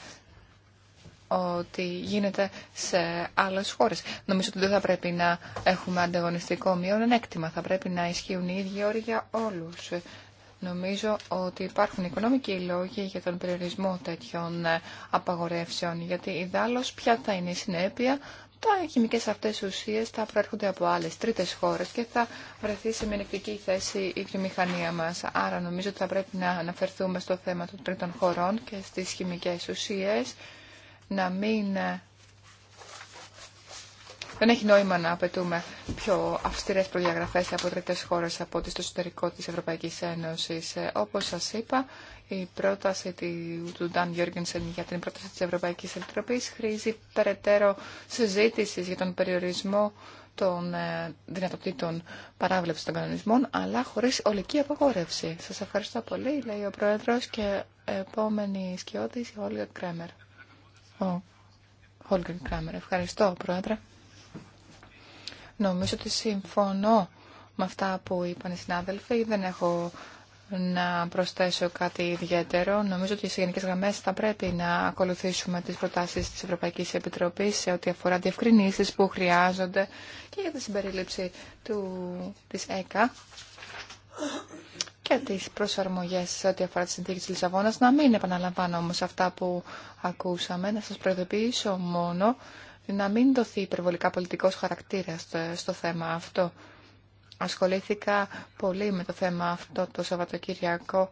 ότι γίνεται σε άλλες χώρες. Νομίζω ότι δεν θα πρέπει να έχουμε ανταγωνιστικό μείον έκτημα. Θα πρέπει να ισχύουν οι ίδιοι όροι για όλους. Νομίζω ότι υπάρχουν οικονομικοί λόγοι για τον περιορισμό τέτοιων απαγορεύσεων, γιατί ιδάλλως ποια θα είναι η συνέπεια τα χημικές αυτές ουσίες θα προέρχονται από άλλες τρίτες χώρες και θα βρεθεί σε μενεκτική θέση η βιομηχανία μας. Άρα νομίζω ότι θα πρέπει να αναφερθούμε στο θέμα των τρίτων χωρών και στις χημικές ουσίες, να μην δεν έχει νόημα να απαιτούμε πιο αυστηρέ προδιαγραφέ από τρίτε χώρε από ό,τι στο εσωτερικό τη Ευρωπαϊκή Ένωση. Ε, Όπω σα είπα, η πρόταση του Νταν Γιώργενσεν για την πρόταση τη Ευρωπαϊκή Επιτροπή χρήζει περαιτέρω συζήτηση για τον περιορισμό των ε, δυνατοτήτων παράβλεψη των κανονισμών, αλλά χωρί ολική απαγόρευση. Σα ευχαριστώ πολύ, λέει ο Πρόεδρο και επόμενη σκιώδη, η Όλγα Κρέμερ. Ο Όλγα Ευχαριστώ, Πρόεδρε. Νομίζω ότι συμφωνώ με αυτά που είπαν οι συνάδελφοι. Δεν έχω να προσθέσω κάτι ιδιαίτερο. Νομίζω ότι σε Γενικέ γραμμέ θα πρέπει να ακολουθήσουμε τι προτάσει τη Ευρωπαϊκή Επιτροπή σε ό,τι αφορά διευκρινήσει που χρειάζονται και για τη συμπερίληψη του, της ΕΚΑ και τι προσαρμογέ σε ό,τι αφορά τη συνθήκη της Λισαβόνας. Να μην επαναλαμβάνω όμω αυτά που ακούσαμε. Να σα προειδοποιήσω μόνο να μην δοθεί υπερβολικά πολιτικός χαρακτήρας στο, ε, στο θέμα αυτό. Ασχολήθηκα πολύ με το θέμα αυτό το Σαββατοκυριακό.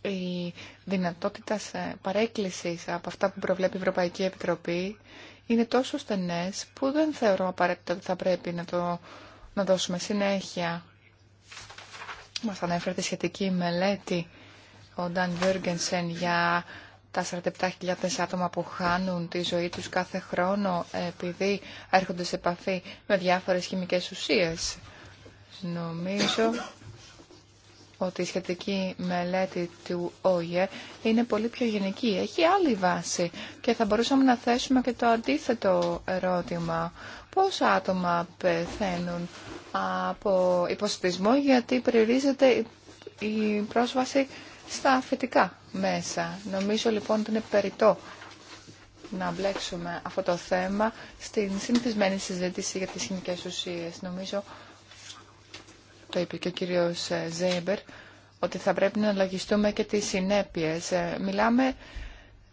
Η δυνατότητα παρέκκλησης από αυτά που προβλέπει η Ευρωπαϊκή Επιτροπή είναι τόσο στενές που δεν θεωρώ απαραίτητα ότι θα πρέπει να, το, να δώσουμε συνέχεια. Μας ανέφερε τη σχετική μελέτη ο Νταν για τα 47.000 άτομα που χάνουν τη ζωή τους κάθε χρόνο επειδή έρχονται σε επαφή με διάφορες χημικές ουσίες. Νομίζω ότι η σχετική μελέτη του ΟΙΕ είναι πολύ πιο γενική. Έχει άλλη βάση και θα μπορούσαμε να θέσουμε και το αντίθετο ερώτημα. Πόσα άτομα πεθαίνουν από υποστηρισμό γιατί περιορίζεται η πρόσβαση στα φυτικά μέσα. Νομίζω λοιπόν ότι είναι περιττό να μπλέξουμε αυτό το θέμα στην συνηθισμένη συζήτηση για τις χημικές ουσίες. Νομίζω, το είπε και ο κύριος ε, Ζέιμπερ, ότι θα πρέπει να λογιστούμε και τις συνέπειες. Ε, μιλάμε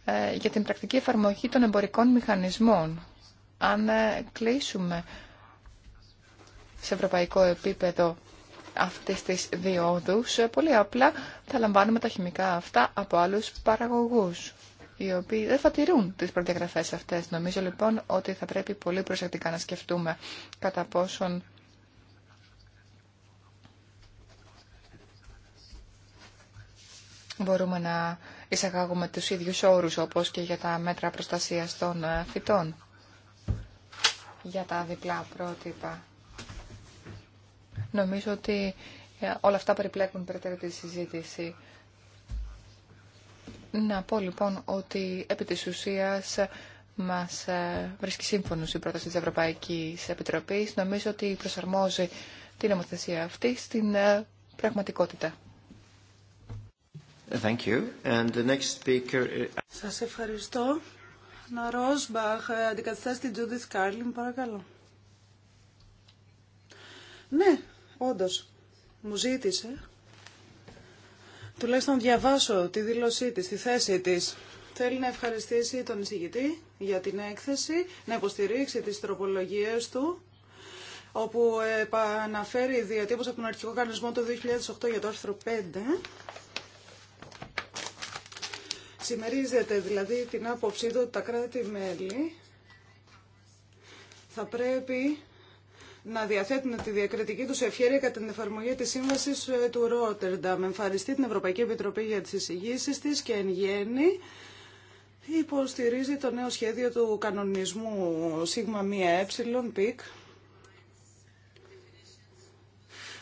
ε, για την πρακτική εφαρμογή των εμπορικών μηχανισμών. Αν κλείσουμε σε ευρωπαϊκό επίπεδο αυτές τις διόδους ε, Πολύ απλά θα λαμβάνουμε τα χημικά αυτά από άλλους παραγωγούς οι οποίοι δεν θα τηρούν τις προδιαγραφές αυτές. Νομίζω λοιπόν ότι θα πρέπει πολύ προσεκτικά να σκεφτούμε κατά πόσον μπορούμε να εισαγάγουμε τους ίδιους όρους όπως και για τα μέτρα προστασίας των ε, φυτών για τα διπλά πρότυπα. Νομίζω ότι ε, όλα αυτά περιπλέκουν περαιτέρω τη συζήτηση. Να πω λοιπόν ότι επί της ουσίας ε, μας ε, βρίσκει σύμφωνος η πρόταση της Ευρωπαϊκής Επιτροπής. Νομίζω ότι προσαρμόζει την νομοθεσία αυτή στην πραγματικότητα. Thank you. And Σας ευχαριστώ. Να Ρόσμπαχ, αντικαθιστά την Τζούδιθ Κάρλιν, παρακαλώ. Ναι, Όντως, μου ζήτησε τουλάχιστον διαβάσω τη δήλωσή της, τη θέση της. Θέλει να ευχαριστήσει τον εισηγητή για την έκθεση, να υποστηρίξει τις τροπολογίες του, όπου επαναφέρει διατύπωση από τον αρχικό κανονισμό του 2008 για το άρθρο 5. Συμμερίζεται δηλαδή την άποψή του ότι τα κράτη-μέλη θα πρέπει να διαθέτουν τη διακριτική του ευχαίρεια κατά την εφαρμογή τη σύμβαση ε, του Ρότερνταμ. Εμφανιστεί την Ευρωπαϊκή Επιτροπή για τι εισηγήσει τη και εν γέννη υποστηρίζει το νέο σχέδιο του κανονισμού σίγμα 1 ε,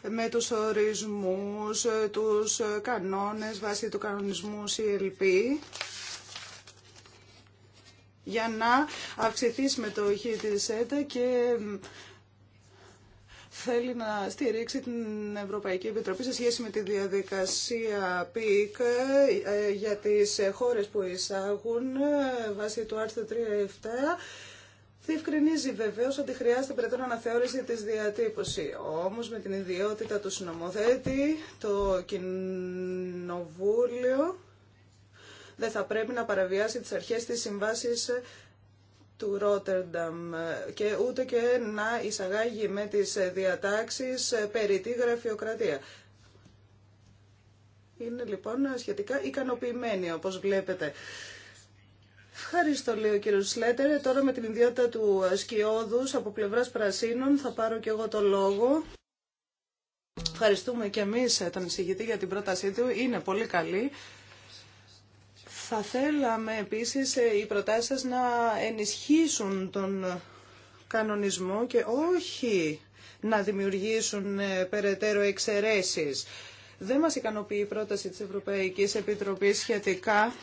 με τους ορισμούς, ε, τους ε, κανόνες βάσει του κανονισμού CLP για να αυξηθεί η συμμετοχή της ΕΤΑ και θέλει να στηρίξει την Ευρωπαϊκή Επιτροπή σε σχέση με τη διαδικασία ΠΙΚ ε, για τις ε, χώρες που εισάγουν ε, βάσει του άρθρου 3.7 Διευκρινίζει βεβαίω ότι χρειάζεται περαιτέρω αναθεώρηση τη διατύπωση. Όμω με την ιδιότητα του συνομοθέτη, το Κοινοβούλιο δεν θα πρέπει να παραβιάσει τις αρχές της συμβάσης του Ρότερνταμ και ούτε και να εισαγάγει με τις διατάξεις περί τη γραφειοκρατία. Είναι λοιπόν σχετικά ικανοποιημένη όπως βλέπετε. Ευχαριστώ, λέει ο κύριο Σλέτερ. Τώρα με την ιδιότητα του Σκιώδους από πλευράς Πρασίνων θα πάρω και εγώ το λόγο. Ευχαριστούμε και εμείς τον εισηγητή για την πρότασή του. Είναι πολύ καλή. Θα θέλαμε επίσης οι προτάσεις σας να ενισχύσουν τον κανονισμό και όχι να δημιουργήσουν ε, περαιτέρω εξαιρέσεις. Δεν μας ικανοποιεί η πρόταση της Ευρωπαϊκής Επιτροπής σχετικά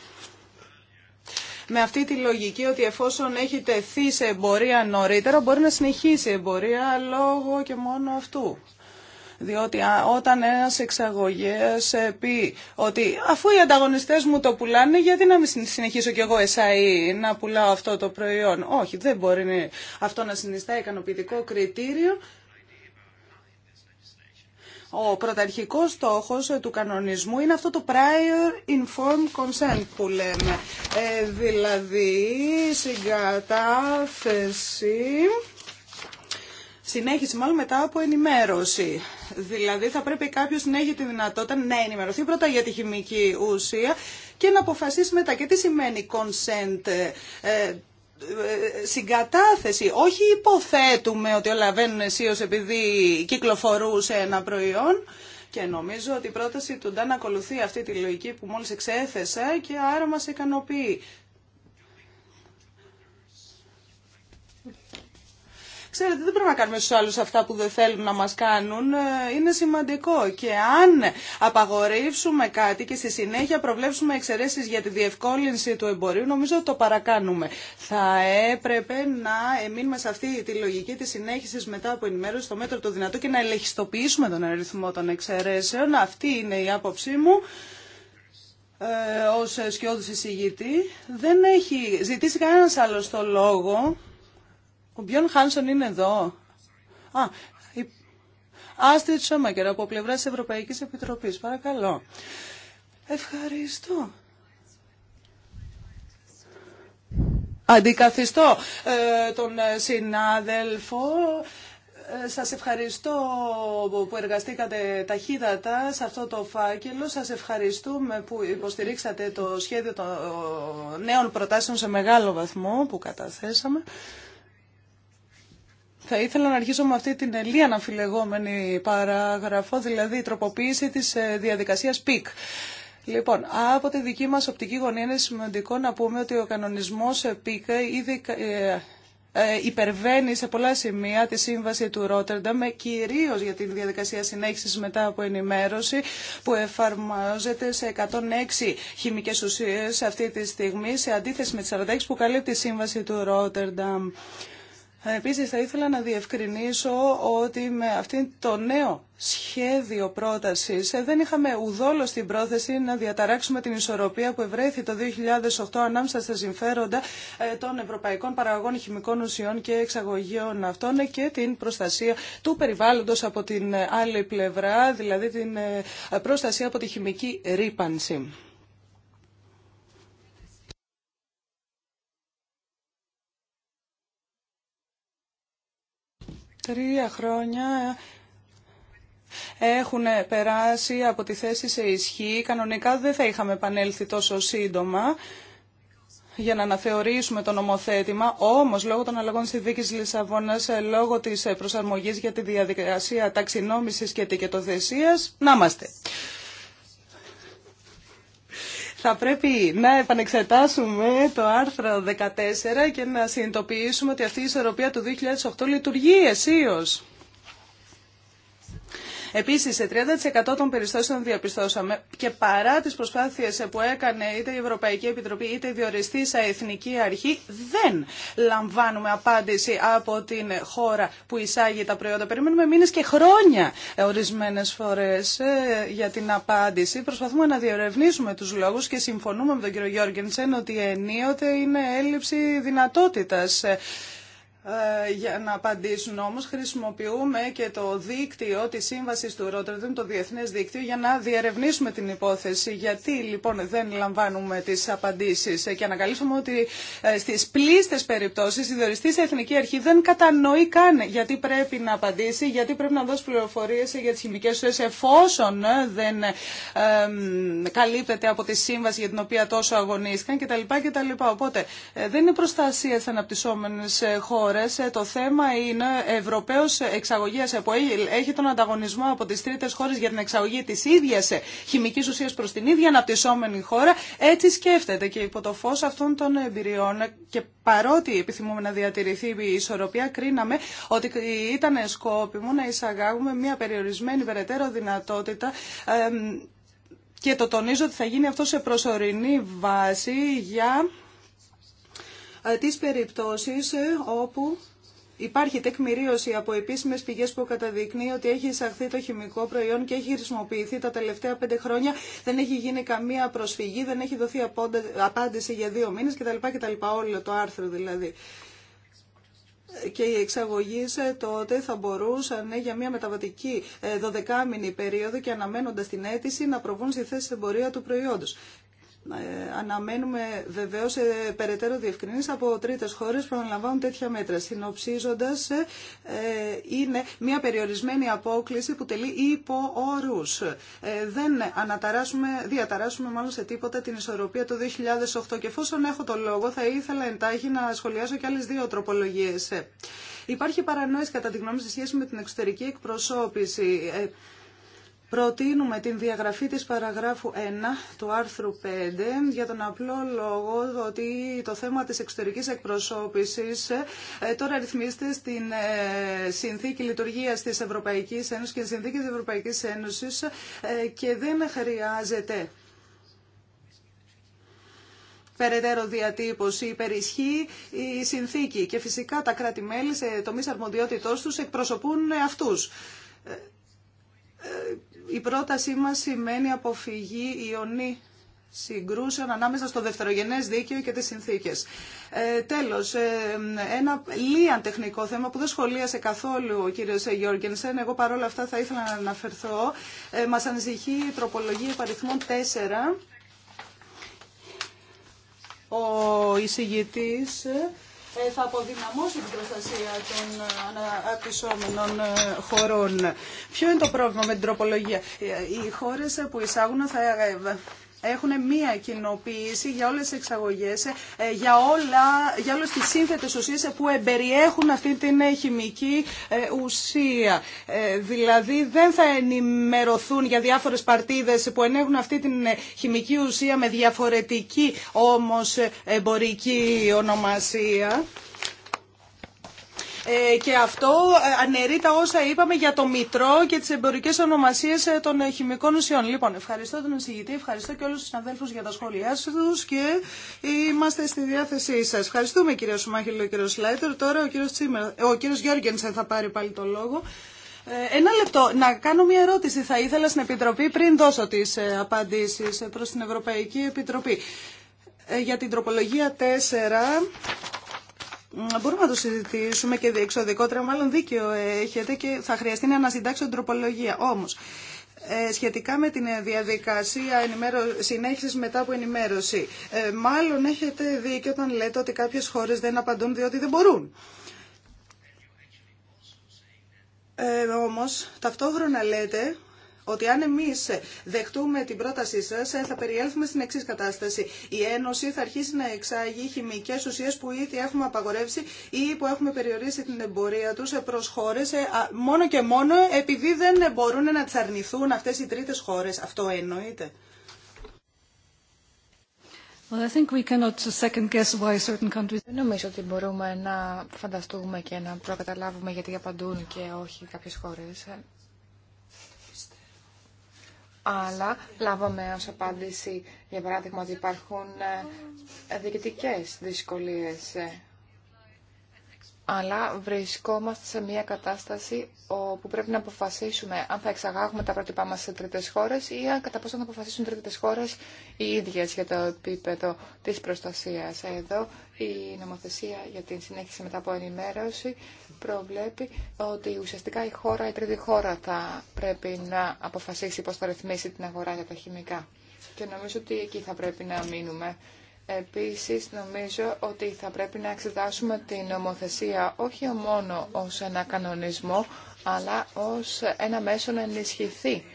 με αυτή τη λογική ότι εφόσον έχει τεθεί σε εμπορία νωρίτερα μπορεί να συνεχίσει η εμπορία λόγω και μόνο αυτού. Διότι όταν ένα εξαγωγέας ε, πει ότι αφού οι ανταγωνιστέ μου το πουλάνε, γιατί να μην συνεχίσω κι εγώ εσάι να πουλάω αυτό το προϊόν. Όχι, δεν μπορεί αυτό να συνιστά ικανοποιητικό κριτήριο. Ο πρωταρχικός στόχος ε, του κανονισμού είναι αυτό το prior informed consent που λέμε. Ε, δηλαδή, συγκατάθεση συνέχιση μάλλον μετά από ενημέρωση. Δηλαδή θα πρέπει κάποιο να έχει τη δυνατότητα να ενημερωθεί πρώτα για τη χημική ουσία και να αποφασίσει μετά. Και τι σημαίνει consent, ε, ε, συγκατάθεση. Όχι υποθέτουμε ότι όλα Λαβέν Σίος επειδή κυκλοφορούσε ένα προϊόν. Και νομίζω ότι η πρόταση του Ντάν ακολουθεί αυτή τη λογική που μόλις εξέθεσα και άρα μας ικανοποιεί. Ξέρετε, δεν πρέπει να κάνουμε στου άλλου αυτά που δεν θέλουν να μα κάνουν. Ε, είναι σημαντικό. Και αν απαγορεύσουμε κάτι και στη συνέχεια προβλέψουμε εξαιρέσει για τη διευκόλυνση του εμπορίου, νομίζω ότι το παρακάνουμε. Θα έπρεπε να εμείνουμε σε αυτή τη λογική τη συνέχιση μετά από ενημέρωση στο μέτρο του δυνατού και να ελεγχιστοποιήσουμε τον αριθμό των εξαιρέσεων. Αυτή είναι η άποψή μου ε, ως σκιώδης εισηγητή. Δεν έχει ζητήσει κανένας άλλος το λόγο. Ο Μπιόν Χάνσον είναι εδώ. Α, η... Άστιτ Σόμακερ από πλευρά τη Ευρωπαϊκή Επιτροπή. Παρακαλώ. Ευχαριστώ. Αντικαθιστώ ε, τον συνάδελφο. Ε, σας ευχαριστώ που εργαστήκατε ταχύτατα σε αυτό το φάκελο. Σας ευχαριστούμε που υποστηρίξατε το σχέδιο των νέων προτάσεων σε μεγάλο βαθμό που καταθέσαμε. Θα ήθελα να αρχίσω με αυτή την ελή αναφιλεγόμενη παράγραφο, δηλαδή η τροποποίηση της ε, διαδικασίας PIC. Λοιπόν, από τη δική μας οπτική γωνία είναι σημαντικό να πούμε ότι ο κανονισμός ε, ΠΙΚ ε, ήδη υπερβαίνει σε πολλά σημεία τη σύμβαση του Ρότερνταμ, κυρίως για τη διαδικασία συνέχισης μετά από ενημέρωση που εφαρμόζεται σε 106 χημικές ουσίες αυτή τη στιγμή, σε αντίθεση με τις 46 που καλύπτει η σύμβαση του Ρότερνταμ. Επίσης θα ήθελα να διευκρινίσω ότι με αυτό το νέο σχέδιο πρότασης ε, δεν είχαμε ουδόλως την πρόθεση να διαταράξουμε την ισορροπία που ευρέθη το 2008 ανάμεσα στα συμφέροντα ε, των ευρωπαϊκών παραγωγών χημικών ουσιών και εξαγωγείων αυτών ε, και την προστασία του περιβάλλοντος από την άλλη πλευρά, δηλαδή την προστασία από τη χημική ρήπανση. Τρία χρόνια έχουν περάσει από τη θέση σε ισχύ. Κανονικά δεν θα είχαμε επανέλθει τόσο σύντομα για να αναθεωρήσουμε το νομοθέτημα, όμως λόγω των αλλαγών στη δίκη Λισαβόνας, ε, λόγω της ε, προσαρμογής για τη διαδικασία ταξινόμησης και τικετοθεσίας, να είμαστε θα πρέπει να επανεξετάσουμε το άρθρο 14 και να συνειδητοποιήσουμε ότι αυτή η ισορροπία του 2008 λειτουργεί αισίως. Επίσης, σε 30% των περιστώσεων διαπιστώσαμε και παρά τις προσπάθειες που έκανε είτε η Ευρωπαϊκή Επιτροπή είτε η διοριστήσα εθνική αρχή, δεν λαμβάνουμε απάντηση από την χώρα που εισάγει τα προϊόντα. Περιμένουμε μήνες και χρόνια ορισμένες φορές ε, για την απάντηση. Προσπαθούμε να διερευνήσουμε τους λόγου και συμφωνούμε με τον κύριο Γιώργενσεν ότι ενίοτε είναι έλλειψη δυνατότητας ε, ε, για να απαντήσουν όμως χρησιμοποιούμε και το δίκτυο της σύμβασης του Ρότερντον, το διεθνές δίκτυο, για να διερευνήσουμε την υπόθεση. Γιατί λοιπόν δεν λαμβάνουμε τις απαντήσεις ε, και ανακαλύψαμε ότι ε, στις πλήστες περιπτώσεις η διοριστή σε Εθνική Αρχή δεν κατανοεί καν γιατί πρέπει να απαντήσει, γιατί πρέπει να δώσει πληροφορίες για τις χημικές ουσίες εφόσον δεν καλύπτεται από τη σύμβαση για την οποία τόσο αγωνίστηκαν κτλ. Οπότε δεν είναι προστασία στις αναπτυσσόμενες χώρες ε, το θέμα είναι Ευρωπαίος εξαγωγίας ε, που έχει τον ανταγωνισμό από τις τρίτες χώρες για την εξαγωγή της ίδιας ε, χημικής ουσίας προς την ίδια αναπτυσσόμενη χώρα. Έτσι σκέφτεται και υπό το φως αυτών των εμπειριών και παρότι επιθυμούμε να διατηρηθεί η ισορροπία, κρίναμε ότι ήταν σκόπιμο να εισαγάγουμε μια περιορισμένη περαιτέρω δυνατότητα και το τονίζω ότι θα γίνει αυτό σε προσωρινή βάση για τις περιπτώσεις ε, όπου Υπάρχει τεκμηρίωση από επίσημες πηγές που καταδεικνύει ότι έχει εισαχθεί το χημικό προϊόν και έχει χρησιμοποιηθεί τα τελευταία πέντε χρόνια. Δεν έχει γίνει καμία προσφυγή, δεν έχει δοθεί απάντηση για δύο μήνε κτλ. κτλ. Όλο το άρθρο δηλαδή. Και οι εξαγωγεί ε, τότε θα μπορούσαν ε, για μια μεταβατική 12 μήνη περίοδο και αναμένοντα την αίτηση να προβούν στη θέση εμπορία του προϊόντος. Ε, αναμένουμε βεβαίω ε, περαιτέρω διευκρινήσει από τρίτε χώρε που αναλαμβάνουν τέτοια μέτρα. Συνοψίζοντα, ε, είναι μια περιορισμένη απόκληση που τελεί υπό όρου. δεν αναταράσουμε, διαταράσουμε μάλλον σε τίποτα την ισορροπία του 2008. Και εφόσον έχω το λόγο, θα ήθελα εντάχει να σχολιάσω και άλλε δύο τροπολογίε. Υπάρχει παρανόηση κατά τη γνώμη σε σχέση με την εξωτερική εκπροσώπηση. Προτείνουμε την διαγραφή της παραγράφου 1 του άρθρου 5 για τον απλό λόγο ότι το θέμα της εξωτερικής εκπροσώπησης ε, τώρα ρυθμίζεται στην ε, συνθήκη λειτουργίας της Ευρωπαϊκής Ένωσης και στην συνθήκη της Ευρωπαϊκής Ένωσης ε, και δεν χρειάζεται περαιτέρω διατύπωση υπερισχύει η συνθήκη και φυσικά τα κράτη-μέλη σε τομείς αρμοδιότητός τους εκπροσωπούν αυτούς η πρότασή μα σημαίνει αποφυγή ιονή συγκρούσεων ανάμεσα στο δευτερογενές δίκαιο και τις συνθήκες. Ε, τέλος, ε, ένα λίαν τεχνικό θέμα που δεν σχολίασε καθόλου ο κύριος Γιώργενσεν, εγώ παρόλα αυτά θα ήθελα να αναφερθώ. Ε, μας ανησυχεί η τροπολογία υπαριθμών 4. Ο εισηγητής... Ε, ε, θα αποδυναμώσει την προστασία των ε, αναπτυσσόμενων ε, χωρών. Ποιο είναι το πρόβλημα με την τροπολογία. Οι χώρες που εισάγουν θα έχουν μία κοινοποίηση για όλες τις εξαγωγές, ε, για, όλα, για όλες τις σύνθετες ουσίες που εμπεριέχουν αυτή την χημική ε, ουσία. Ε, δηλαδή δεν θα ενημερωθούν για διάφορες παρτίδες που ενέχουν αυτή την χημική ουσία με διαφορετική όμως εμπορική ονομασία. Ε, και αυτό ε, αναιρεί τα όσα είπαμε για το μητρό και τις εμπορικές ονομασίες ε, των χημικών ουσιών. Λοιπόν, ευχαριστώ τον εισηγητή, ευχαριστώ και όλου του συναδέλφου για τα σχόλιά του και είμαστε στη διάθεσή σα. Ευχαριστούμε κύριο Σουμάχηλο, κύριο Σλάιτερ. Τώρα ο κύριο Τσίμερ, ο θα πάρει πάλι το λόγο. Ένα λεπτό, να κάνω μια ερώτηση θα ήθελα στην Επιτροπή πριν δώσω τις απαντήσεις προ την Ευρωπαϊκή Επιτροπή. Για την τροπολογία 4 μπορούμε να το συζητήσουμε και διεξοδικότερα. μάλλον δίκαιο έχετε και θα χρειαστεί να ανασυντάξω την τροπολογία. Όμως, ε, σχετικά με την διαδικασία συνέχισης μετά από ενημέρωση, ε, μάλλον έχετε δίκιο όταν λέτε ότι κάποιες χώρες δεν απαντούν διότι δεν μπορούν. Ε, όμως, ταυτόχρονα λέτε ότι αν εμείς δεχτούμε την πρότασή σας ε, θα περιέλθουμε στην εξή κατάσταση. Η Ένωση θα αρχίσει να εξάγει χημικέ ουσίες που ήδη έχουμε απαγορεύσει ή που έχουμε περιορίσει την εμπορία τους ε, προ χώρε, ε, μόνο και μόνο επειδή δεν μπορούν να τι αρνηθούν αυτές οι τρίτες χώρες. Αυτό εννοείται. Δεν νομίζω ότι μπορούμε να φανταστούμε και να προκαταλάβουμε γιατί απαντούν και όχι κάποιες χώρες αλλά λάβαμε ως απάντηση, για παράδειγμα, ότι υπάρχουν ε, διοικητικές δυσκολίες ε, αλλά βρισκόμαστε σε μια κατάσταση όπου πρέπει να αποφασίσουμε αν θα εξαγάγουμε τα πρότυπά μας σε τρίτες χώρες ή αν κατά πόσο θα αποφασίσουν τρίτες χώρες οι ίδιες για το επίπεδο της προστασίας. Εδώ η νομοθεσία για την συνέχιση μετά από ενημέρωση προβλέπει ότι ουσιαστικά η χώρα, η τρίτη χώρα θα πρέπει να αποφασίσει πώς θα ρυθμίσει την αγορά για τα χημικά. Και νομίζω ότι εκεί θα πρέπει να μείνουμε. Επίσης, νομίζω ότι θα πρέπει να εξετάσουμε την νομοθεσία όχι μόνο ως ένα κανονισμό, αλλά ως ένα μέσο να ενισχυθεί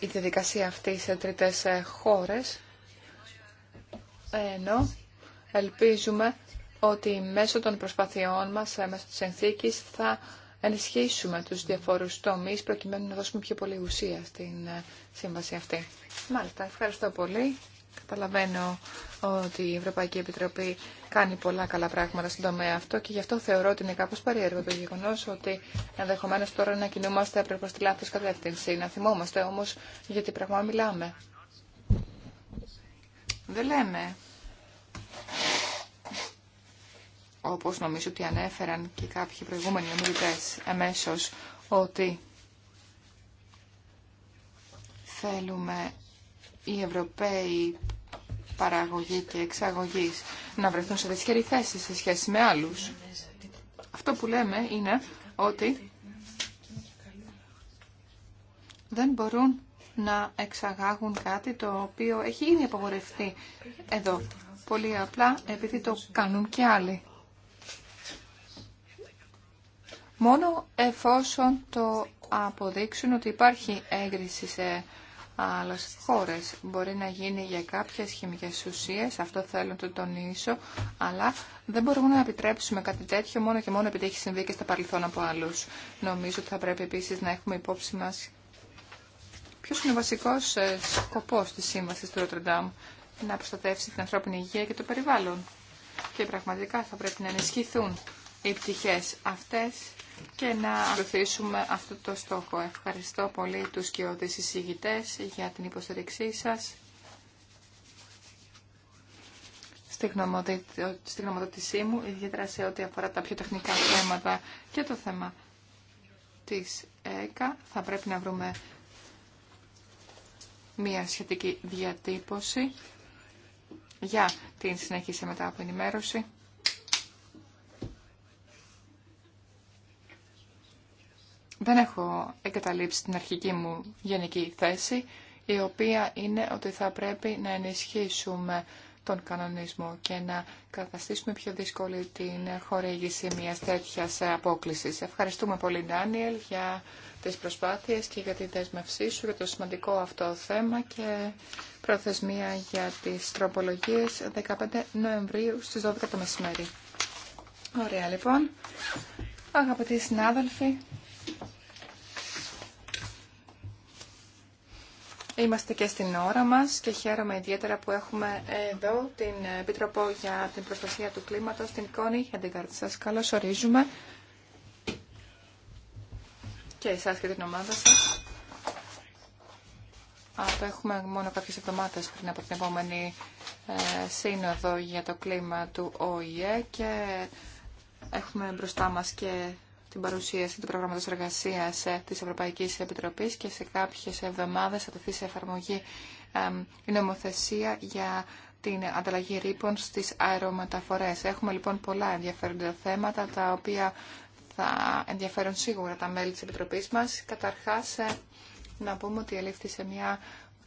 η διαδικασία αυτή σε τρίτες ε, χώρες, ενώ ελπίζουμε ότι μέσω των προσπαθειών μας, ε, μέσω της ενθήκη, θα ενισχύσουμε τους διαφορούς τομείς προκειμένου να δώσουμε πιο πολύ ουσία στην ε, σύμβαση αυτή. Μάλιστα, ευχαριστώ πολύ. Καταλαβαίνω ότι η Ευρωπαϊκή Επιτροπή κάνει πολλά καλά πράγματα στον τομέα αυτό και γι' αυτό θεωρώ ότι είναι κάπως περίεργο το γεγονός ότι ενδεχομένω τώρα να κινούμαστε προ τη λάθος κατεύθυνση. Να θυμόμαστε όμως γιατί πράγμα μιλάμε. Δεν λέμε όπως νομίζω ότι ανέφεραν και κάποιοι προηγούμενοι ομιλητές εμέσως, ότι θέλουμε οι Ευρωπαίοι παραγωγή και εξαγωγής να βρεθούν σε δυσχερή θέση σε σχέση με άλλους. Αυτό που λέμε είναι ότι δεν μπορούν να εξαγάγουν κάτι το οποίο έχει ήδη απογορευτεί εδώ. Πολύ απλά επειδή το κάνουν και άλλοι. Μόνο εφόσον το αποδείξουν ότι υπάρχει έγκριση σε άλλες χώρες. Μπορεί να γίνει για κάποιες χημικές ουσίες, αυτό θέλω να το τονίσω, αλλά δεν μπορούμε να επιτρέψουμε κάτι τέτοιο μόνο και μόνο επειδή έχει συμβεί και στα παρελθόν από άλλους. Νομίζω ότι θα πρέπει επίσης να έχουμε υπόψη μας ποιος είναι ο βασικός ε, σκοπός της σύμβασης του Ροτρεντάμ να προστατεύσει την ανθρώπινη υγεία και το περιβάλλον. Και πραγματικά θα πρέπει να ενισχυθούν οι πτυχέ αυτές και να ακολουθήσουμε αυτό το στόχο. Ευχαριστώ πολύ τους και όδες εισηγητές για την υποστηρίξή σας. Στη γνωμοδότησή μου, ιδιαίτερα σε ό,τι αφορά τα πιο τεχνικά θέματα και το θέμα της ΕΚΑ, θα πρέπει να βρούμε μία σχετική διατύπωση για την συνεχίση μετά από ενημέρωση. Δεν έχω εγκαταλείψει την αρχική μου γενική θέση, η οποία είναι ότι θα πρέπει να ενισχύσουμε τον κανονισμό και να καταστήσουμε πιο δύσκολη την χορήγηση μιας τέτοιας απόκλησης. Ευχαριστούμε πολύ, Ντάνιελ, για τις προσπάθειες και για τη δέσμευσή σου για το σημαντικό αυτό θέμα και προθεσμία για τις τροπολογίες 15 Νοεμβρίου στις 12 το μεσημέρι. Ωραία, λοιπόν. Αγαπητοί συνάδελφοι, Είμαστε και στην ώρα μας και χαίρομαι ιδιαίτερα που έχουμε εδώ την Επίτροπο για την Προστασία του Κλίματος, την Κόνη Χεντεγκάρτ. Σας καλώς ορίζουμε και εσάς και την ομάδα σας. Αυτό έχουμε μόνο κάποιες εβδομάδες πριν από την επόμενη ε, σύνοδο για το κλίμα του ΟΗΕ και έχουμε μπροστά μας και την παρουσίαση του προγράμματος εργασίας ε, της Ευρωπαϊκής Επιτροπής και σε κάποιες εβδομάδες θα τεθεί σε εφαρμογή η νομοθεσία για την ανταλλαγή ρήπων στις αερομεταφορές. Έχουμε λοιπόν πολλά ενδιαφέροντα θέματα τα οποία θα ενδιαφέρουν σίγουρα τα μέλη της Επιτροπής μας. Καταρχάς ε, να πούμε ότι ελήφθη σε μια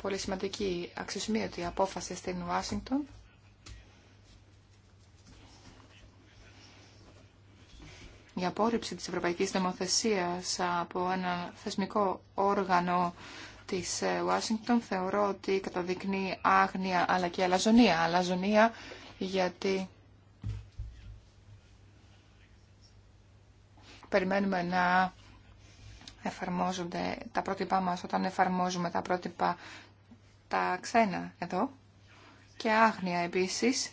πολύ σημαντική αξιοσημείωτη απόφαση στην Ουάσιγκτον Η απόρριψη της Ευρωπαϊκής Δημοθεσίας από ένα θεσμικό όργανο της ε, Ουάσιγκτον θεωρώ ότι καταδεικνύει άγνοια αλλά και αλαζονία. Αλαζονία γιατί περιμένουμε να εφαρμόζονται τα πρότυπά μας όταν εφαρμόζουμε τα πρότυπα τα ξένα εδώ και άγνοια επίσης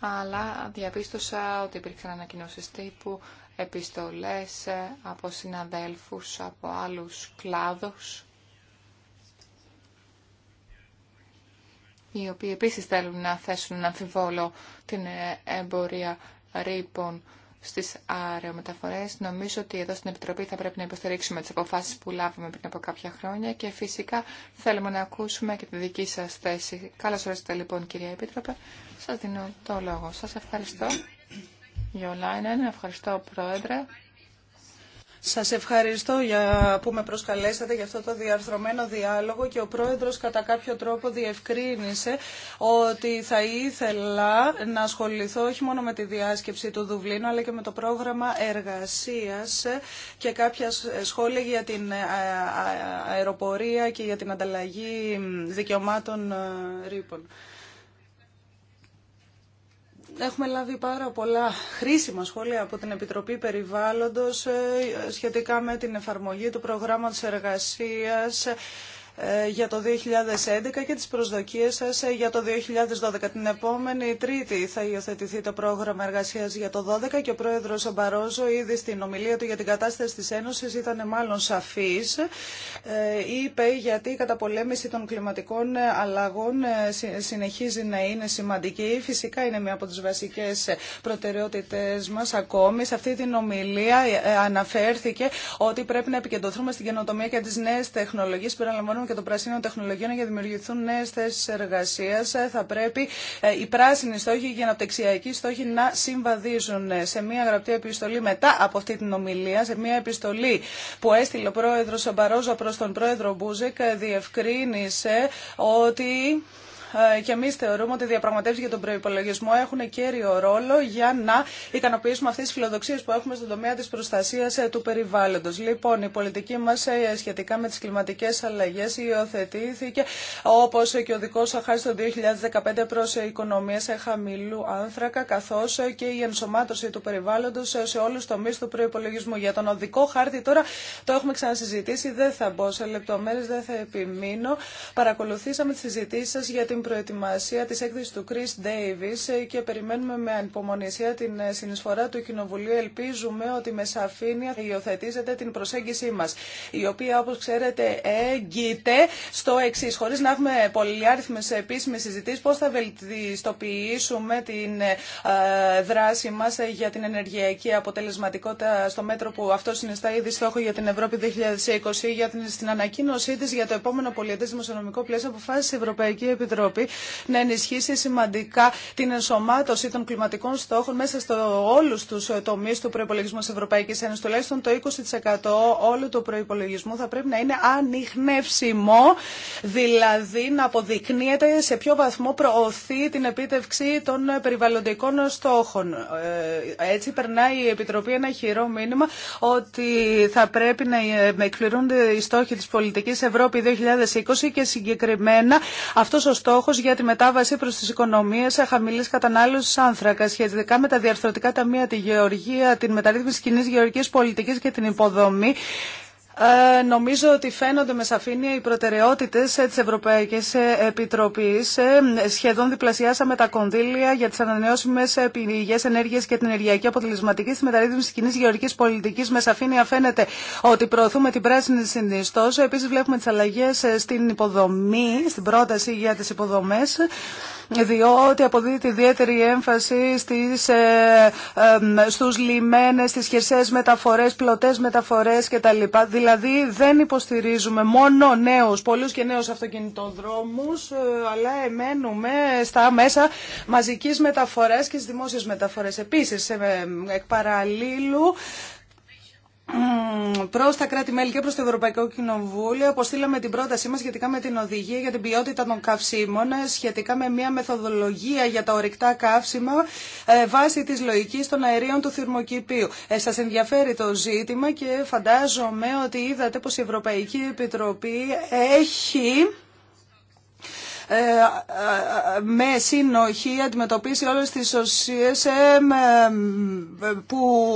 αλλά διαπίστωσα ότι υπήρξαν ανακοινώσει τύπου, επιστολές από συναδέλφους, από άλλους κλάδους, οι οποίοι επίσης θέλουν να θέσουν αμφιβόλο την εμπορία ρήπων στις αερομεταφορές. Νομίζω ότι εδώ στην Επιτροπή θα πρέπει να υποστηρίξουμε τι αποφάσει που λάβουμε πριν από κάποια χρόνια και φυσικά θέλουμε να ακούσουμε και τη δική σα θέση. Καλώ ορίσατε λοιπόν κυρία Επίτροπε. Σας δίνω το λόγο. Σας ευχαριστώ. Γιολάινεν, ευχαριστώ Πρόεδρε. Σας ευχαριστώ για που με προσκαλέσατε για αυτό το διαρθρωμένο διάλογο και ο Πρόεδρος κατά κάποιο τρόπο διευκρίνησε ότι θα ήθελα να ασχοληθώ όχι μόνο με τη διάσκεψη του Δουβλίνου αλλά και με το πρόγραμμα εργασίας και κάποια σχόλια για την ε, αεροπορία και για την ανταλλαγή δικαιωμάτων ε, ρήπων. Έχουμε λάβει πάρα πολλά χρήσιμα σχόλια από την Επιτροπή Περιβάλλοντος ε, σχετικά με την εφαρμογή του προγράμματος εργασίας ε, για το 2011 και τις προσδοκίες σας ε, για το 2012. Την επόμενη Τρίτη θα υιοθετηθεί το πρόγραμμα εργασίας για το 2012 και ο πρόεδρος Μπαρόζο ήδη στην ομιλία του για την κατάσταση της Ένωσης ήταν μάλλον σαφής. Ε, είπε γιατί η καταπολέμηση των κλιματικών αλλαγών συνεχίζει να είναι σημαντική. Φυσικά είναι μία από τις βασικές προτεραιότητες μας ακόμη. Σε αυτή την ομιλία αναφέρθηκε ότι πρέπει να επικεντρωθούμε στην καινοτομία και τις νέες τεχνολογίες και των πρασίνων τεχνολογιών για να δημιουργηθούν νέε θέσει εργασία. Ε, θα πρέπει ε, οι πράσινοι στόχοι και οι αναπτυξιακοί στόχοι να συμβαδίζουν. Ε, σε μια γραπτή επιστολή μετά από αυτή την ομιλία, σε μια επιστολή που έστειλε ο πρόεδρο Μπαρόζο προ τον πρόεδρο Μπούζεκ, διευκρίνησε ότι ε, και εμεί θεωρούμε ότι οι διαπραγματεύσει για τον προπολογισμό έχουν κέριο ρόλο για να ικανοποιήσουμε αυτέ τι φιλοδοξίε που έχουμε στον τομέα τη προστασία ε, του περιβάλλοντο. Λοιπόν, η πολιτική μα ε, σχετικά με τι κλιματικέ αλλαγέ υιοθετήθηκε όπω και ο δικό χάρη το 2015 προ οικονομίε χαμηλού άνθρακα, καθώ και η ενσωμάτωση του περιβάλλοντο σε όλου του τομεί του προπολογισμού. Για τον οδικό χάρτη τώρα το έχουμε ξανασυζητήσει, δεν θα μπω σε λεπτομέρειε, δεν θα επιμείνω. Παρακολουθήσαμε τι συζητήσει για την προετοιμασία της έκθεσης του Chris Davis και περιμένουμε με ανυπομονησία την συνεισφορά του Κοινοβουλίου. Ελπίζουμε ότι με σαφήνεια υιοθετήσετε την προσέγγιση μας, η οποία όπως ξέρετε έγκυται στο εξή. Χωρίς να έχουμε πολυάριθμες επίσημες συζητήσεις, πώς θα βελτιστοποιήσουμε την ε, δράση μας για την ενεργειακή αποτελεσματικότητα στο μέτρο που αυτό συνιστά ήδη στόχο για την Ευρώπη 2020, για την, στην ανακοίνωσή της για το επόμενο πολιετές δημοσιονομικό πλαίσιο αποφάσισε η Ευρωπαϊκή Επιτροπή να ενισχύσει σημαντικά την ενσωμάτωση των κλιματικών στόχων μέσα σε όλου του τομεί του προπολογισμού τη Ευρωπαϊκή Ένωση. Τουλάχιστον το 20% όλου του προπολογισμού θα πρέπει να είναι ανιχνεύσιμο, δηλαδή να αποδεικνύεται σε ποιο βαθμό προωθεί την επίτευξη των περιβαλλοντικών στόχων. Ε, έτσι περνάει η Επιτροπή ένα χειρό μήνυμα ότι θα πρέπει να ε, εκπληρούνται οι στόχοι της πολιτικής Ευρώπη 2020 και συγκεκριμένα αυτός ο στόχο για τη μετάβαση προς τις οικονομίες χαμηλή κατανάλωση άνθρακα σχετικά με τα διαρθρωτικά ταμεία, τη γεωργία, την μεταρρύθμιση κοινή γεωργική πολιτική και την υποδομή. Ε, νομίζω ότι φαίνονται με σαφήνεια οι προτεραιότητες ε, της Ευρωπαϊκής ε, Επιτροπής. σχεδόν διπλασιάσαμε τα κονδύλια για τις ανανεώσιμες πηγές ενέργειας και την ενεργειακή αποτελεσματική στη μεταρρύθμιση της κοινής γεωργικής πολιτικής. Με σαφήνεια φαίνεται ότι προωθούμε την πράσινη συνιστόση. Επίσης βλέπουμε τις αλλαγές στην υποδομή, στην πρόταση για τις υποδομές διότι αποδίδεται ιδιαίτερη έμφαση στις, ε, στους λιμένες, στις χερσαίες μεταφορές, πλωτές μεταφορές κτλ. Δηλαδή δεν υποστηρίζουμε μόνο νέους, πολλούς και νέους αυτοκινητοδρόμους, ε, αλλά εμένουμε στα μέσα μαζικής μεταφορές και στις δημόσιες μεταφορές. Επίσης, ε, εκ παραλλήλου, Προ τα κράτη-μέλη και προ το Ευρωπαϊκό Κοινοβούλιο αποστήλαμε την πρότασή μα σχετικά με την οδηγία για την ποιότητα των καυσίμων, σχετικά με μια μεθοδολογία για τα ορυκτά καύσιμα ε, βάσει τη λογική των αερίων του θερμοκηπίου. Ε, Σα ενδιαφέρει το ζήτημα και φαντάζομαι ότι είδατε πω η Ευρωπαϊκή Επιτροπή έχει ε, με συνοχή αντιμετωπίσει όλες τις οσίες ε, ε, που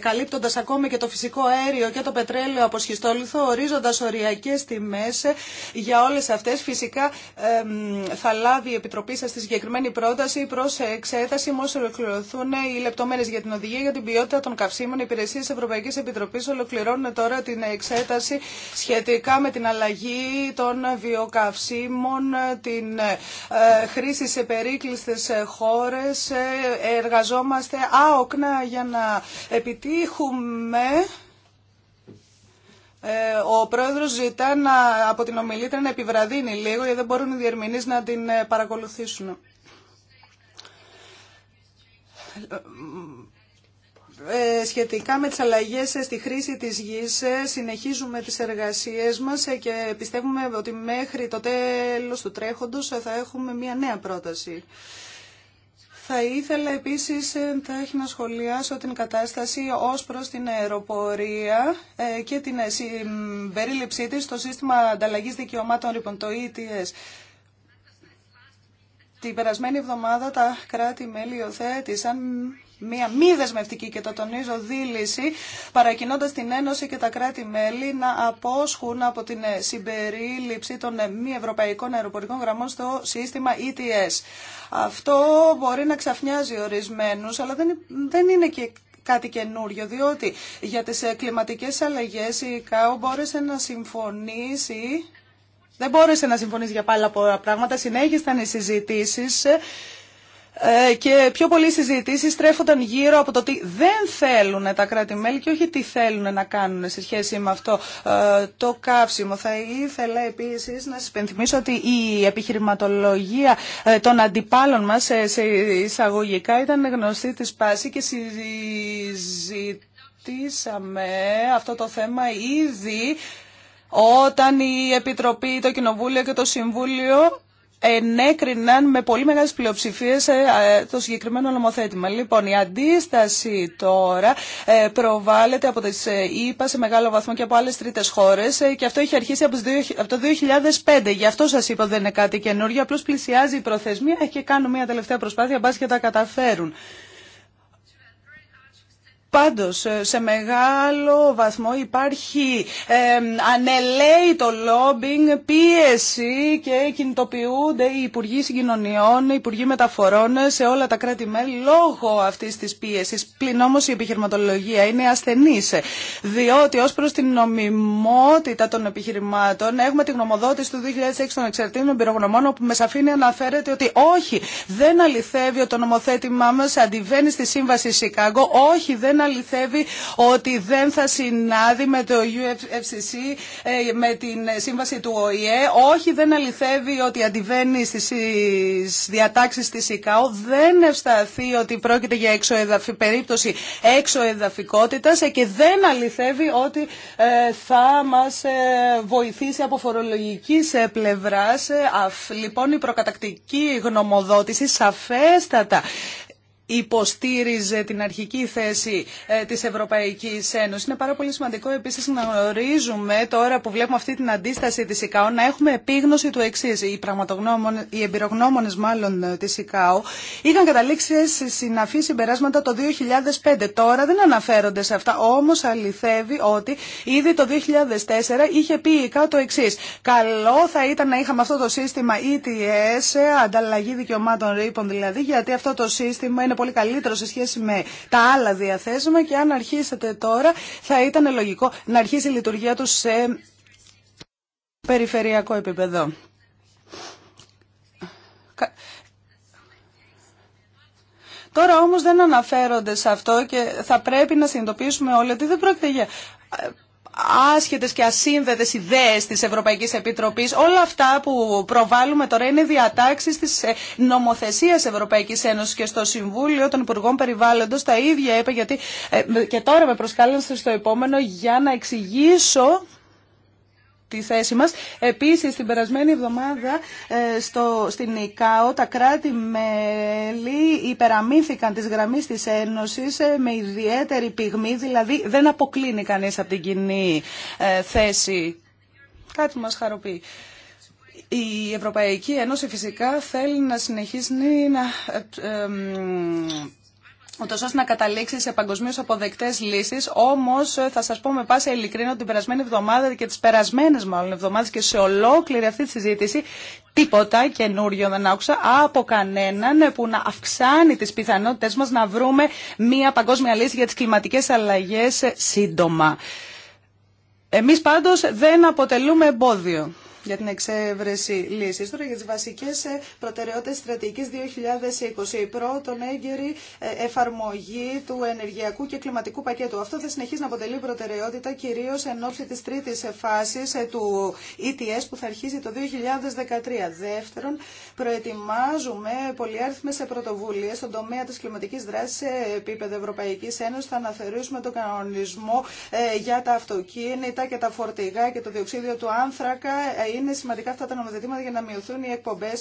καλύπτοντας ακόμη και το φυσικό αέριο και το πετρέλαιο από σχιστόλιθο, ορίζοντας οριακές τιμές για όλες αυτές. Φυσικά θα λάβει η Επιτροπή σας τη συγκεκριμένη πρόταση προς εξέταση μόλις ολοκληρωθούν οι λεπτομέρειες για την οδηγία για την ποιότητα των καυσίμων. Οι υπηρεσίες Ευρωπαϊκής Επιτροπής ολοκληρώνουν τώρα την εξέταση σχετικά με την αλλαγή των βιοκαυσίμων, την ε, χρήση σε περίκλειστες ε, χώρες. Ε, εργαζόμαστε άοκνα για να επιτύχουμε ο πρόεδρος ζητά να, από την ομιλήτρια να επιβραδύνει λίγο γιατί δεν μπορούν οι διερμηνείς να την παρακολουθήσουν. Ε, σχετικά με τις αλλαγές στη χρήση της γης ε, συνεχίζουμε τις εργασίες μας ε, και πιστεύουμε ότι μέχρι το τέλος του τρέχοντος θα έχουμε μια νέα πρόταση. Θα ήθελα επίσης θα να σχολιάσω την κατάσταση ως προς την αεροπορία και την περίληψή της στο σύστημα ανταλλαγής δικαιωμάτων λοιπόν, το ETS. Την περασμένη εβδομάδα τα κράτη-μέλη υιοθέτησαν μια μη δεσμευτική και το τονίζω δήληση, παρακινώντας την Ένωση και τα κράτη-μέλη να απόσχουν από την συμπερίληψη των μη ευρωπαϊκών αεροπορικών γραμμών στο σύστημα ETS. Αυτό μπορεί να ξαφνιάζει ορισμένους, αλλά δεν, δεν είναι και κάτι καινούριο, διότι για τις κλιματικές αλλαγές η ΚΑΟ μπόρεσε να συμφωνήσει... Δεν μπόρεσε να συμφωνήσει για πάρα πολλά πράγματα. Συνέχισαν οι συζητήσεις ε, και πιο πολλοί συζητήσει στρέφονταν γύρω από το ότι δεν θέλουν τα κράτη-μέλη και όχι τι θέλουν να κάνουν σε σχέση με αυτό ε, το καύσιμο. Θα ήθελα επίση να σα υπενθυμίσω ότι η επιχειρηματολογία ε, των αντιπάλων μας σε εισαγωγικά ήταν γνωστή τη πάση και συζητήσαμε αυτό το θέμα ήδη όταν η Επιτροπή, το Κοινοβούλιο και το Συμβούλιο ενέκριναν με πολύ μεγάλες πλειοψηφίες ε, το συγκεκριμένο νομοθέτημα. Λοιπόν, η αντίσταση τώρα ε, προβάλλεται από τις ε, ΗΠΑ σε μεγάλο βαθμό και από άλλες τρίτες χώρες και αυτό έχει αρχίσει από το 2005. Γι' αυτό σας είπα δεν είναι κάτι καινούργιο, απλώς πλησιάζει η προθεσμία και κάνουν μια τελευταία προσπάθεια, μπας και τα καταφέρουν. Πάντως, ε, σε μεγάλο βαθμό υπάρχει ε, το λόμπινγκ, πίεση και κινητοποιούνται οι Υπουργοί Συγκοινωνιών, οι Υπουργοί Μεταφορών σε όλα τα κράτη-μέλη λόγω αυτής της πίεσης. Πλην όμως η επιχειρηματολογία είναι ασθενής, διότι ως προς την νομιμότητα των επιχειρημάτων έχουμε τη γνωμοδότηση του 2006 των εξαρτήνων πυρογνωμών, όπου με σαφήνει αναφέρεται ότι όχι, δεν αληθεύει ότι το νομοθέτημά μας, αντιβαίνει στη Σύμβαση Σικάγκο, όχι, δεν αληθεύει ότι δεν θα συνάδει με το UFCC, ε, με την σύμβαση του ΟΗΕ. Όχι, δεν αληθεύει ότι αντιβαίνει στις διατάξει της ΙΚΑΟ. Δεν ευσταθεί ότι πρόκειται για εξοεδαφη, περίπτωση εξοεδαφικότητας ε, και δεν αληθεύει ότι ε, θα μας βοηθήσει από φορολογική πλευράς. Λοιπόν, η προκατακτική γνωμοδότηση σαφέστατα υποστήριζε την αρχική θέση ε, της Ευρωπαϊκής Ένωσης. Είναι πάρα πολύ σημαντικό επίσης να γνωρίζουμε τώρα που βλέπουμε αυτή την αντίσταση της ΙΚΑΟ να έχουμε επίγνωση του εξή. Οι, οι εμπειρογνώμονες μάλλον ε, της ΙΚΑΟ είχαν καταλήξει σε συναφή συμπεράσματα το 2005. Τώρα δεν αναφέρονται σε αυτά, όμως αληθεύει ότι ήδη το 2004 είχε πει η ΙΚΑΟ το εξή. Καλό θα ήταν να είχαμε αυτό το σύστημα ETS, ε, ανταλλαγή δικαιωμάτων ρήπων δηλαδή, γιατί αυτό το σύστημα είναι πολύ καλύτερο σε σχέση με τα άλλα διαθέσιμα και αν αρχίσετε τώρα θα ήταν λογικό να αρχίσει η λειτουργία του σε περιφερειακό επίπεδο. Τώρα όμως δεν αναφέρονται σε αυτό και θα πρέπει να συνειδητοποιήσουμε όλοι ότι δεν πρόκειται για άσχετες και ασύνδετες ιδέες της Ευρωπαϊκής Επιτροπής. Όλα αυτά που προβάλλουμε τώρα είναι διατάξεις της ε, νομοθεσίας Ευρωπαϊκής Ένωσης και στο Συμβούλιο των Υπουργών Περιβάλλοντος τα ίδια είπα γιατί ε, και τώρα με προσκάλεσε στο επόμενο για να εξηγήσω τη θέση μας. Επίσης, την περασμένη εβδομάδα ε, στο, στην ΙΚΑΟ τα κράτη-μέλη υπεραμήθηκαν τις γραμμή της Ένωσης ε, με ιδιαίτερη πυγμή, δηλαδή δεν αποκλίνει κανείς από την κοινή ε, θέση. Κάτι μας χαροποιεί. Η Ευρωπαϊκή Ένωση φυσικά θέλει να συνεχίσει να ούτως ώστε να καταλήξει σε παγκοσμίω αποδεκτέ λύσεις. Όμως ε, θα σας πω με πάσα ειλικρίνεια ότι την περασμένη εβδομάδα και τις περασμένες μάλλον εβδομάδες και σε ολόκληρη αυτή τη συζήτηση τίποτα καινούριο δεν άκουσα από κανέναν που να αυξάνει τις πιθανότητες μας να βρούμε μια παγκόσμια λύση για τις κλιματικές αλλαγέ σύντομα. Εμείς πάντως δεν αποτελούμε εμπόδιο για την εξέβρεση λύσης. Τώρα για τι βασικέ ε, προτεραιότητε στρατηγική 2020. πρώτον έγκαιρη ε, εφαρμογή του ενεργειακού και κλιματικού πακέτου. Αυτό θα συνεχίσει να αποτελεί προτεραιότητα κυρίω εν ώψη τη τρίτη ε, φάσης του ETS που θα αρχίσει το 2013. Δεύτερον, προετοιμάζουμε πολυάριθμε πρωτοβουλίε στον τομέα τη κλιματική δράση σε επίπεδο Ευρωπαϊκή Ένωση, Θα αναθεωρήσουμε τον κανονισμό για τα αυτοκίνητα και τα φορτηγά και το διοξίδιο του άνθρακα είναι σημαντικά αυτά τα νομοθετήματα για να μειωθούν οι εκπομπέ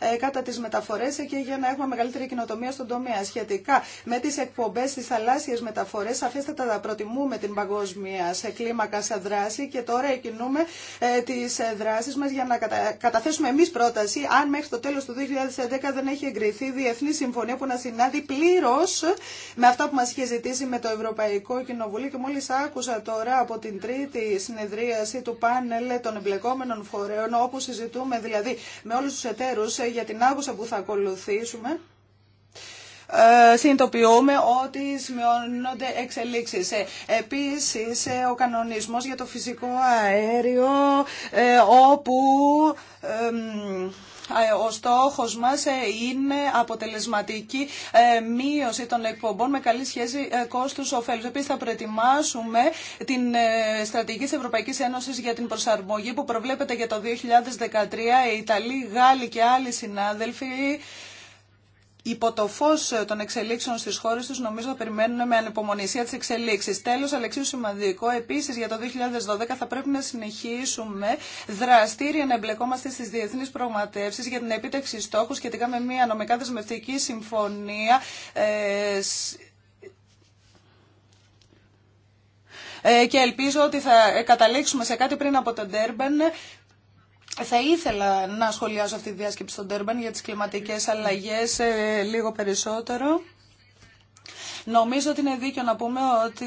ε, ε, κατά τι μεταφορέ ε, και για να έχουμε μεγαλύτερη κοινοτομία στον τομέα. Σχετικά με τι εκπομπέ τι θαλάσσιε μεταφορέ, αφέστατα τα προτιμούμε την παγκόσμια σε κλίμακα σε δράση και τώρα εκινούμε τι δράσει μα για να καταθέσουμε εμεί πρόταση αν μέχρι το τέλο του 2010 δεν έχει εγκριθεί διεθνή συμφωνία που να συνάδει πλήρω με αυτά που μα είχε ζητήσει με το Ευρωπαϊκό Κοινοβούλιο και μόλι άκουσα τώρα από την τρίτη συνεδρίαση του πάνελ των εμπλεκόμενων φορέων όπου συζητούμε δηλαδή με όλους τους εταίρους ε, για την άγουσα που θα ακολουθήσουμε ε, συνειδητοποιούμε ότι σημειώνονται εξελίξεις. Ε, επίσης, ο κανονισμός για το φυσικό αέριο, όπου ε, ο στόχος μας ε, είναι αποτελεσματική ε, μείωση των εκπομπών με καλή σχέση κόστους ωφέλους. Επίσης θα προετοιμάσουμε την στρατηγική της Ευρωπαϊκής Ένωσης για την προσαρμογή που προβλέπεται για το 2013. Οι Ιταλοί, Γάλλοι και άλλοι συνάδελφοι υπό το φως ε, των εξελίξεων στις χώρες τους νομίζω θα περιμένουν με ανεπομονησία τι εξελίξει. Τέλος, αλεξίου σημαντικό, επίσης για το 2012 θα πρέπει να συνεχίσουμε δραστήρια να εμπλεκόμαστε στις διεθνείς προματεύσεις για την επίτευξη στόχου σχετικά με μια νομικά δεσμευτική συμφωνία ε, ε, και ελπίζω ότι θα καταλήξουμε σε κάτι πριν από τον Τέρμπεν θα ήθελα να σχολιάσω αυτή τη διάσκεψη στον Τέρμπαν για τις κλιματικές αλλαγές ε, λίγο περισσότερο. Νομίζω ότι είναι δίκιο να πούμε ότι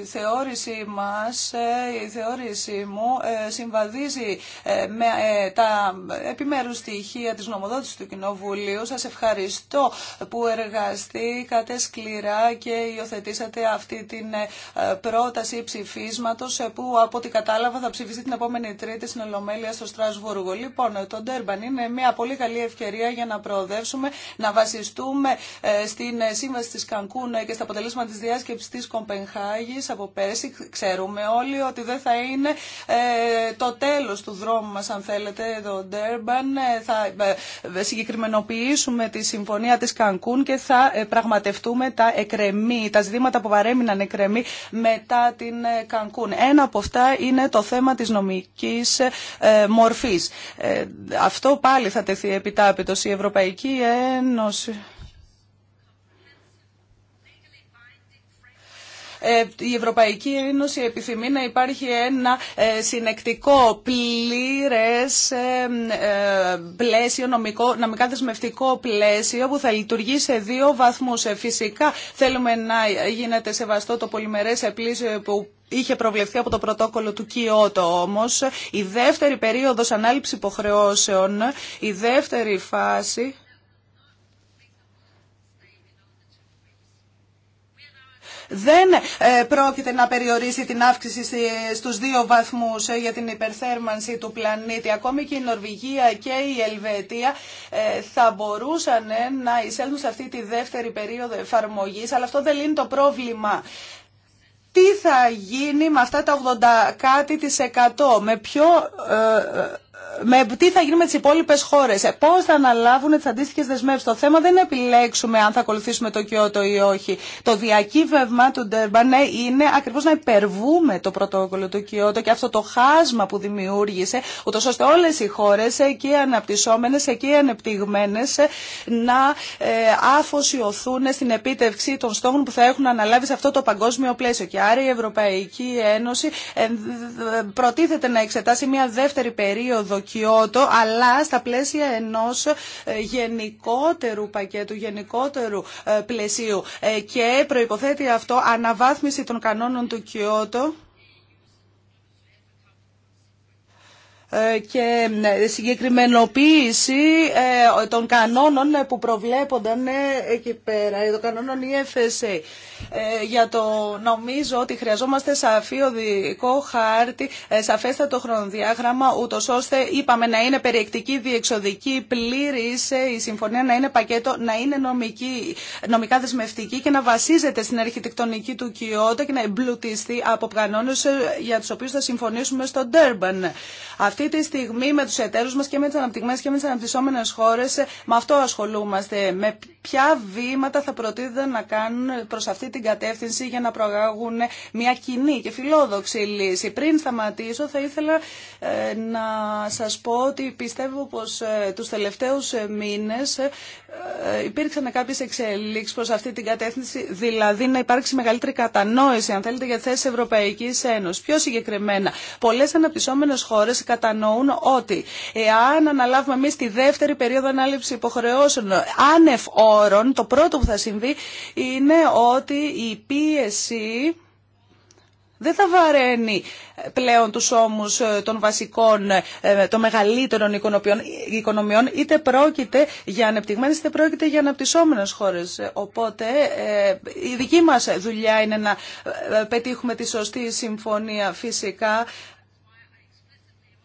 η θεώρησή μας, ε, η θεώρησή μου ε, συμβαδίζει ε, με τα επιμέρους στοιχεία της νομοδότησης του Κοινοβουλίου. Σας ευχαριστώ που εργαστήκατε σκληρά και υιοθετήσατε αυτή την πρόταση ψηφίσματος που από ό,τι κατάλαβα θα ψηφιστεί την επόμενη Τρίτη στην Ολομέλεια στο Στρασβούργο. Λοιπόν, το Ντέρμπαν είναι μια πολύ καλή ευκαιρία για να προοδεύσουμε, να βασιστούμε στην σύμβαση της Κανκούν ήμουν ε, και στα αποτελέσματα της διάσκεψης της Κομπενχάγης από πέρσι. Ξέρουμε όλοι ότι δεν θα είναι ε, το τέλος του δρόμου μας, αν θέλετε, εδώ Ντέρμπαν. Ε, θα συγκεκριμενοποιήσουμε τη συμφωνία της Κανκούν και θα πραγματευτούμε τα εκρεμή, τα ζητήματα που παρέμειναν εκρεμή μετά την Κανκούν. Ένα από αυτά είναι το θέμα της νομικής μορφής. αυτό πάλι θα τεθεί επιτάπητος η Ευρωπαϊκή Ένωση Ε, η Ευρωπαϊκή Ένωση επιθυμεί να υπάρχει ένα ε, συνεκτικό, πλήρες ε, πλαίσιο, νομικό, νομικά δεσμευτικό πλαίσιο που θα λειτουργεί σε δύο βαθμούς. Φυσικά θέλουμε να γίνεται σεβαστό το πολυμερές πλήσιο που είχε προβλεφθεί από το πρωτόκολλο του Κιώτο όμως. Η δεύτερη περίοδος ανάληψη υποχρεώσεων, η δεύτερη φάση δεν ε, πρόκειται να περιορίσει την αύξηση στους δύο βαθμούς ε, για την υπερθέρμανση του πλανήτη. Ακόμη και η Νορβηγία και η Ελβετία ε, θα μπορούσαν να εισέλθουν σε αυτή τη δεύτερη περίοδο εφαρμογής, αλλά αυτό δεν λύνει το πρόβλημα. Τι θα γίνει με αυτά τα 80 κάτι της με ποιο με τι θα γίνει με τι υπόλοιπε χώρε, ε, πώ θα αναλάβουν τι αντίστοιχε δεσμεύσει. Το θέμα δεν είναι επιλέξουμε αν θα ακολουθήσουμε το Κιώτο ή όχι. Το διακύβευμα του Ντέρμπαν ναι, είναι ακριβώ να υπερβούμε το πρωτόκολλο του Κιώτο και αυτό το χάσμα που δημιούργησε, ούτω ώστε όλε οι χώρε, ε, και οι αναπτυσσόμενε ε, και οι ανεπτυγμένε, να αφοσιωθούν στην επίτευξη των στόχων που θα έχουν αναλάβει σε αυτό το παγκόσμιο πλαίσιο. Και άρα η Ευρωπαϊκή Ένωση προτίθεται να εξετάσει μια δεύτερη περίοδο αλλά στα πλαίσια ενός ε, γενικότερου πακέτου, γενικότερου ε, πλαισίου. Ε, και προϋποθέτει αυτό αναβάθμιση των κανόνων του Κιώτο, και συγκεκριμενοποίηση των κανόνων που προβλέπονταν εκεί πέρα, των κανόνων EFSA. Ε, για το νομίζω ότι χρειαζόμαστε σαφή οδηγικό χάρτη, ε, σαφέστατο χρονοδιάγραμμα, ούτω ώστε είπαμε να είναι περιεκτική, διεξοδική, πλήρη ε, η συμφωνία, να είναι πακέτο, να είναι νομική, νομικά δεσμευτική και να βασίζεται στην αρχιτεκτονική του Κιώτα και να εμπλουτιστεί από κανόνε για του οποίου θα συμφωνήσουμε στο Ντέρμπαν. Αυτή τη στιγμή με του εταίρου μα και με τι αναπτυγμένε και με τι αναπτυσσόμενε χώρε με αυτό ασχολούμαστε. Με ποια βήματα θα προτείνετε να κάνουν προ αυτή την κατεύθυνση για να προαγάγουν μια κοινή και φιλόδοξη λύση. Πριν σταματήσω θα ήθελα ε, να σας πω ότι πιστεύω πως ε, τους τελευταίους ε, μήνες υπήρξαν κάποιες εξελίξεις προς αυτή την κατεύθυνση, δηλαδή να υπάρξει μεγαλύτερη κατανόηση, αν θέλετε, για θέσεις Ευρωπαϊκής Ένωσης. Πιο συγκεκριμένα, πολλές αναπτυσσόμενες χώρες κατανοούν ότι εάν αναλάβουμε εμεί τη δεύτερη περίοδο ανάληψη υποχρεώσεων άνευ όρων, το πρώτο που θα συμβεί είναι ότι η πίεση δεν θα βαραίνει πλέον τους ώμους ε, των βασικών, ε, των μεγαλύτερων οικονομιών, είτε πρόκειται για ανεπτυγμένες, είτε πρόκειται για αναπτυσσόμενες χώρες. Οπότε ε, η δική μας δουλειά είναι να πετύχουμε τη σωστή συμφωνία φυσικά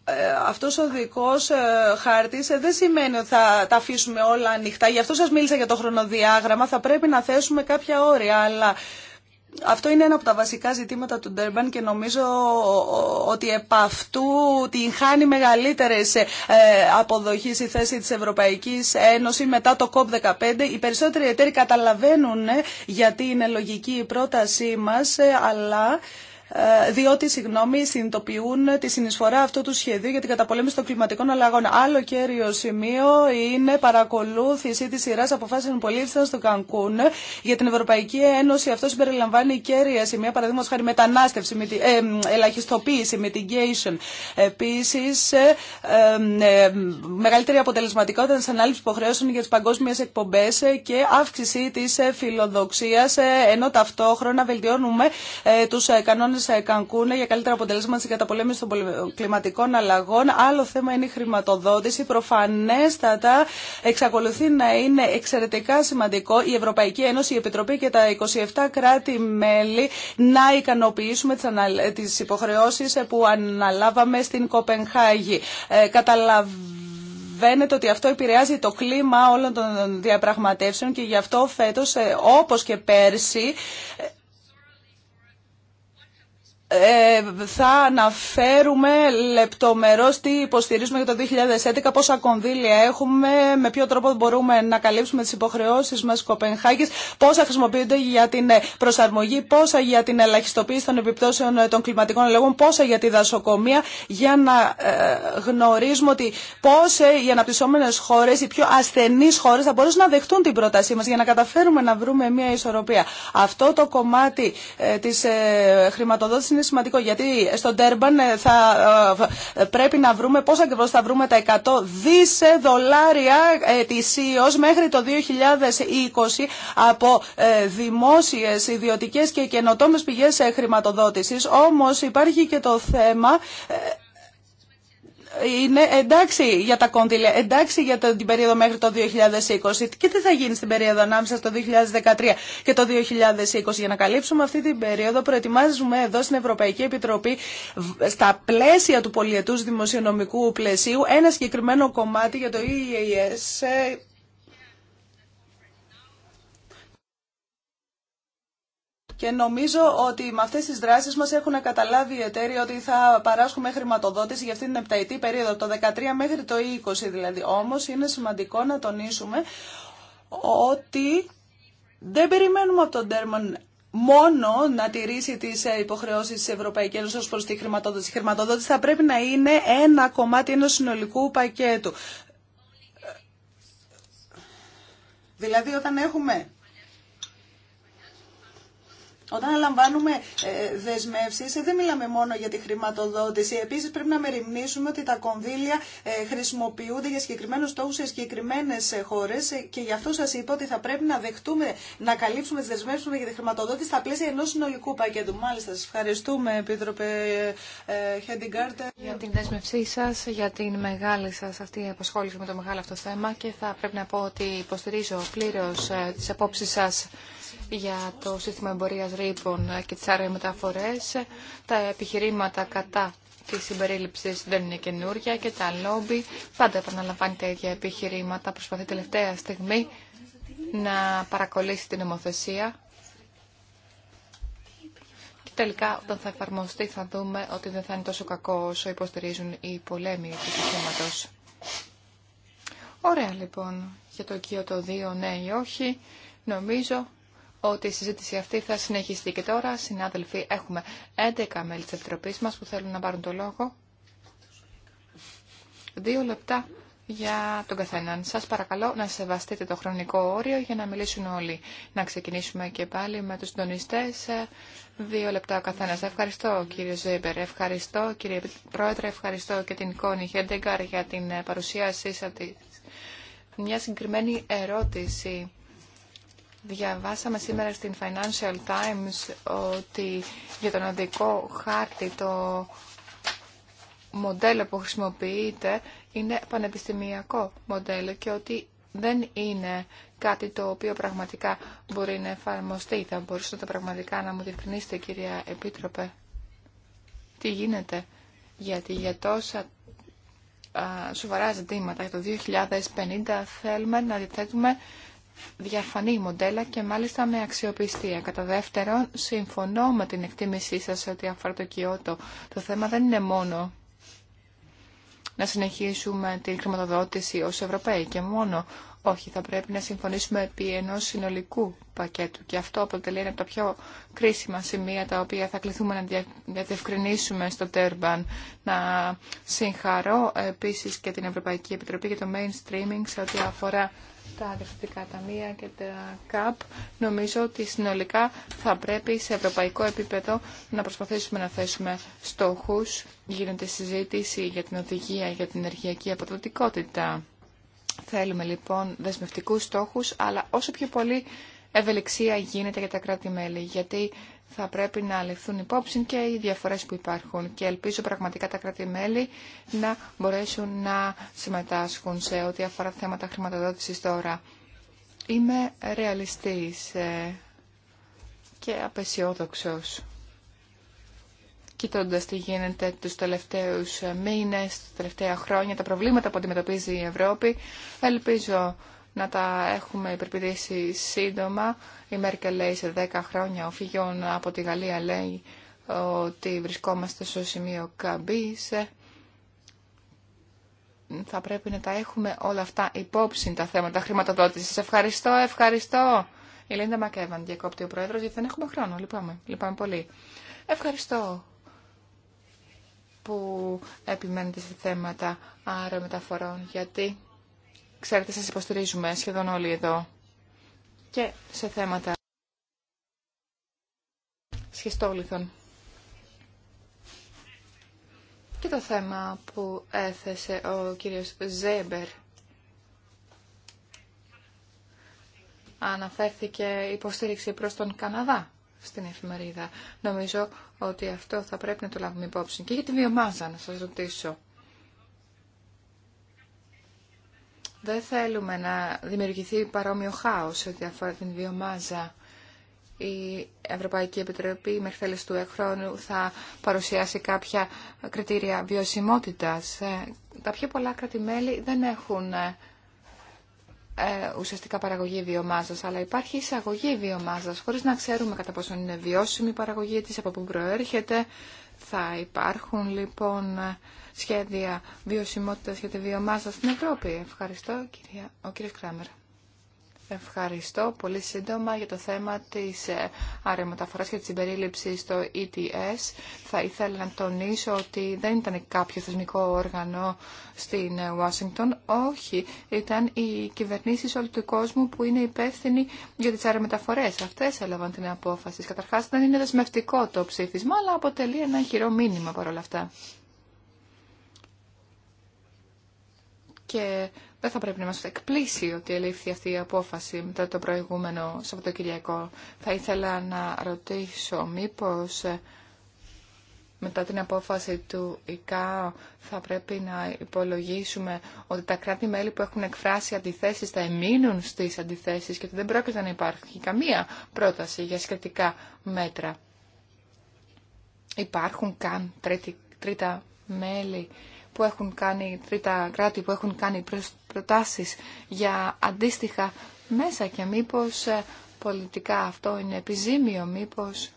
ε, αυτός ο δικός ε, χάρτης ε, δεν σημαίνει ότι θα τα αφήσουμε όλα ανοιχτά. Γι' αυτό σας μίλησα για το χρονοδιάγραμμα. Θα πρέπει να θέσουμε κάποια όρια, αλλά... Αυτό είναι ένα από τα βασικά ζητήματα του Ντέρμπαν και νομίζω ότι επ' αυτού την χάνει μεγαλύτερε αποδοχή η θέση τη Ευρωπαϊκή Ένωση μετά το COP15. Οι περισσότεροι εταίροι καταλαβαίνουν γιατί είναι λογική η πρότασή μα, αλλά ε, διότι συγγνώμη, συνειδητοποιούν τη συνεισφορά αυτού του σχεδίου για την καταπολέμηση των κλιματικών αλλαγών. Άλλο κέριο σημείο είναι παρακολούθηση τη σειρά αποφάσεων που λήφθησαν στο Κανκούν για την Ευρωπαϊκή Ένωση. Αυτό συμπεριλαμβάνει κέρια σημεία, παραδείγματο χάρη μετανάστευση, ε, ελαχιστοποίηση, mitigation. Επίση, ε, μεγαλύτερη αποτελεσματικότητα τη ανάληψη υποχρεώσεων για τι παγκόσμιε εκπομπέ και αύξηση τη φιλοδοξία, ενώ ταυτόχρονα βελτιώνουμε του κανόνε σε Κανκούνε για καλύτερα αποτελέσματα στην καταπολέμηση των κλιματικών αλλαγών. Άλλο θέμα είναι η χρηματοδότηση. Προφανέστατα εξακολουθεί να είναι εξαιρετικά σημαντικό η Ευρωπαϊκή Ένωση, η Επιτροπή και τα 27 κράτη-μέλη να ικανοποιήσουμε τις υποχρεώσεις ε, που αναλάβαμε στην Κοπενχάγη. Ε, καταλαβαίνετε ότι αυτό επηρεάζει το κλίμα όλων των διαπραγματεύσεων και γι' αυτό φέτος ε, όπως και πέρσι ε, θα αναφέρουμε λεπτομερώς τι υποστηρίζουμε για το 2011, πόσα κονδύλια έχουμε, με ποιο τρόπο μπορούμε να καλύψουμε τις υποχρεώσεις μας Κοπενχάγης, πόσα χρησιμοποιούνται για την προσαρμογή, πόσα για την ελαχιστοποίηση των επιπτώσεων των κλιματικών αλλαγών, πόσα για τη δασοκομεία, για να ε, γνωρίζουμε ότι πώς οι αναπτυσσόμενες χώρες, οι πιο ασθενείς χώρες θα μπορούσαν να δεχτούν την πρότασή μας για να καταφέρουμε να βρούμε μια ισορροπία. Αυτό το κομμάτι ε, της χρηματοδότησης είναι σημαντικό γιατί στον Τέρμπαν ε, θα ε, πρέπει να βρούμε πώς ακριβώ θα βρούμε τα 100 δίσε δολάρια ετησίως μέχρι το 2020 από ε, δημόσιες, ιδιωτικές και καινοτόμες πηγές χρηματοδότησης. Όμως υπάρχει και το θέμα είναι εντάξει για τα κονδύλια, εντάξει για την περίοδο μέχρι το 2020 και τι θα γίνει στην περίοδο ανάμεσα στο 2013 και το 2020 για να καλύψουμε αυτή την περίοδο προετοιμάζουμε εδώ στην Ευρωπαϊκή Επιτροπή στα πλαίσια του πολιετούς δημοσιονομικού πλαισίου ένα συγκεκριμένο κομμάτι για το EES Και νομίζω ότι με αυτέ τι δράσει μα έχουν καταλάβει οι εταίροι ότι θα παράσχουμε χρηματοδότηση για αυτή την επταετή περίοδο, το 2013 μέχρι το 2020 δηλαδή. όμω, είναι σημαντικό να τονίσουμε ότι δεν περιμένουμε από τον Τέρμαν μόνο να τηρήσει τι ε, υποχρεώσει τη Ευρωπαϊκή Ένωση ω προ τη χρηματοδότηση. Η χρηματοδότηση θα πρέπει να είναι ένα κομμάτι ενό συνολικού πακέτου. Δηλαδή, όταν έχουμε όταν λαμβάνουμε ε, δεσμεύσεις ε, δεν μιλάμε μόνο για τη χρηματοδότηση. Επίση πρέπει να μεριμνήσουμε ότι τα κονδύλια ε, χρησιμοποιούνται για συγκεκριμένου στόχου σε συγκεκριμένες χώρες και γι' αυτό σα είπα ότι θα πρέπει να δεχτούμε, να καλύψουμε τι δεσμεύσει για τη χρηματοδότηση στα πλαίσια ενό συνολικού πακέτου. Μάλιστα, σας ευχαριστούμε Επίτροπε Χέντιγκάρτε. Για την δέσμευσή σα, για την μεγάλη σα αυτή απασχόληση με το μεγάλο αυτό θέμα και θα πρέπει να πω ότι υποστηρίζω πλήρως τι απόψει σα για το σύστημα εμπορίας ρήπων και τις μεταφορές. Τα επιχειρήματα κατά τη συμπερίληψη δεν είναι καινούρια και τα λόμπι πάντα επαναλαμβάνει τα ίδια επιχειρήματα. Προσπαθεί τελευταία στιγμή να παρακολύσει την νομοθεσία. Και τελικά όταν θα εφαρμοστεί θα δούμε ότι δεν θα είναι τόσο κακό όσο υποστηρίζουν οι πολέμοι του συστήματος. Ωραία λοιπόν για το το 2 ναι ή όχι. Νομίζω ότι η συζήτηση αυτή θα συνεχιστεί. Και τώρα, συνάδελφοι, έχουμε 11 μέλη της Επιτροπής μας που θέλουν να πάρουν το λόγο. Δύο λεπτά για τον καθέναν. Σας παρακαλώ να σεβαστείτε το χρονικό όριο για να μιλήσουν όλοι. Να ξεκινήσουμε και πάλι με τους συντονιστές. Δύο λεπτά ο καθένας. Ευχαριστώ κύριε Ζέμπερ, ευχαριστώ κύριε Πρόεδρε, ευχαριστώ και την Κόνη Χέντεγκαρ για την παρουσίασή σας. Μια συγκεκριμένη ερώτηση Διαβάσαμε σήμερα στην Financial Times ότι για τον οδικό χάρτη το μοντέλο που χρησιμοποιείται είναι πανεπιστημιακό μοντέλο και ότι δεν είναι κάτι το οποίο πραγματικά μπορεί να εφαρμοστεί. Θα μπορούσατε πραγματικά να μου διευκρινίσετε κυρία Επίτροπε τι γίνεται. Γιατί για τόσα σοβαρά ζητήματα για το 2050 θέλουμε να διαθέτουμε διαφανή μοντέλα και μάλιστα με αξιοπιστία. Κατά δεύτερον, συμφωνώ με την εκτίμησή σας ότι αφορά το Κιώτο. Το θέμα δεν είναι μόνο να συνεχίσουμε την χρηματοδότηση ως Ευρωπαίοι και μόνο. Όχι, θα πρέπει να συμφωνήσουμε επί ενός συνολικού πακέτου και αυτό αποτελεί ένα από τα πιο κρίσιμα σημεία τα οποία θα κληθούμε να διευκρινίσουμε στο Τέρμπαν. Να συγχαρώ επίσης και την Ευρωπαϊκή Επιτροπή για το mainstreaming σε ό,τι αφορά τα τα ταμεία και τα ΚΑΠ, νομίζω ότι συνολικά θα πρέπει σε ευρωπαϊκό επίπεδο να προσπαθήσουμε να θέσουμε στόχους. Γίνεται συζήτηση για την οδηγία, για την ενεργειακή αποδοτικότητα. Θέλουμε λοιπόν δεσμευτικούς στόχους, αλλά όσο πιο πολύ ευελιξία γίνεται για τα κράτη-μέλη, γιατί θα πρέπει να ληφθούν υπόψη και οι διαφορές που υπάρχουν και ελπίζω πραγματικά τα κράτη-μέλη να μπορέσουν να συμμετάσχουν σε ό,τι αφορά θέματα χρηματοδότησης τώρα. Είμαι ρεαλιστής ε, και απεσιόδοξος. Κοιτώντας τι γίνεται τους τελευταίους ε, μήνες, τα τελευταία χρόνια, τα προβλήματα που αντιμετωπίζει η Ευρώπη, ελπίζω να τα έχουμε υπερπηδήσει σύντομα. Η Μέρκελ λέει σε 10 χρόνια ο Φιγιόν από τη Γαλλία λέει ότι βρισκόμαστε στο σημείο καμπής. Θα πρέπει να τα έχουμε όλα αυτά υπόψη τα θέματα χρηματοδότησης. Ευχαριστώ, ευχαριστώ. Η Λίντα Μακέβαν διακόπτει ο Πρόεδρος γιατί δεν έχουμε χρόνο. Λυπάμαι, λυπάμαι πολύ. Ευχαριστώ που επιμένετε σε θέματα αερομεταφορών γιατί Ξέρετε, σας υποστηρίζουμε σχεδόν όλοι εδώ και σε θέματα σχιστόλιθων. Και το θέμα που έθεσε ο κύριος Ζέμπερ αναφέρθηκε υποστήριξη προς τον Καναδά στην εφημερίδα. Νομίζω ότι αυτό θα πρέπει να το λάβουμε υπόψη. Και για τη βιομάζα να σας ρωτήσω. Δεν θέλουμε να δημιουργηθεί παρόμοιο χάος ό,τι αφορά την βιομάζα. Η Ευρωπαϊκή Επιτροπή μέχρι τέλος του χρόνου θα παρουσιάσει κάποια κριτήρια βιωσιμότητας. Ε, τα πιο πολλά κράτη-μέλη δεν έχουν ε, ε, ουσιαστικά παραγωγή βιομάζας, αλλά υπάρχει εισαγωγή βιομάζας, χωρίς να ξέρουμε κατά πόσο είναι βιώσιμη η παραγωγή της, από πού προέρχεται, θα υπάρχουν λοιπόν σχέδια βιωσιμότητας για τη βιομάζα στην Ευρώπη. Ευχαριστώ κυρία, ο κύριος Κράμερ. Ευχαριστώ πολύ σύντομα για το θέμα της ε, αερομεταφοράς και της συμπερίληψης στο ETS. Θα ήθελα να τονίσω ότι δεν ήταν κάποιο θεσμικό όργανο στην ε, Ουάσιγκτον. Όχι, ήταν οι κυβερνήσεις όλου του κόσμου που είναι υπεύθυνοι για τις αερομεταφορές. Αυτές έλαβαν την απόφαση. Καταρχάς δεν είναι δεσμευτικό το ψήφισμα, αλλά αποτελεί ένα χειρό μήνυμα παρόλα αυτά. Και δεν θα πρέπει να μας εκπλήσει ότι ελήφθη αυτή η απόφαση μετά το προηγούμενο Σαββατοκυριακό. Θα ήθελα να ρωτήσω μήπως ε, μετά την απόφαση του ΙΚΑΟ θα πρέπει να υπολογίσουμε ότι τα κράτη-μέλη που έχουν εκφράσει αντιθέσεις θα εμείνουν στις αντιθέσεις και ότι δεν πρόκειται να υπάρχει καμία πρόταση για σχετικά μέτρα. Υπάρχουν καν τρίτα μέλη που έχουν κάνει, τρίτα κράτη που έχουν κάνει προτάσεις για αντίστοιχα μέσα και μήπως ε, πολιτικά αυτό είναι επιζήμιο, μήπως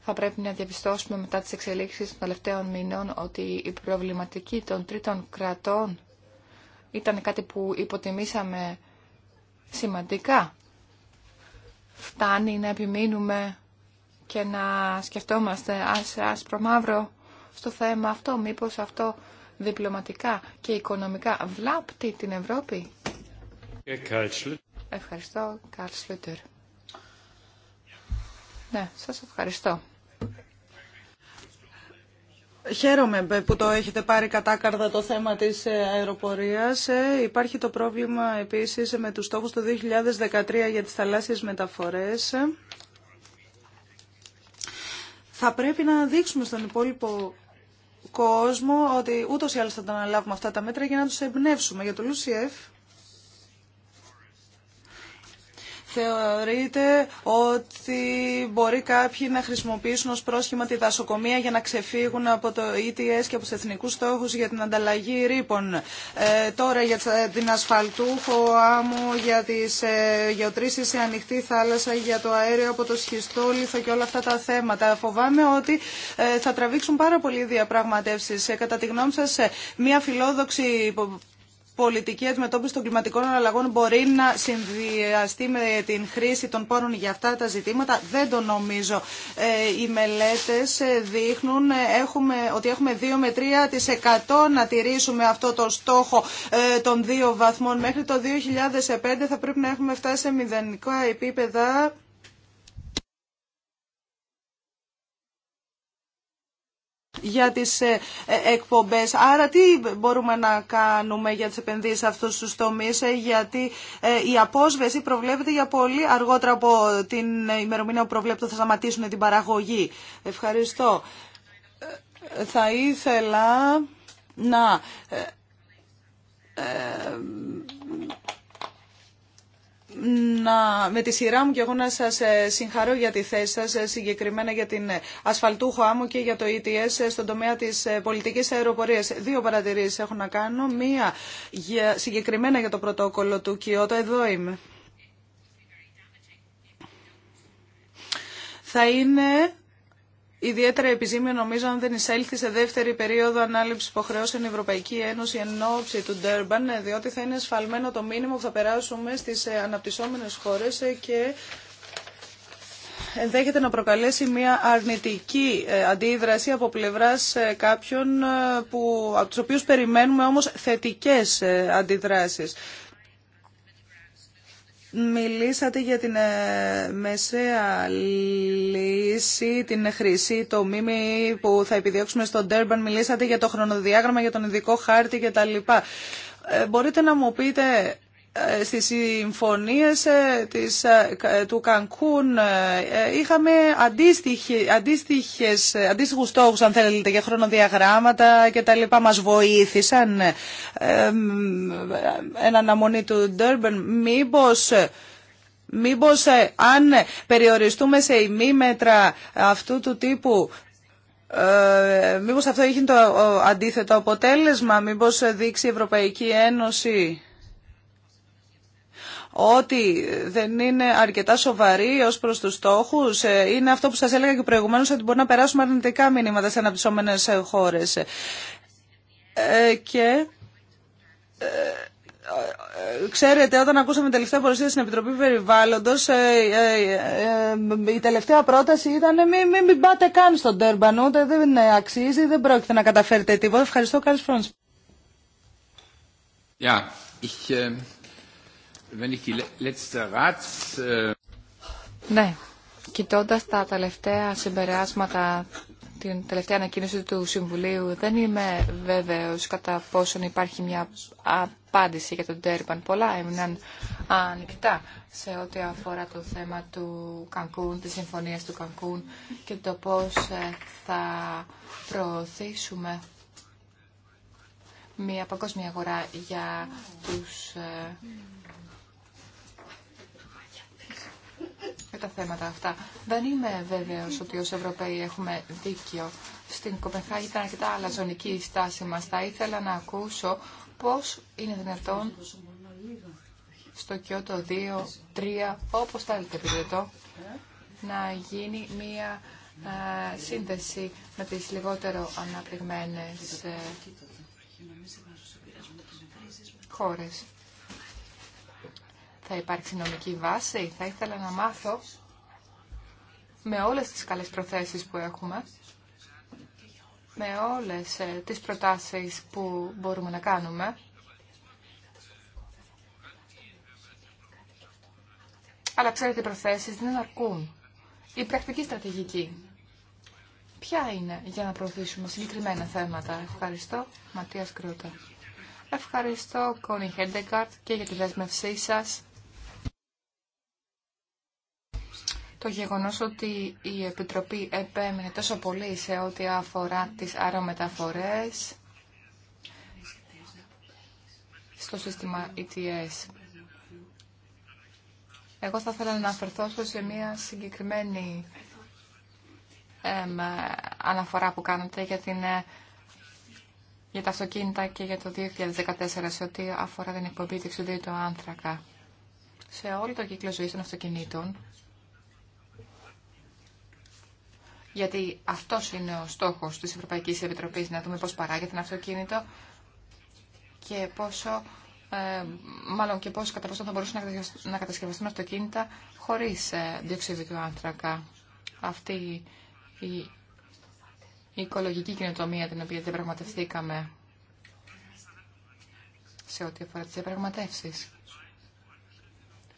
θα πρέπει να διαπιστώσουμε μετά τις εξελίξεις των τελευταίων μηνών ότι η προβληματική των τρίτων κρατών ήταν κάτι που υποτιμήσαμε σημαντικά. Φτάνει να επιμείνουμε και να σκεφτόμαστε ας άσπρο στο θέμα αυτό. Μήπως αυτό διπλωματικά και οικονομικά βλάπτει την Ευρώπη. Ε, ευχαριστώ, Καρλ Σλούτερ. Ναι, σας ευχαριστώ. Χαίρομαι που το έχετε πάρει κατάκαρδα το θέμα της ε, αεροπορίας. Ε. Υπάρχει το πρόβλημα επίσης με τους στόχους του 2013 για τις θαλάσσιες μεταφορές. Θα πρέπει να δείξουμε στον υπόλοιπο κόσμο ότι ούτως ή άλλως θα τα αναλάβουμε αυτά τα μέτρα για να τους εμπνεύσουμε. Για το Λουσιεφ, Θεωρείτε ότι μπορεί κάποιοι να χρησιμοποιήσουν ως πρόσχημα τη δασοκομεία για να ξεφύγουν από το ETS και από τους εθνικούς στόχους για την ανταλλαγή ρήπων. Ε, τώρα για την ασφαλτούχο άμμο, για τις ε, γεωτρήσεις σε ανοιχτή θάλασσα, για το αέριο από το σχιστόλιθο και όλα αυτά τα θέματα. Φοβάμαι ότι ε, θα τραβήξουν πάρα πολλοί διαπραγματεύσεις. Ε, κατά τη γνώμη σας, ε, μια φιλόδοξη πολιτική αντιμετώπιση των κλιματικών αλλαγών μπορεί να συνδυαστεί με την χρήση των πόρων για αυτά τα ζητήματα. Δεν το νομίζω. Ε, οι μελέτες ε, δείχνουν ε, έχουμε, ότι έχουμε 2 με 3% να τηρήσουμε αυτό το στόχο των 2 βαθμών. Μέχρι το 2005 θα πρέπει να έχουμε φτάσει σε μηδενικά επίπεδα για τις ε, ε, εκπομπές. Άρα τι μπορούμε να κάνουμε για τις επενδύσεις σε αυτούς τους τομείς, ε, γιατί η απόσβεση προβλέπεται για πολύ αργότερα από την ημερομηνία που προβλέπεται θα σταματήσουν την παραγωγή. Ευχαριστώ. Θα ήθελα να να, με τη σειρά μου και εγώ να σας ε, συγχαρώ για τη θέση σας, ε, συγκεκριμένα για την ασφαλτούχο άμμο και για το ETS ε, στον τομέα της πολιτικής αεροπορίας. Δύο παρατηρήσεις έχω να κάνω. Μία για, συγκεκριμένα για το πρωτόκολλο του Κιώτο. Εδώ είμαι. Θα είναι ιδιαίτερα επιζήμιο νομίζω αν δεν εισέλθει σε δεύτερη περίοδο ανάληψη υποχρεώσεων η Ευρωπαϊκή Ένωση εν ώψη του Ντέρμπαν, διότι θα είναι σφαλμένο το μήνυμα που θα περάσουμε στις ε, αναπτυσσόμενες χώρες ε, και ενδέχεται να προκαλέσει μια αρνητική ε, αντίδραση από πλευράς κάποιων που, από τους οποίους περιμένουμε όμως θετικές αντιδράσεις. Μιλήσατε για την ε, μεσαία λύση, την χρυσή, το που θα επιδιώξουμε στον Τέρμπαν. Μιλήσατε για το χρονοδιάγραμμα, για τον ειδικό χάρτη κτλ. Ε, μπορείτε να μου πείτε στις συμφωνίες ε, της, ε, ε, του Κανκούν είχαμε αντίστοιχες, αντίστοιχους στόχους αν θέλετε για χρονοδιαγράμματα και τα λοιπά μας βοήθησαν εν αναμονή του Ντέρμπεν μήπως Μήπως αν περιοριστούμε σε ημίμετρα αυτού του τύπου ε, μήπως αυτό έχει το αντίθετο αποτέλεσμα, μήπως δείξει η Ευρωπαϊκή Ένωση ότι δεν είναι αρκετά σοβαρή ως προς τους στόχους. Ε, είναι αυτό που σας έλεγα και προηγουμένω ότι μπορεί να περάσουμε αρνητικά μηνύματα σε αναπτυσσόμενες χώρες. Ε, και ε, Ξέρετε, όταν ακούσαμε τελευταία παρουσία στην Επιτροπή Περιβάλλοντο, η τελευταία πρόταση ήταν μην, μη πάτε καν στον Τέρμπαν, ούτε δεν αξίζει, δεν πρόκειται να καταφέρετε τίποτα. Ευχαριστώ, Κάρι Φρόντ. Yeah, Äh ναι, Κοιτώντα τα τελευταία συμπεράσματα, την τελευταία ανακοίνωση του Συμβουλίου, δεν είμαι βέβαιο κατά πόσον υπάρχει μια απάντηση για τον Τέρμπαν. Πολλά έμειναν ανοιχτά σε ό,τι αφορά το θέμα του Κανκούν, τη συμφωνία του Κανκούν και το πώ ε, θα προωθήσουμε μια παγκόσμια αγορά για τους ε, τα θέματα αυτά. Δεν είμαι βέβαιο ότι ω Ευρωπαίοι έχουμε δίκιο. Στην Κοπενχάγη ήταν αρκετά αλαζονική η στάση μα. Θα ήθελα να ακούσω πώ είναι δυνατόν στο Κιώτο 2-3, όπω θέλετε επιδετώ, να γίνει μία ε, σύνδεση με τι λιγότερο αναπτυγμένε χώρε. χώρες θα υπάρξει νομική βάση. Θα ήθελα να μάθω με όλες τις καλές προθέσεις που έχουμε, με όλες ε, τις προτάσεις που μπορούμε να κάνουμε, Αλλά ξέρετε, οι προθέσεις δεν αρκούν. Η πρακτική στρατηγική. Ποια είναι για να προωθήσουμε συγκεκριμένα θέματα. Ευχαριστώ, Ματίας Κρότα. Ευχαριστώ, Κόνι Χέντεγκαρτ, και για τη δέσμευσή σας. το γεγονός ότι η Επιτροπή επέμεινε τόσο πολύ σε ό,τι αφορά τις αερομεταφορές στο σύστημα ETS. Εγώ θα ήθελα να αναφερθώ σε μια συγκεκριμένη αναφορά που κάνετε για, την, ε, για τα αυτοκίνητα και για το 2014 σε ό,τι αφορά την εκπομπή του του άνθρακα. Σε όλο το κύκλο ζωής των αυτοκινήτων γιατί αυτό είναι ο στόχος της Ευρωπαϊκής Επιτροπής, να δούμε πώ παράγεται ένα αυτοκίνητο και πόσο, ε, μάλλον και πόσο κατά πόσο θα μπορούσαν να κατασκευαστούν αυτοκίνητα χωρίς ε, του άνθρακα. Αυτή η, η οικολογική κοινοτομία την οποία διαπραγματευθήκαμε σε ό,τι αφορά τις διαπραγματεύσεις.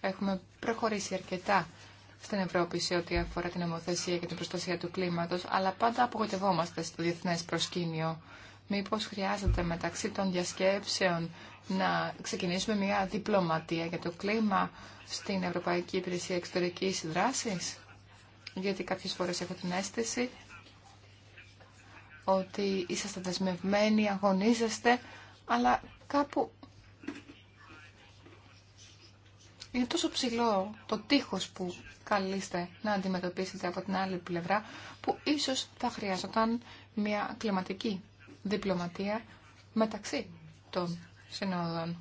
Έχουμε προχωρήσει αρκετά στην Ευρώπη σε ό,τι αφορά την νομοθεσία και την προστασία του κλίματος, αλλά πάντα απογοητευόμαστε στο διεθνές προσκήνιο. Μήπως χρειάζεται μεταξύ των διασκέψεων να ξεκινήσουμε μια διπλωματία για το κλίμα στην Ευρωπαϊκή Υπηρεσία Εξωτερικής Δράσης, γιατί κάποιες φορές έχω την αίσθηση ότι είσαστε δεσμευμένοι, αγωνίζεστε, αλλά κάπου είναι τόσο ψηλό το τείχος που καλείστε να αντιμετωπίσετε από την άλλη πλευρά, που ίσως θα χρειαζόταν μια κλιματική διπλωματία μεταξύ των συνόδων,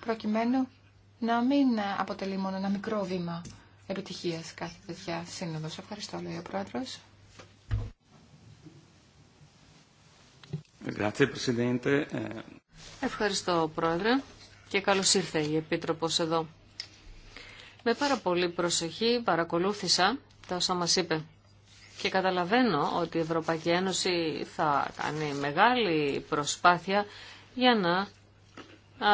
προκειμένου να μην αποτελεί μόνο ένα μικρό βήμα επιτυχίας κάθε τέτοια σύνοδος. Ευχαριστώ, λέει ο Πρόεδρος. Ε, Ευχαριστώ, Πρόεδρε, και καλώς ήρθε η Επίτροπος εδώ. Με πάρα πολύ προσοχή παρακολούθησα τα όσα μας είπε. Και καταλαβαίνω ότι η Ευρωπαϊκή Ένωση θα κάνει μεγάλη προσπάθεια για να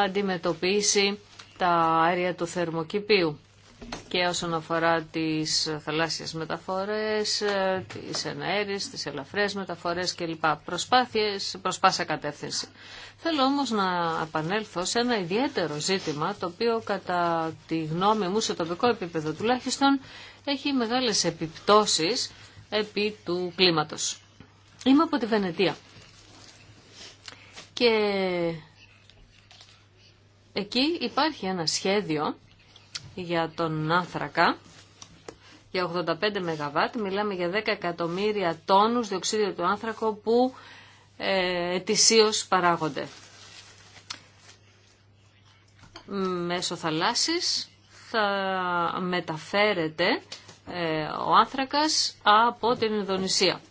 αντιμετωπίσει τα αέρια του θερμοκηπίου και όσον αφορά τις θαλάσσιες μεταφορές, τις εναέρειες, τις ελαφρές μεταφορές κλπ. Προσπάθειες προσπάσα πάσα κατεύθυνση. Θέλω όμως να επανέλθω σε ένα ιδιαίτερο ζήτημα, το οποίο κατά τη γνώμη μου σε τοπικό επίπεδο τουλάχιστον έχει μεγάλες επιπτώσεις επί του κλίματος. Είμαι από τη Βενετία και εκεί υπάρχει ένα σχέδιο για τον άνθρακα. Για 85 ΜΒ μιλάμε για 10 εκατομμύρια τόνους διοξίδιο του άνθρακο που ε, ετησίως παράγονται. Μέσω θαλάσσης θα μεταφέρεται ε, ο άνθρακας από την Ινδονησία.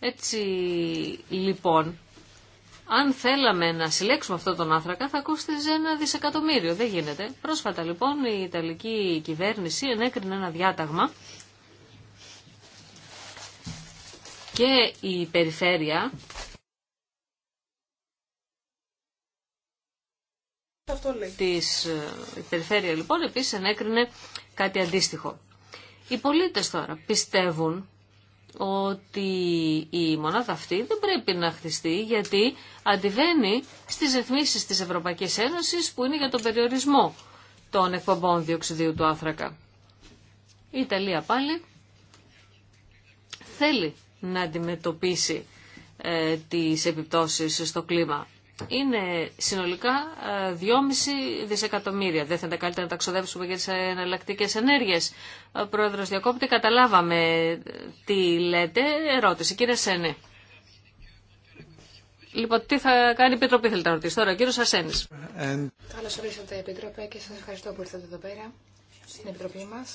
Έτσι λοιπόν αν θέλαμε να συλλέξουμε αυτόν τον άνθρακα θα κόστιζε ένα δισεκατομμύριο. Δεν γίνεται. Πρόσφατα λοιπόν η Ιταλική κυβέρνηση ενέκρινε ένα διάταγμα και η περιφέρεια Αυτό λέει. Της, ε, η περιφέρεια λοιπόν επίσης ενέκρινε κάτι αντίστοιχο. Οι πολίτες τώρα πιστεύουν ότι η μονάδα αυτή δεν πρέπει να χτιστεί γιατί αντιβαίνει στις ρυθμίσεις της Ευρωπαϊκής Ένωσης που είναι για τον περιορισμό των εκπομπών διοξιδίου του άνθρακα. Η Ιταλία πάλι θέλει να αντιμετωπίσει ε, τις επιπτώσεις στο κλίμα είναι συνολικά 2,5 ε, δισεκατομμύρια. Δεν θα ήταν καλύτερα να τα ξοδέψουμε για τι εναλλακτικέ ενέργειε. Πρόεδρο Διακόπτη, καταλάβαμε ε, τι λέτε. Ερώτηση, κύριε Σένε. Λοιπόν, τι θα κάνει η Επιτροπή, θέλετε να ρωτήσει τώρα, κύριο Ασένη. And... Καλώ ορίσατε, Επίτροπε, και σα ευχαριστώ που ήρθατε εδώ πέρα, στην Επιτροπή μα.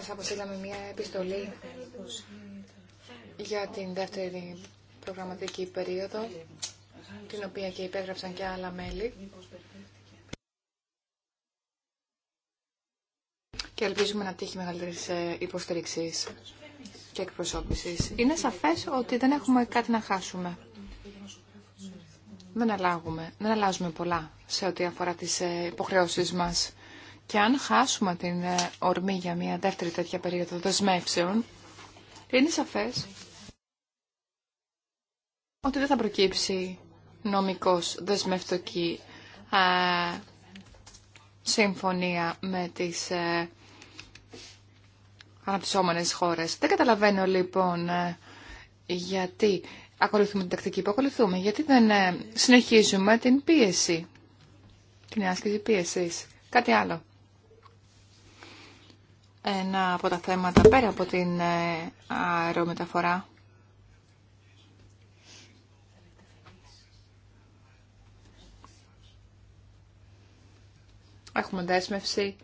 Σα αποστήλαμε μια επιστολή για την δεύτερη προγραμματική περίοδο, την οποία και υπέγραψαν και άλλα μέλη. Και ελπίζουμε να τύχει μεγαλύτερη ε, υποστήριξη και εκπροσώπηση. Είναι σαφέ ότι δεν έχουμε κάτι να χάσουμε. Δεν, αλλάγουμε, δεν αλλάζουμε πολλά σε ό,τι αφορά τις ε, υποχρεώσεις μας. Και αν χάσουμε την ε, ορμή για μια δεύτερη τέτοια περίοδο δεσμεύσεων, είναι σαφές ότι δεν θα προκύψει νομικός δεσμευτική α, ε, συμφωνία με τις α, ε, αναπτυσσόμενες χώρες. Δεν καταλαβαίνω λοιπόν ε, γιατί ακολουθούμε την τακτική που ακολουθούμε, γιατί δεν συνεχίζουμε την πίεση, την άσκηση πίεσης. Κάτι άλλο. Ένα από τα θέματα πέρα από την αερομεταφορά Έχουμε δέσμευση.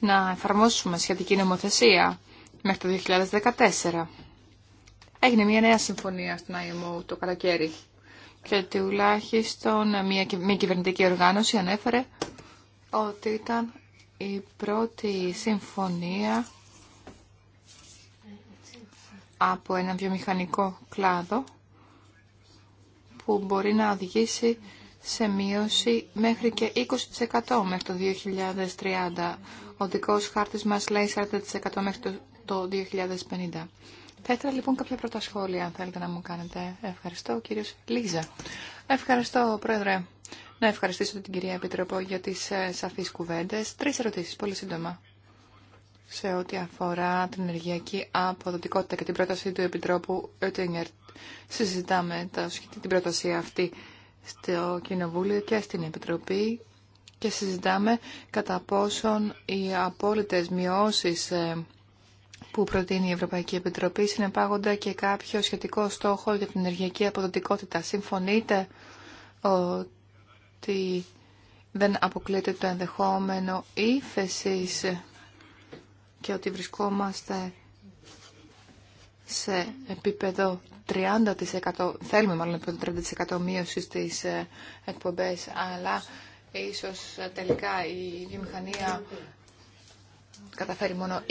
Να εφαρμόσουμε σχετική νομοθεσία μέχρι το 2014. Έγινε μια νέα συμφωνία στην IMO το καλοκαίρι και τουλάχιστον μια κυβερνητική οργάνωση ανέφερε ότι ήταν η πρώτη συμφωνία από ένα βιομηχανικό κλάδο που μπορεί να οδηγήσει σε μείωση μέχρι και 20% μέχρι το 2030. Ο δικός χάρτης μας λέει 40% μέχρι το 2050. Θα ήθελα λοιπόν κάποια πρώτα σχόλια, αν θέλετε να μου κάνετε. Ευχαριστώ, κύριος Λίζα. Ευχαριστώ, Πρόεδρε. Να ευχαριστήσω την κυρία Επιτροπό για τις ε, σαφείς κουβέντες. Τρεις ερωτήσεις, πολύ σύντομα. Σε ό,τι αφορά την ενεργειακή αποδοτικότητα και την πρόταση του Επιτρόπου Oettinger, συζητάμε την πρόταση αυτή στο Κοινοβούλιο και στην Επιτροπή και συζητάμε κατά πόσον οι απόλυτες μειώσεις ε, που προτείνει η Ευρωπαϊκή Επιτροπή συνεπάγονται και κάποιο σχετικό στόχο για την ενεργειακή αποδοτικότητα. Συμφωνείτε ότι δεν αποκλείεται το ενδεχόμενο ύφεση και ότι βρισκόμαστε σε επίπεδο 30%, θέλουμε μάλλον επίπεδο 30% μείωση στις εκπομπές, αλλά ίσως ε, τελικά η βιομηχανία καταφέρει μόνο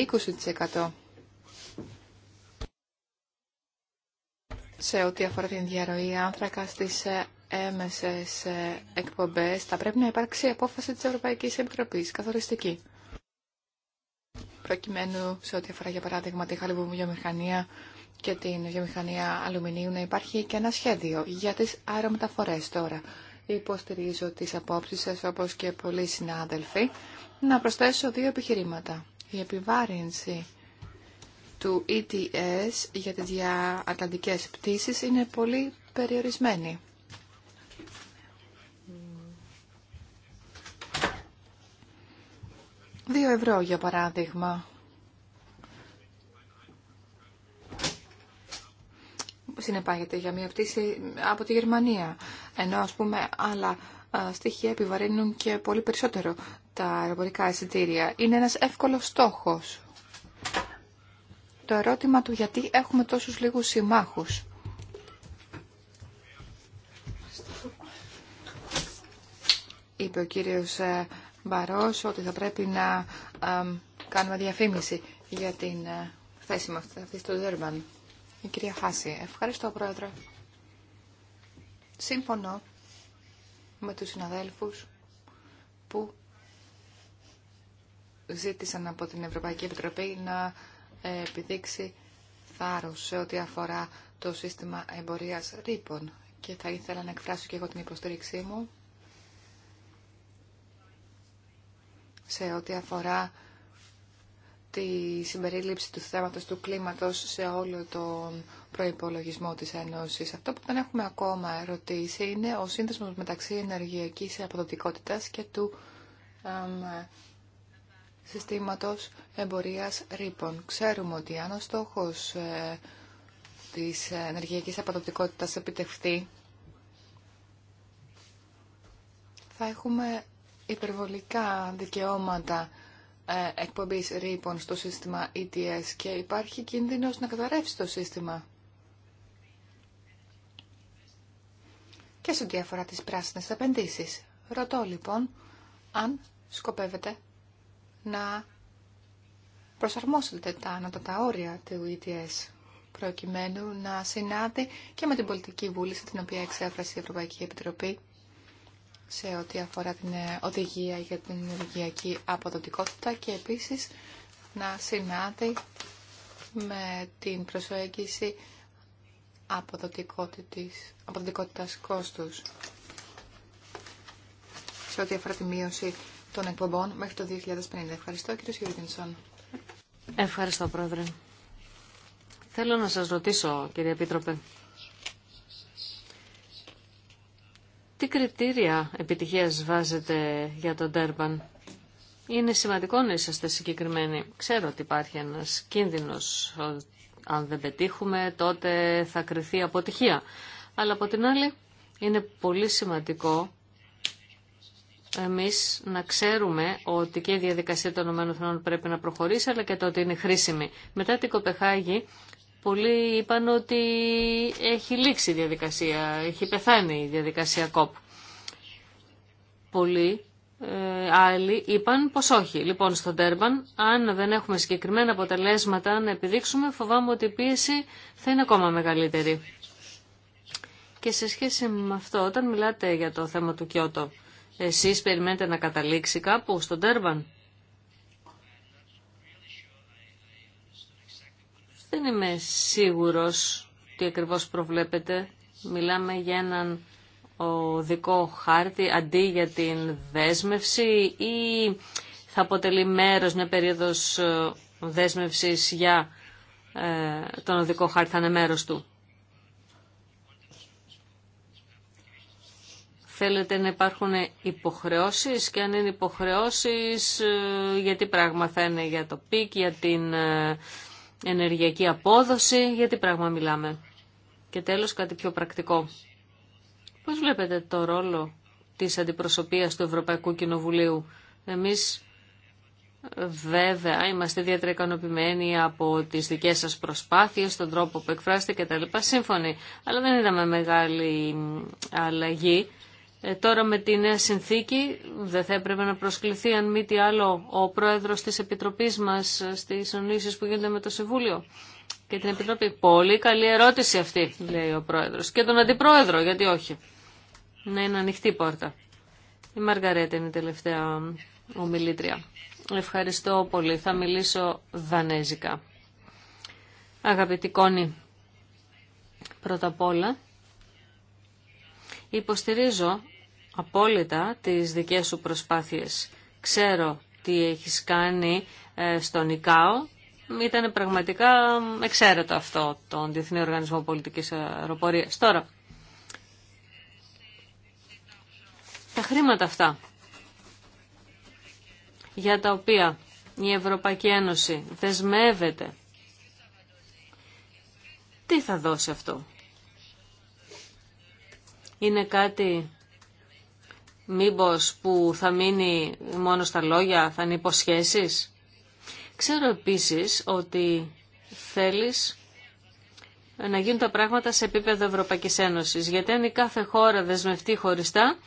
20% σε ό,τι αφορά την διαρροή άνθρακα στις ε, έμεσες ε, εκπομπές. Θα πρέπει να υπάρξει απόφαση της Ευρωπαϊκής Επιτροπής, καθοριστική προκειμένου σε ό,τι αφορά για παράδειγμα τη και την βιομηχανία αλουμινίου να υπάρχει και ένα σχέδιο για τις αερομεταφορές τώρα. Υποστηρίζω τις απόψεις σας όπως και πολλοί συνάδελφοι. Να προσθέσω δύο επιχειρήματα. Η επιβάρυνση του ETS για τις διαατλαντικές πτήσεις είναι πολύ περιορισμένη. Δύο ευρώ για παράδειγμα. Συνεπάγεται για μία πτήση από τη Γερμανία. Ενώ ας πούμε άλλα στοιχεία επιβαρύνουν και πολύ περισσότερο τα αεροπορικά εισιτήρια. Είναι ένας εύκολος στόχος. Το ερώτημα του γιατί έχουμε τόσους λίγους συμμάχους. Είπε ο κύριος ε, Μπαρός ότι θα πρέπει να κάνουμε διαφήμιση για την ε, θέση μας αυτή στο Δέρμαν. Η κυρία Χάση. Ευχαριστώ, Πρόεδρε. Σύμφωνο με τους συναδέλφους που ζήτησαν από την Ευρωπαϊκή Επιτροπή να ε, επιδείξει θάρρος σε ό,τι αφορά το σύστημα εμπορίας ρήπων. Και θα ήθελα να εκφράσω και εγώ την υποστήριξή μου σε ό,τι αφορά τη συμπερίληψη του θέματος του κλίματος σε όλο τον προϋπολογισμό της Ένωσης. Αυτό που δεν έχουμε ακόμα ερωτήσει είναι ο σύνδεσμος μεταξύ ενεργειακής αποδοτικότητας και του συστήματος εμπορίας ρήπων. Ξέρουμε ότι αν ο στόχος ε, της ενεργειακής αποδοτικότητας επιτευχθεί, θα έχουμε υπερβολικά δικαιώματα ε, εκπομπής ρήπων στο σύστημα ETS και υπάρχει κίνδυνος να καταρρεύσει το σύστημα. Και σε διάφορα αφορά τις πράσινες επενδύσεις. Ρωτώ λοιπόν αν σκοπεύετε να προσαρμόσετε τα τα όρια του ETS προκειμένου να συνάδει και με την πολιτική βούληση την οποία εξέφρασε η Ευρωπαϊκή Επιτροπή σε ό,τι αφορά την ε, οδηγία για την ενεργειακή αποδοτικότητα και επίσης να συνάδει με την προσέγγιση αποδοτικότητας κόστους σε ό,τι αφορά τη μείωση των εκπομπών μέχρι το 2050. Ευχαριστώ κύριε Σιωρίτινσον. Ευχαριστώ πρόεδρε. Θέλω να σας ρωτήσω κύριε Επίτροπε. Τι κριτήρια επιτυχίας βάζετε για τον Τέρμπαν. Είναι σημαντικό να είσαστε συγκεκριμένοι. Ξέρω ότι υπάρχει ένας κίνδυνος. Αν δεν πετύχουμε τότε θα κρυθεί αποτυχία. Αλλά από την άλλη είναι πολύ σημαντικό εμείς να ξέρουμε ότι και η διαδικασία των ΗΠΑ πρέπει να προχωρήσει αλλά και το ότι είναι χρήσιμη. Μετά την Κοπεχάγη Πολλοί είπαν ότι έχει λήξει η διαδικασία, έχει πεθάνει η διαδικασία κόπ. Πολλοί ε, άλλοι είπαν πως όχι. Λοιπόν, στον Τέρμπαν, αν δεν έχουμε συγκεκριμένα αποτελέσματα να επιδείξουμε, φοβάμαι ότι η πίεση θα είναι ακόμα μεγαλύτερη. Και σε σχέση με αυτό, όταν μιλάτε για το θέμα του Κιώτο, εσείς περιμένετε να καταλήξει κάπου στον Τέρμπαν. Δεν είμαι σίγουρος τι ακριβώς προβλέπετε. Μιλάμε για έναν οδικό χάρτη αντί για την δέσμευση ή θα αποτελεί μέρος μια περίοδος ε, δέσμευσης για ε, τον οδικό χάρτη, θα είναι μέρος του. Θέλετε να υπάρχουν υποχρεώσεις και αν είναι υποχρεώσεις ε, γιατί πράγμα θα είναι για το ΠΙΚ, για την ενεργειακή απόδοση, για τι πράγμα μιλάμε. Και τέλος κάτι πιο πρακτικό. Πώς βλέπετε το ρόλο της αντιπροσωπείας του Ευρωπαϊκού Κοινοβουλίου. Εμείς βέβαια είμαστε ιδιαίτερα ικανοποιημένοι από τις δικές σας προσπάθειες, τον τρόπο που εκφράσετε κτλ. Σύμφωνοι, αλλά δεν είδαμε μεγάλη αλλαγή ε, τώρα με τη νέα συνθήκη δεν θα έπρεπε να προσκληθεί αν μη τι άλλο ο πρόεδρος της Επιτροπής μας στις ονήσεις που γίνονται με το Συμβούλιο και την Επιτροπή. Πολύ καλή ερώτηση αυτή, λέει ο πρόεδρος. Και τον αντιπρόεδρο, γιατί όχι. Να είναι ανοιχτή πόρτα. Η Μαργαρέτα είναι η τελευταία ομιλήτρια. Ευχαριστώ πολύ. Θα μιλήσω δανέζικα. Αγαπητή Κόνη, πρώτα απ' όλα Υποστηρίζω απόλυτα τις δικές σου προσπάθειες. Ξέρω τι έχεις κάνει ε, στον ΙΚΑΟ. Ήταν πραγματικά εξαίρετο αυτό τον Διεθνή Οργανισμό Πολιτικής Αεροπορίας. Τώρα, τα χρήματα αυτά για τα οποία η Ευρωπαϊκή Ένωση δεσμεύεται. Τι θα δώσει αυτό είναι κάτι μήπως που θα μείνει μόνο στα λόγια, θα είναι υποσχέσεις. Ξέρω επίσης ότι θέλεις να γίνουν τα πράγματα σε επίπεδο Ευρωπαϊκής Ένωσης, γιατί αν η κάθε χώρα δεσμευτεί χωριστά,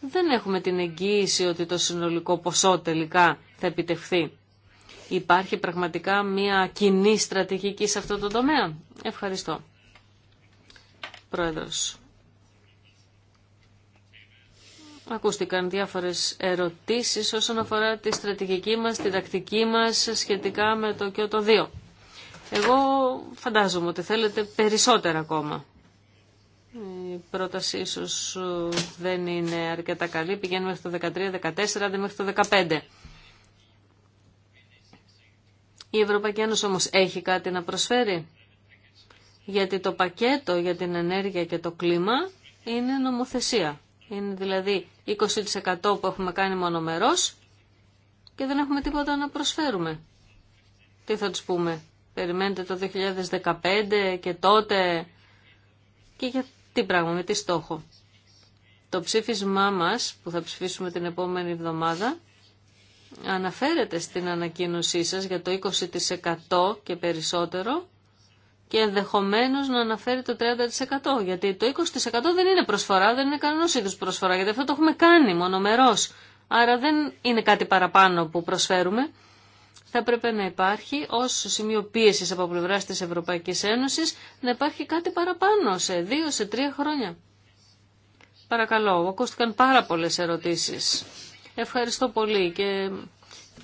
δεν έχουμε την εγγύηση ότι το συνολικό ποσό τελικά θα επιτευχθεί. Υπάρχει πραγματικά μια κοινή στρατηγική σε αυτό το τομέα. Ευχαριστώ. Πρόεδρος. Ακούστηκαν διάφορες ερωτήσεις όσον αφορά τη στρατηγική μας, τη τακτική μας σχετικά με το Κιώτο 2. Εγώ φαντάζομαι ότι θέλετε περισσότερα ακόμα. Η πρόταση ίσως δεν είναι αρκετά καλή. Πηγαίνουμε μέχρι το 13, 14, δεν μέχρι το 15. Η Ευρωπαϊκή Ένωση όμως έχει κάτι να προσφέρει. Γιατί το πακέτο για την ενέργεια και το κλίμα είναι νομοθεσία. Είναι δηλαδή 20% που έχουμε κάνει μονομερός και δεν έχουμε τίποτα να προσφέρουμε. Τι θα τους πούμε, περιμένετε το 2015 και τότε και για τι πράγμα, με τι στόχο. Το ψήφισμά μας που θα ψηφίσουμε την επόμενη εβδομάδα αναφέρεται στην ανακοίνωσή σας για το 20% και περισσότερο και ενδεχομένω να αναφέρει το 30%. Γιατί το 20% δεν είναι προσφορά, δεν είναι κανένα είδου προσφορά, γιατί αυτό το έχουμε κάνει μονομερό. Άρα δεν είναι κάτι παραπάνω που προσφέρουμε. Θα πρέπει να υπάρχει ω σημείο πίεση από πλευρά τη Ευρωπαϊκή Ένωση να υπάρχει κάτι παραπάνω σε δύο, σε τρία χρόνια. Παρακαλώ, ακούστηκαν πάρα πολλέ ερωτήσει. Ευχαριστώ πολύ και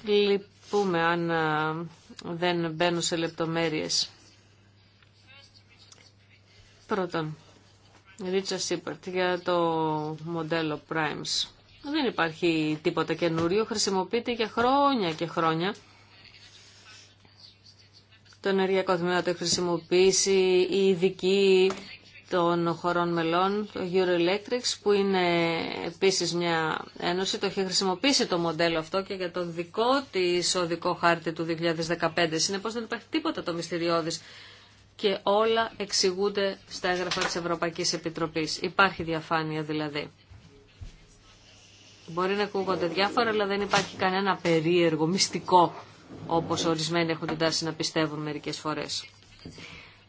λυπούμε αν ε, δεν μπαίνω σε λεπτομέρειες. Πρώτον, Ρίτσα Σίπερτ για το μοντέλο Primes. Δεν υπάρχει τίποτα καινούριο, χρησιμοποιείται για χρόνια και χρόνια. Το ενεργειακό τμήμα το έχει χρησιμοποιήσει η ειδική των χωρών μελών, το Euroelectrics, που είναι επίσης μια ένωση, το έχει χρησιμοποιήσει το μοντέλο αυτό και για το δικό της οδικό χάρτη του 2015. Συνεπώς δεν υπάρχει τίποτα το μυστηριώδης και όλα εξηγούνται στα έγγραφα της Ευρωπαϊκής Επιτροπής. Υπάρχει διαφάνεια δηλαδή. Μπορεί να ακούγονται διάφορα, αλλά δεν υπάρχει κανένα περίεργο, μυστικό, όπως ορισμένοι έχουν την τάση να πιστεύουν μερικές φορές.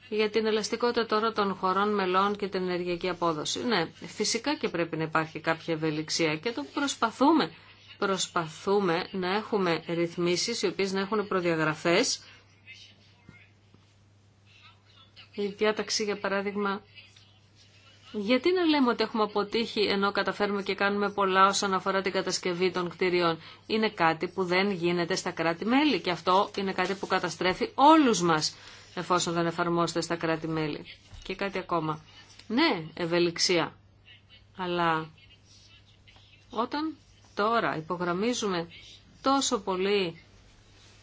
Για την ελαστικότητα τώρα των χωρών μελών και την ενεργειακή απόδοση. Ναι, φυσικά και πρέπει να υπάρχει κάποια ευελιξία και το προσπαθούμε. Προσπαθούμε να έχουμε ρυθμίσεις οι οποίες να έχουν προδιαγραφές η διάταξη για παράδειγμα γιατί να λέμε ότι έχουμε αποτύχει ενώ καταφέρουμε και κάνουμε πολλά όσον αφορά την κατασκευή των κτηριών. Είναι κάτι που δεν γίνεται στα κράτη-μέλη και αυτό είναι κάτι που καταστρέφει όλους μας εφόσον δεν εφαρμόζεται στα κράτη-μέλη. Και κάτι ακόμα. Ναι, ευελιξία. Αλλά όταν τώρα υπογραμμίζουμε τόσο πολύ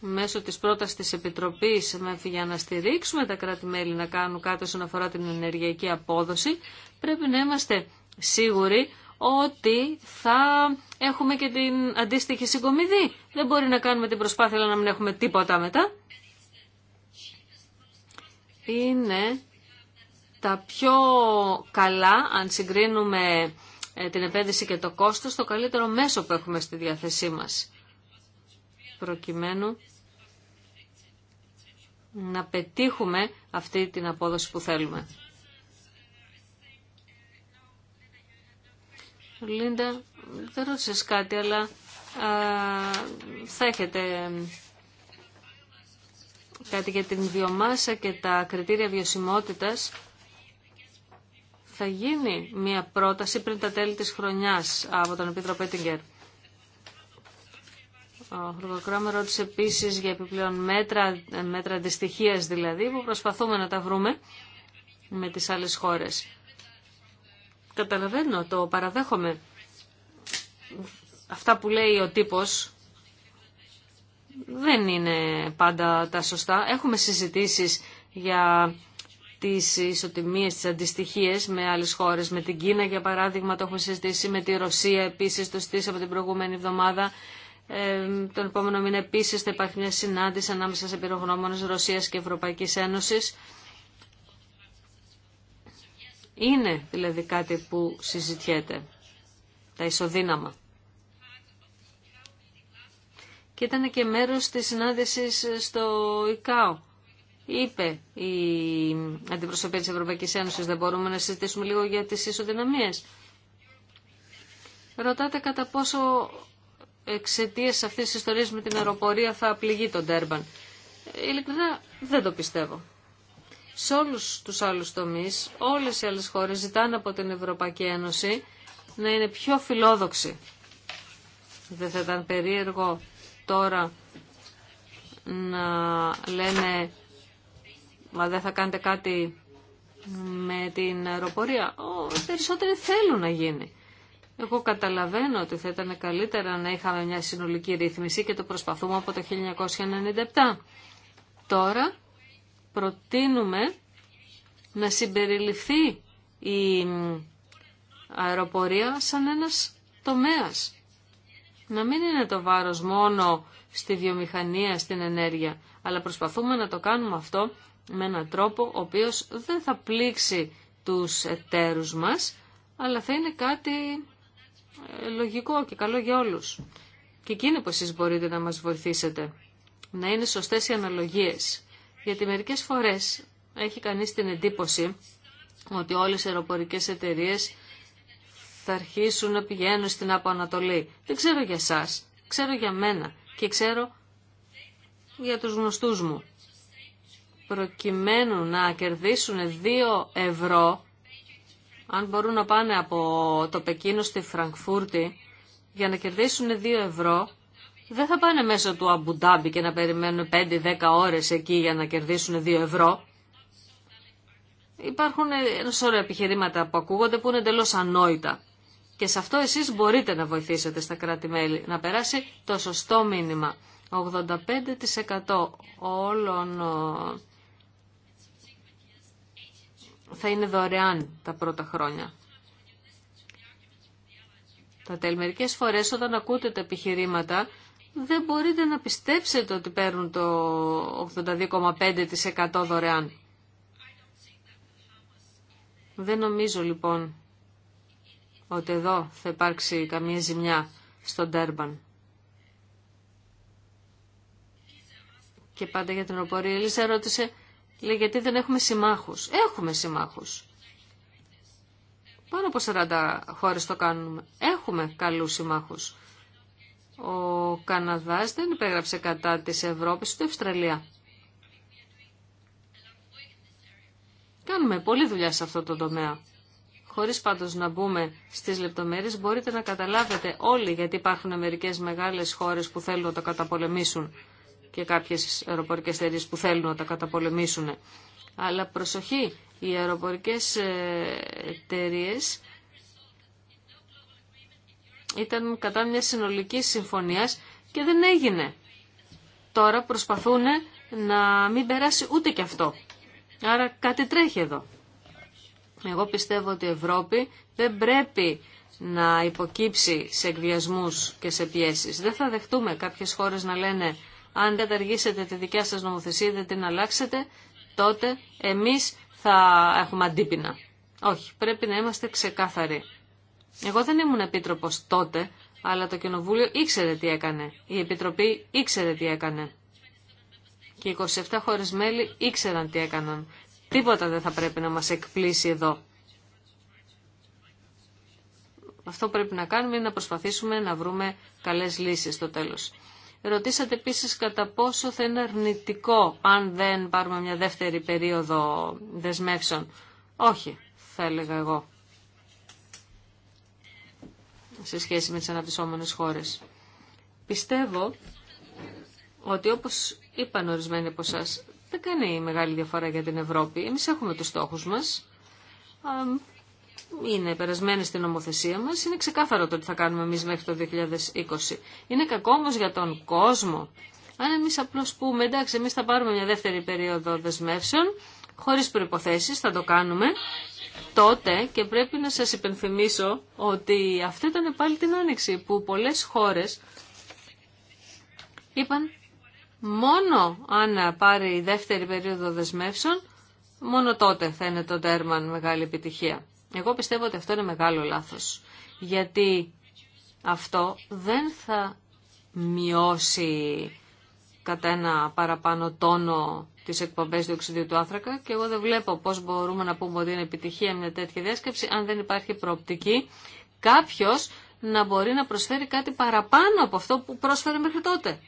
μέσω της πρότασης της Επιτροπής για να στηρίξουμε τα κράτη-μέλη να κάνουν κάτι όσον αφορά την ενεργειακή απόδοση, πρέπει να είμαστε σίγουροι ότι θα έχουμε και την αντίστοιχη συγκομιδή. Δεν μπορεί να κάνουμε την προσπάθεια να μην έχουμε τίποτα μετά. Είναι τα πιο καλά, αν συγκρίνουμε ε, την επένδυση και το κόστος, το καλύτερο μέσο που έχουμε στη διάθεσή μας. Προκειμένου να πετύχουμε αυτή την απόδοση που θέλουμε. Λίντα, δεν ρώτησες κάτι, αλλά α, θα έχετε κάτι για την βιομάσα και τα κριτήρια βιωσιμότητας. Θα γίνει μια πρόταση πριν τα τέλη της χρονιάς από τον Επίτροπο Έτιγκερ. Ο Χρυκοκρόμα ρώτησε επίση για επιπλέον μέτρα, μέτρα αντιστοιχία δηλαδή, που προσπαθούμε να τα βρούμε με τις άλλες χώρες. Καταλαβαίνω, το παραδέχομαι. Αυτά που λέει ο τύπος δεν είναι πάντα τα σωστά. Έχουμε συζητήσεις για τις ισοτιμίες, τις αντιστοιχίε με άλλες χώρες. Με την Κίνα, για παράδειγμα, το έχουμε συζητήσει, με τη Ρωσία επίσης, το από την προηγούμενη εβδομάδα τον επόμενο μήνα επίσης θα υπάρχει μια συνάντηση ανάμεσα σε πυρογνώμονες Ρωσίας και Ευρωπαϊκής Ένωσης. Είναι δηλαδή κάτι που συζητιέται, τα ισοδύναμα. Και ήταν και μέρος της συνάντησης στο ΙΚΑΟ. Είπε η αντιπροσωπεία της Ευρωπαϊκής Ένωσης, δεν μπορούμε να συζητήσουμε λίγο για τις ισοδυναμίες. Ρωτάτε κατά πόσο εξαιτία αυτή τη ιστορία με την αεροπορία θα πληγεί τον Τέρμπαν. Ειλικρινά δεν το πιστεύω. Σε όλου του άλλου τομεί, όλε οι άλλε χώρε ζητάνε από την Ευρωπαϊκή Ένωση να είναι πιο φιλόδοξη. Δεν θα ήταν περίεργο τώρα να λένε, μα δεν θα κάνετε κάτι με την αεροπορία. Ο, οι περισσότεροι θέλουν να γίνει. Εγώ καταλαβαίνω ότι θα ήταν καλύτερα να είχαμε μια συνολική ρύθμιση και το προσπαθούμε από το 1997. Τώρα προτείνουμε να συμπεριληφθεί η αεροπορία σαν ένας τομέας. Να μην είναι το βάρος μόνο στη βιομηχανία, στην ενέργεια, αλλά προσπαθούμε να το κάνουμε αυτό με έναν τρόπο ο οποίος δεν θα πλήξει τους εταίρους μας, αλλά θα είναι κάτι λογικό και καλό για όλους. Και εκείνοι που εσείς μπορείτε να μας βοηθήσετε, να είναι σωστές οι αναλογίες. Γιατί μερικές φορές έχει κανείς την εντύπωση ότι όλες οι αεροπορικές εταιρείες θα αρχίσουν να πηγαίνουν στην Αποανατολή. Δεν ξέρω για σας, ξέρω για μένα και ξέρω για τους γνωστούς μου. Προκειμένου να κερδίσουν 2 ευρώ αν μπορούν να πάνε από το Πεκίνο στη Φραγκφούρτη για να κερδίσουν 2 ευρώ, δεν θα πάνε μέσω του Αμπουντάμπη και να περιμένουν 5-10 ώρες εκεί για να κερδίσουν 2 ευρώ. Υπάρχουν ε, ένα σώρο επιχειρήματα που ακούγονται που είναι εντελώς ανόητα. Και σε αυτό εσείς μπορείτε να βοηθήσετε στα κράτη-μέλη να περάσει το σωστό μήνυμα. 85% όλων ε, θα είναι δωρεάν τα πρώτα χρόνια. Τα τελμερικές φορές όταν ακούτε τα επιχειρήματα δεν μπορείτε να πιστέψετε ότι παίρνουν το 82,5% δωρεάν. Δεν νομίζω λοιπόν ότι εδώ θα υπάρξει καμία ζημιά στον Τέρμπαν. Και πάντα για την οπορία. Η ρώτησε Λέει γιατί δεν έχουμε συμμάχους. Έχουμε συμμάχους. Πάνω από 40 χώρες το κάνουμε. Έχουμε καλούς συμμάχους. Ο Καναδάς δεν υπέγραψε κατά της Ευρώπης του Αυστραλία. Κάνουμε πολλή δουλειά σε αυτό το τομέα. Χωρίς πάντως να μπούμε στις λεπτομέρειες, μπορείτε να καταλάβετε όλοι γιατί υπάρχουν μερικές μεγάλες χώρες που θέλουν να το καταπολεμήσουν και κάποιες αεροπορικές εταιρείε που θέλουν να τα καταπολεμήσουν. Αλλά προσοχή, οι αεροπορικές ε, εταιρείε ήταν κατά μια συνολική συμφωνία... και δεν έγινε. Τώρα προσπαθούν να μην περάσει ούτε και αυτό. Άρα κάτι τρέχει εδώ. Εγώ πιστεύω ότι η Ευρώπη δεν πρέπει να υποκύψει σε εκβιασμούς και σε πιέσεις. Δεν θα δεχτούμε κάποιες χώρες να λένε αν καταργήσετε τη δικιά σας νομοθεσία, δεν την αλλάξετε, τότε εμείς θα έχουμε αντίπεινα. Όχι, πρέπει να είμαστε ξεκάθαροι. Εγώ δεν ήμουν επίτροπος τότε, αλλά το Κοινοβούλιο ήξερε τι έκανε. Η Επιτροπή ήξερε τι έκανε. Και οι 27 χώρες μέλη ήξεραν τι έκαναν. Τίποτα δεν θα πρέπει να μας εκπλήσει εδώ. Αυτό πρέπει να κάνουμε είναι να προσπαθήσουμε να βρούμε καλές λύσεις στο τέλος. Ρωτήσατε επίση κατά πόσο θα είναι αρνητικό αν δεν πάρουμε μια δεύτερη περίοδο δεσμεύσεων. Όχι, θα έλεγα εγώ, σε σχέση με τις αναπτυσσόμενες χώρες. Πιστεύω ότι όπως είπαν ορισμένοι από εσά, δεν κάνει μεγάλη διαφορά για την Ευρώπη. Εμείς έχουμε τους στόχους μας είναι περασμένη στην νομοθεσία μας, είναι ξεκάθαρο το τι θα κάνουμε εμείς μέχρι το 2020. Είναι κακό όμως για τον κόσμο. Αν εμείς απλώς πούμε, εντάξει, εμείς θα πάρουμε μια δεύτερη περίοδο δεσμεύσεων, χωρίς προϋποθέσεις, θα το κάνουμε, τότε και πρέπει να σας υπενθυμίσω ότι αυτή ήταν πάλι την άνοιξη που πολλές χώρες είπαν μόνο αν πάρει η δεύτερη περίοδο δεσμεύσεων, μόνο τότε θα είναι το τέρμαν μεγάλη επιτυχία. Εγώ πιστεύω ότι αυτό είναι μεγάλο λάθος, γιατί αυτό δεν θα μειώσει κατά ένα παραπάνω τόνο τις εκπομπές διοξιδίου του άνθρακα και εγώ δεν βλέπω πώς μπορούμε να πούμε ότι είναι επιτυχία μια τέτοια διάσκεψη αν δεν υπάρχει προοπτική κάποιος να μπορεί να προσφέρει κάτι παραπάνω από αυτό που πρόσφερε μέχρι τότε.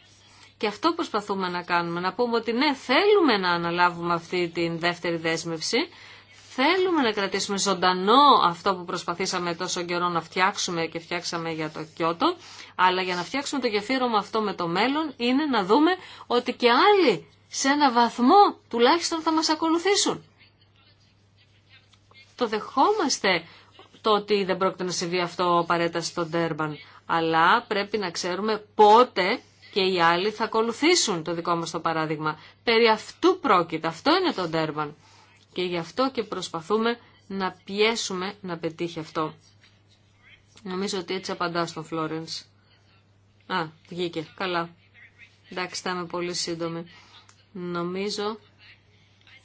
Και αυτό προσπαθούμε να κάνουμε, να πούμε ότι ναι θέλουμε να αναλάβουμε αυτή την δεύτερη δέσμευση, Θέλουμε να κρατήσουμε ζωντανό αυτό που προσπαθήσαμε τόσο καιρό να φτιάξουμε και φτιάξαμε για το Κιώτο, αλλά για να φτιάξουμε το γεφύρωμα αυτό με το μέλλον είναι να δούμε ότι και άλλοι σε ένα βαθμό τουλάχιστον θα μας ακολουθήσουν. Το δεχόμαστε το ότι δεν πρόκειται να συμβεί αυτό παρέτα στον Τέρμπαν, αλλά πρέπει να ξέρουμε πότε και οι άλλοι θα ακολουθήσουν το δικό μας το παράδειγμα. Περί αυτού πρόκειται, αυτό είναι το Τέρμπαν. Και γι' αυτό και προσπαθούμε να πιέσουμε να πετύχει αυτό. Νομίζω ότι έτσι απαντά στον Φλόρενς. Α, βγήκε. Καλά. Εντάξει, θα είμαι πολύ σύντομη. Νομίζω...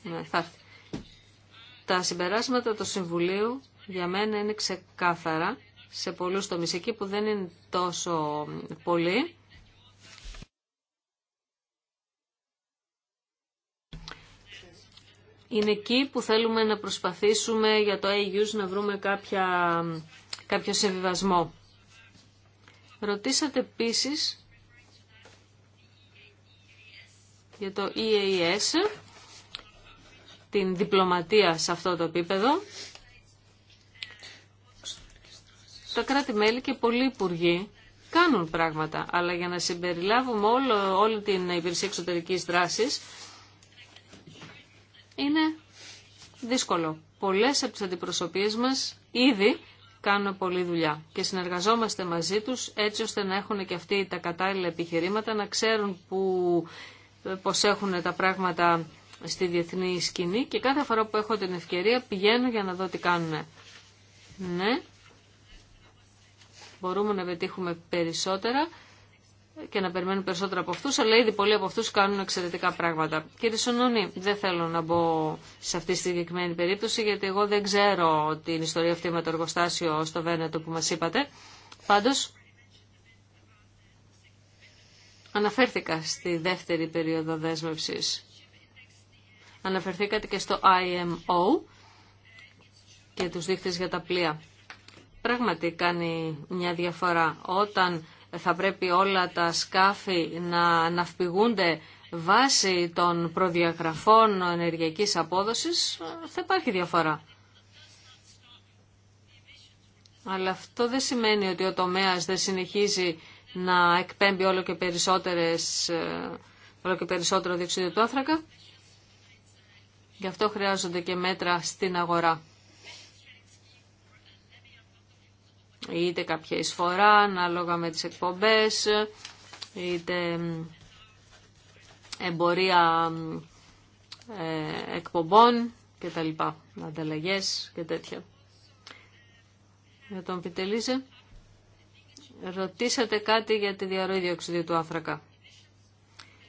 Ναι, θα έρθει. Τα συμπεράσματα του Συμβουλίου για μένα είναι ξεκάθαρα σε πολλούς τομείς. Εκεί που δεν είναι τόσο πολύ. είναι εκεί που θέλουμε να προσπαθήσουμε για το AUS να βρούμε κάποια, κάποιο συμβιβασμό. Ρωτήσατε επίσης για το EAS, την διπλωματία σε αυτό το επίπεδο. Τα κράτη-μέλη και πολλοί υπουργοί κάνουν πράγματα, αλλά για να συμπεριλάβουμε όλο, όλη την υπηρεσία εξωτερικής δράσης, είναι δύσκολο. Πολλές από τις αντιπροσωπείες μας ήδη κάνουν πολλή δουλειά και συνεργαζόμαστε μαζί τους έτσι ώστε να έχουν και αυτοί τα κατάλληλα επιχειρήματα, να ξέρουν που, πώς έχουν τα πράγματα στη διεθνή σκηνή και κάθε φορά που έχω την ευκαιρία πηγαίνω για να δω τι κάνουν. Ναι, μπορούμε να πετύχουμε περισσότερα και να περιμένουν περισσότερο από αυτού, αλλά ήδη πολλοί από αυτού κάνουν εξαιρετικά πράγματα. Κύριε Σονούνη, δεν θέλω να μπω σε αυτή τη συγκεκριμένη περίπτωση, γιατί εγώ δεν ξέρω την ιστορία αυτή με το εργοστάσιο στο Βένετο που μας είπατε. Πάντω αναφέρθηκα στη δεύτερη περίοδο δέσμευση. Αναφερθήκατε και στο IMO και τους δείχτες για τα πλοία. Πράγματι κάνει μια διαφορά όταν θα πρέπει όλα τα σκάφη να ναυπηγούνται βάσει των προδιαγραφών ενεργειακής απόδοσης, θα υπάρχει διαφορά. Αλλά αυτό δεν σημαίνει ότι ο τομέας δεν συνεχίζει να εκπέμπει όλο και, περισσότερες, ε, όλο και περισσότερο διοξείδιο του άνθρακα. Γι' αυτό χρειάζονται και μέτρα στην αγορά. είτε κάποια εισφορά ανάλογα με τις εκπομπές, είτε εμπορία ε, εκπομπών και τα λοιπά, ανταλλαγές και τέτοια. Για τον Πιτελίζε, ρωτήσατε κάτι για τη διαρροή διοξιδίου του Άφρακα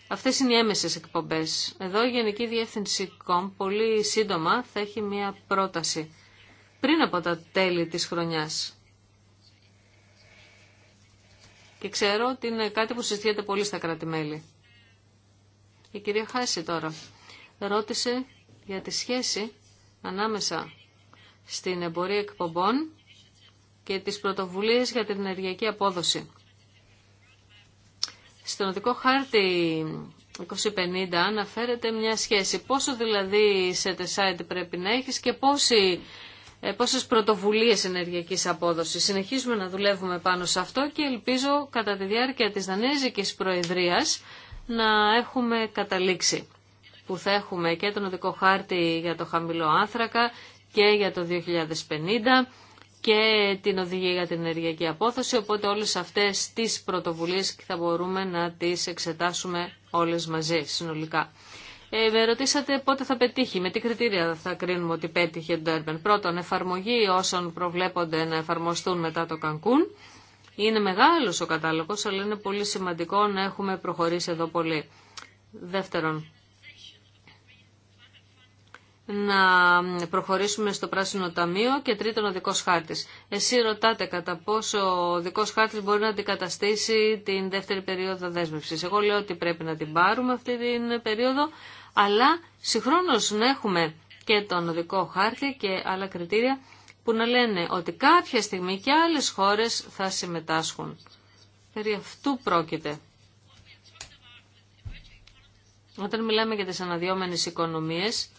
Αυτές είναι οι έμεσες εκπομπές. Εδώ η Γενική Διεύθυνση ΚΟΜ πολύ σύντομα θα έχει μία πρόταση πριν από τα τέλη της χρονιάς. Και ξέρω ότι είναι κάτι που συζητιέται πολύ στα κράτη-μέλη. Η κυρία Χάση τώρα ρώτησε για τη σχέση ανάμεσα στην εμπορία εκπομπών και τις πρωτοβουλίες για την ενεργειακή απόδοση. Στον οδικό χάρτη 2050 αναφέρεται μια σχέση. Πόσο δηλαδή σε aside πρέπει να έχεις και πόσοι... Ε, πόσες πρωτοβουλίες ενεργειακής απόδοσης. Συνεχίζουμε να δουλεύουμε πάνω σε αυτό και ελπίζω κατά τη διάρκεια της Δανέζικης Προεδρίας να έχουμε καταλήξει που θα έχουμε και τον οδικό χάρτη για το χαμηλό άνθρακα και για το 2050 και την οδηγία για την ενεργειακή απόδοση, οπότε όλες αυτές τις πρωτοβουλίες θα μπορούμε να τις εξετάσουμε όλες μαζί συνολικά. Ε, με ρωτήσατε πότε θα πετύχει, με τι κριτήρια θα κρίνουμε ότι πέτυχε το Ντέρμπεν. Πρώτον, εφαρμογή όσων προβλέπονται να εφαρμοστούν μετά το Κανκούν. Είναι μεγάλος ο κατάλογος, αλλά είναι πολύ σημαντικό να έχουμε προχωρήσει εδώ πολύ. Δεύτερον, να προχωρήσουμε στο Πράσινο Ταμείο και τρίτον ο δικός χάρτης. Εσύ ρωτάτε κατά πόσο ο δικός χάρτης μπορεί να αντικαταστήσει την δεύτερη περίοδο δέσμευσης. Εγώ λέω ότι πρέπει να την πάρουμε αυτή την περίοδο, αλλά συγχρόνως να έχουμε και τον οδικό χάρτη και άλλα κριτήρια που να λένε ότι κάποια στιγμή και άλλες χώρες θα συμμετάσχουν. Περί αυτού πρόκειται. Όταν μιλάμε για τις αναδυόμενες οικονομίες,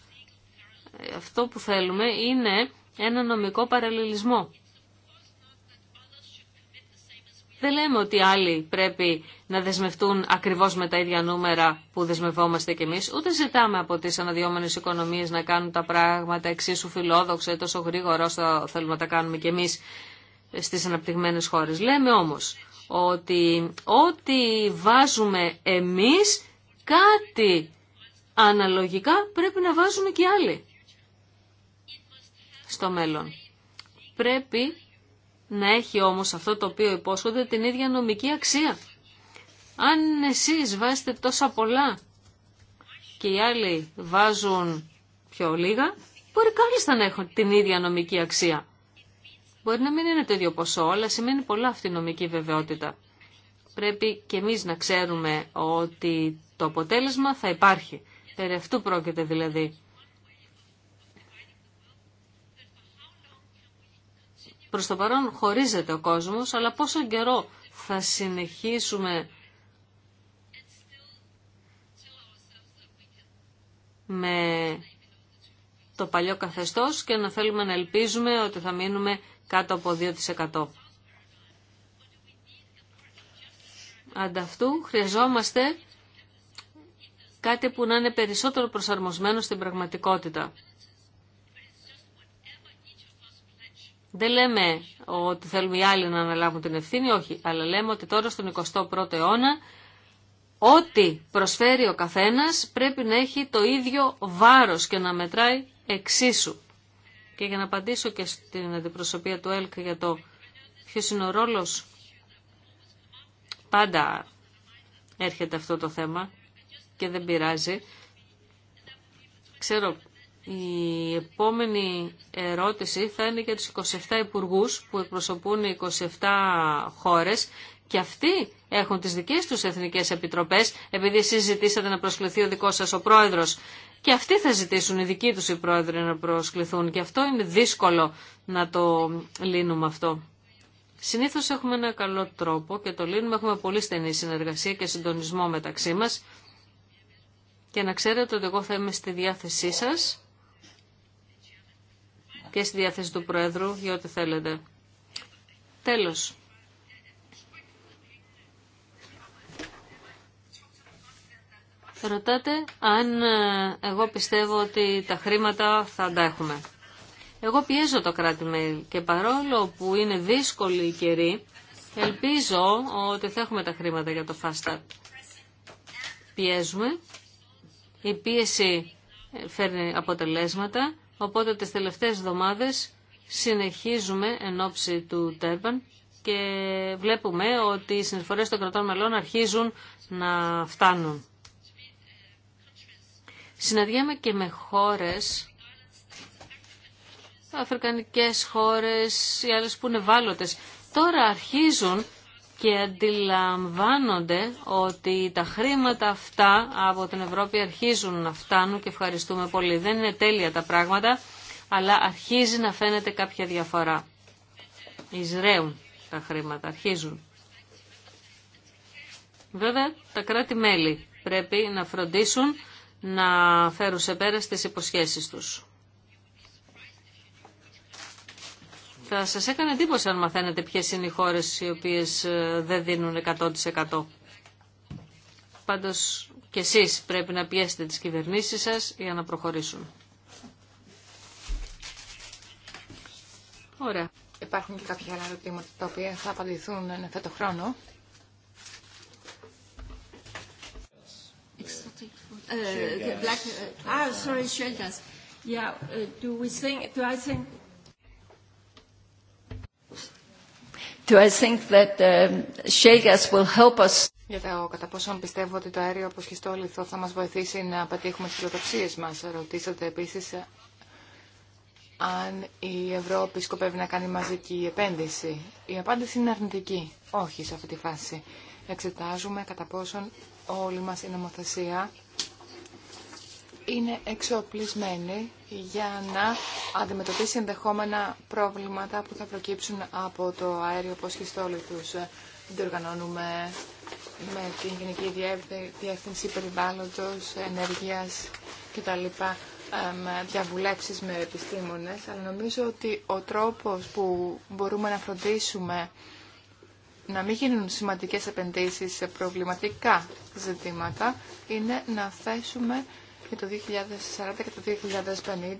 αυτό που θέλουμε είναι ένα νομικό παραλληλισμό. Δεν λέμε ότι άλλοι πρέπει να δεσμευτούν ακριβώς με τα ίδια νούμερα που δεσμευόμαστε κι εμεί. ούτε ζητάμε από τις αναδυόμενε οικονομίες να κάνουν τα πράγματα εξίσου φιλόδοξα, τόσο γρήγορα όσο θέλουμε να τα κάνουμε κι εμεί στις αναπτυγμένες χώρες. Λέμε όμως ότι ό,τι βάζουμε εμείς κάτι αναλογικά πρέπει να βάζουν και άλλοι στο μέλλον. Πρέπει να έχει όμως αυτό το οποίο υπόσχονται την ίδια νομική αξία. Αν εσείς βάζετε τόσα πολλά και οι άλλοι βάζουν πιο λίγα, μπορεί κάλλιστα να έχουν την ίδια νομική αξία. Μπορεί να μην είναι το ίδιο ποσό, αλλά σημαίνει πολλά αυτή η νομική βεβαιότητα. Πρέπει και εμείς να ξέρουμε ότι το αποτέλεσμα θα υπάρχει. Περί αυτού πρόκειται δηλαδή. Προς το παρόν χωρίζεται ο κόσμος, αλλά πόσο καιρό θα συνεχίσουμε με το παλιό καθεστώς και να θέλουμε να ελπίζουμε ότι θα μείνουμε κάτω από 2%. Ανταυτού χρειαζόμαστε κάτι που να είναι περισσότερο προσαρμοσμένο στην πραγματικότητα. Δεν λέμε ότι θέλουμε οι άλλοι να αναλάβουν την ευθύνη, όχι, αλλά λέμε ότι τώρα στον 21ο αιώνα ό,τι προσφέρει ο καθένας πρέπει να έχει το ίδιο βάρος και να μετράει εξίσου. Και για να απαντήσω και στην αντιπροσωπεία του ΕΛΚ για το ποιο είναι ο ρόλος, πάντα έρχεται αυτό το θέμα και δεν πειράζει. Ξέρω η επόμενη ερώτηση θα είναι για τους 27 υπουργούς που εκπροσωπούν 27 χώρες και αυτοί έχουν τις δικές τους εθνικές επιτροπές, επειδή εσείς ζητήσατε να προσκληθεί ο δικός σας ο πρόεδρος. Και αυτοί θα ζητήσουν, οι δικοί τους οι πρόεδροι να προσκληθούν. Και αυτό είναι δύσκολο να το λύνουμε αυτό. Συνήθως έχουμε ένα καλό τρόπο και το λύνουμε. Έχουμε πολύ στενή συνεργασία και συντονισμό μεταξύ μας. Και να ξέρετε ότι εγώ θα είμαι στη διάθεσή σας και στη διάθεση του Προέδρου για ό,τι θέλετε. Τέλος. Ρωτάτε αν ε, εγώ πιστεύω ότι τα χρήματα θα τα έχουμε. Εγώ πιέζω το κράτη-mail και παρόλο που είναι δύσκολη η καιρή, ελπίζω ότι θα έχουμε τα χρήματα για το φάστα. Πιέζουμε. Η πίεση φέρνει αποτελέσματα Οπότε τις τελευταίες εβδομάδες συνεχίζουμε εν ώψη του Τέρμπαν και βλέπουμε ότι οι συνεισφορές των κρατών μελών αρχίζουν να φτάνουν. Συναντιέμαι και με χώρες, αφρικανικές χώρες ή άλλες που είναι Τώρα αρχίζουν και αντιλαμβάνονται ότι τα χρήματα αυτά από την Ευρώπη αρχίζουν να φτάνουν και ευχαριστούμε πολύ. Δεν είναι τέλεια τα πράγματα, αλλά αρχίζει να φαίνεται κάποια διαφορά. Ισραίουν τα χρήματα, αρχίζουν. Βέβαια, τα κράτη-μέλη πρέπει να φροντίσουν να φέρουν σε πέρα στις υποσχέσεις τους. Θα σας έκανε εντύπωση αν μαθαίνετε ποιες είναι οι χώρες οι οποίες ε, δεν δίνουν 100%. Πάντως και εσείς πρέπει να πιέσετε τις κυβερνήσεις σας για να προχωρήσουν. Ωραία. Υπάρχουν και κάποια άλλα ερωτήματα τα οποία θα απαντηθούν εν ευθέτω χρόνο. Uh, black, uh, ah, sorry, Yeah, ε, do we think, do I think Do I think that um, will help us? Για κατά πόσον πιστεύω ότι το αέριο από λιθό θα μας βοηθήσει να πετύχουμε τις φιλοδοξίες μας. Ρωτήσατε επίσης ε, αν η Ευρώπη σκοπεύει να κάνει μαζική επένδυση. Η απάντηση είναι αρνητική. Όχι σε αυτή τη φάση. Εξετάζουμε κατά πόσον όλη μας η νομοθεσία είναι εξοπλισμένη για να αντιμετωπίσει ενδεχόμενα προβλήματα που θα προκύψουν από το αέριο τους. Δεν το οργανώνουμε με την Γενική Διεύθυνση Περιβάλλοντος, Ενεργείας κτλ. Με διαβουλέψεις με επιστήμονες, αλλά νομίζω ότι ο τρόπος που μπορούμε να φροντίσουμε να μην γίνουν σημαντικές επενδύσεις σε προβληματικά ζητήματα είναι να θέσουμε για το 2040 και το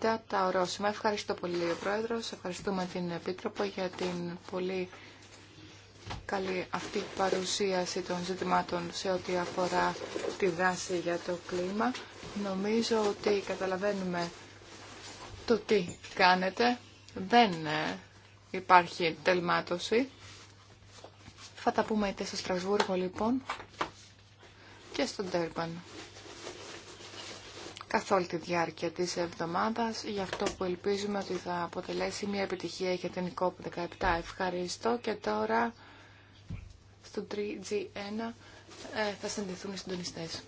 2050 τα ορόσημα. Ευχαριστώ πολύ, ο Πρόεδρος. Ευχαριστούμε την Επίτροπο για την πολύ καλή αυτή παρουσίαση των ζητημάτων σε ό,τι αφορά τη δράση για το κλίμα. Νομίζω ότι καταλαβαίνουμε το τι κάνετε. Δεν ε, υπάρχει τελμάτωση. Θα τα πούμε είτε στο Στρασβούργο λοιπόν και στον Τέρμπαν καθ' όλη τη διάρκεια της εβδομάδας Γι' αυτό που ελπίζουμε ότι θα αποτελέσει μια επιτυχία για την COP17. Ευχαριστώ και τώρα στο 3G1 ε, θα συνδεθούν οι συντονιστές.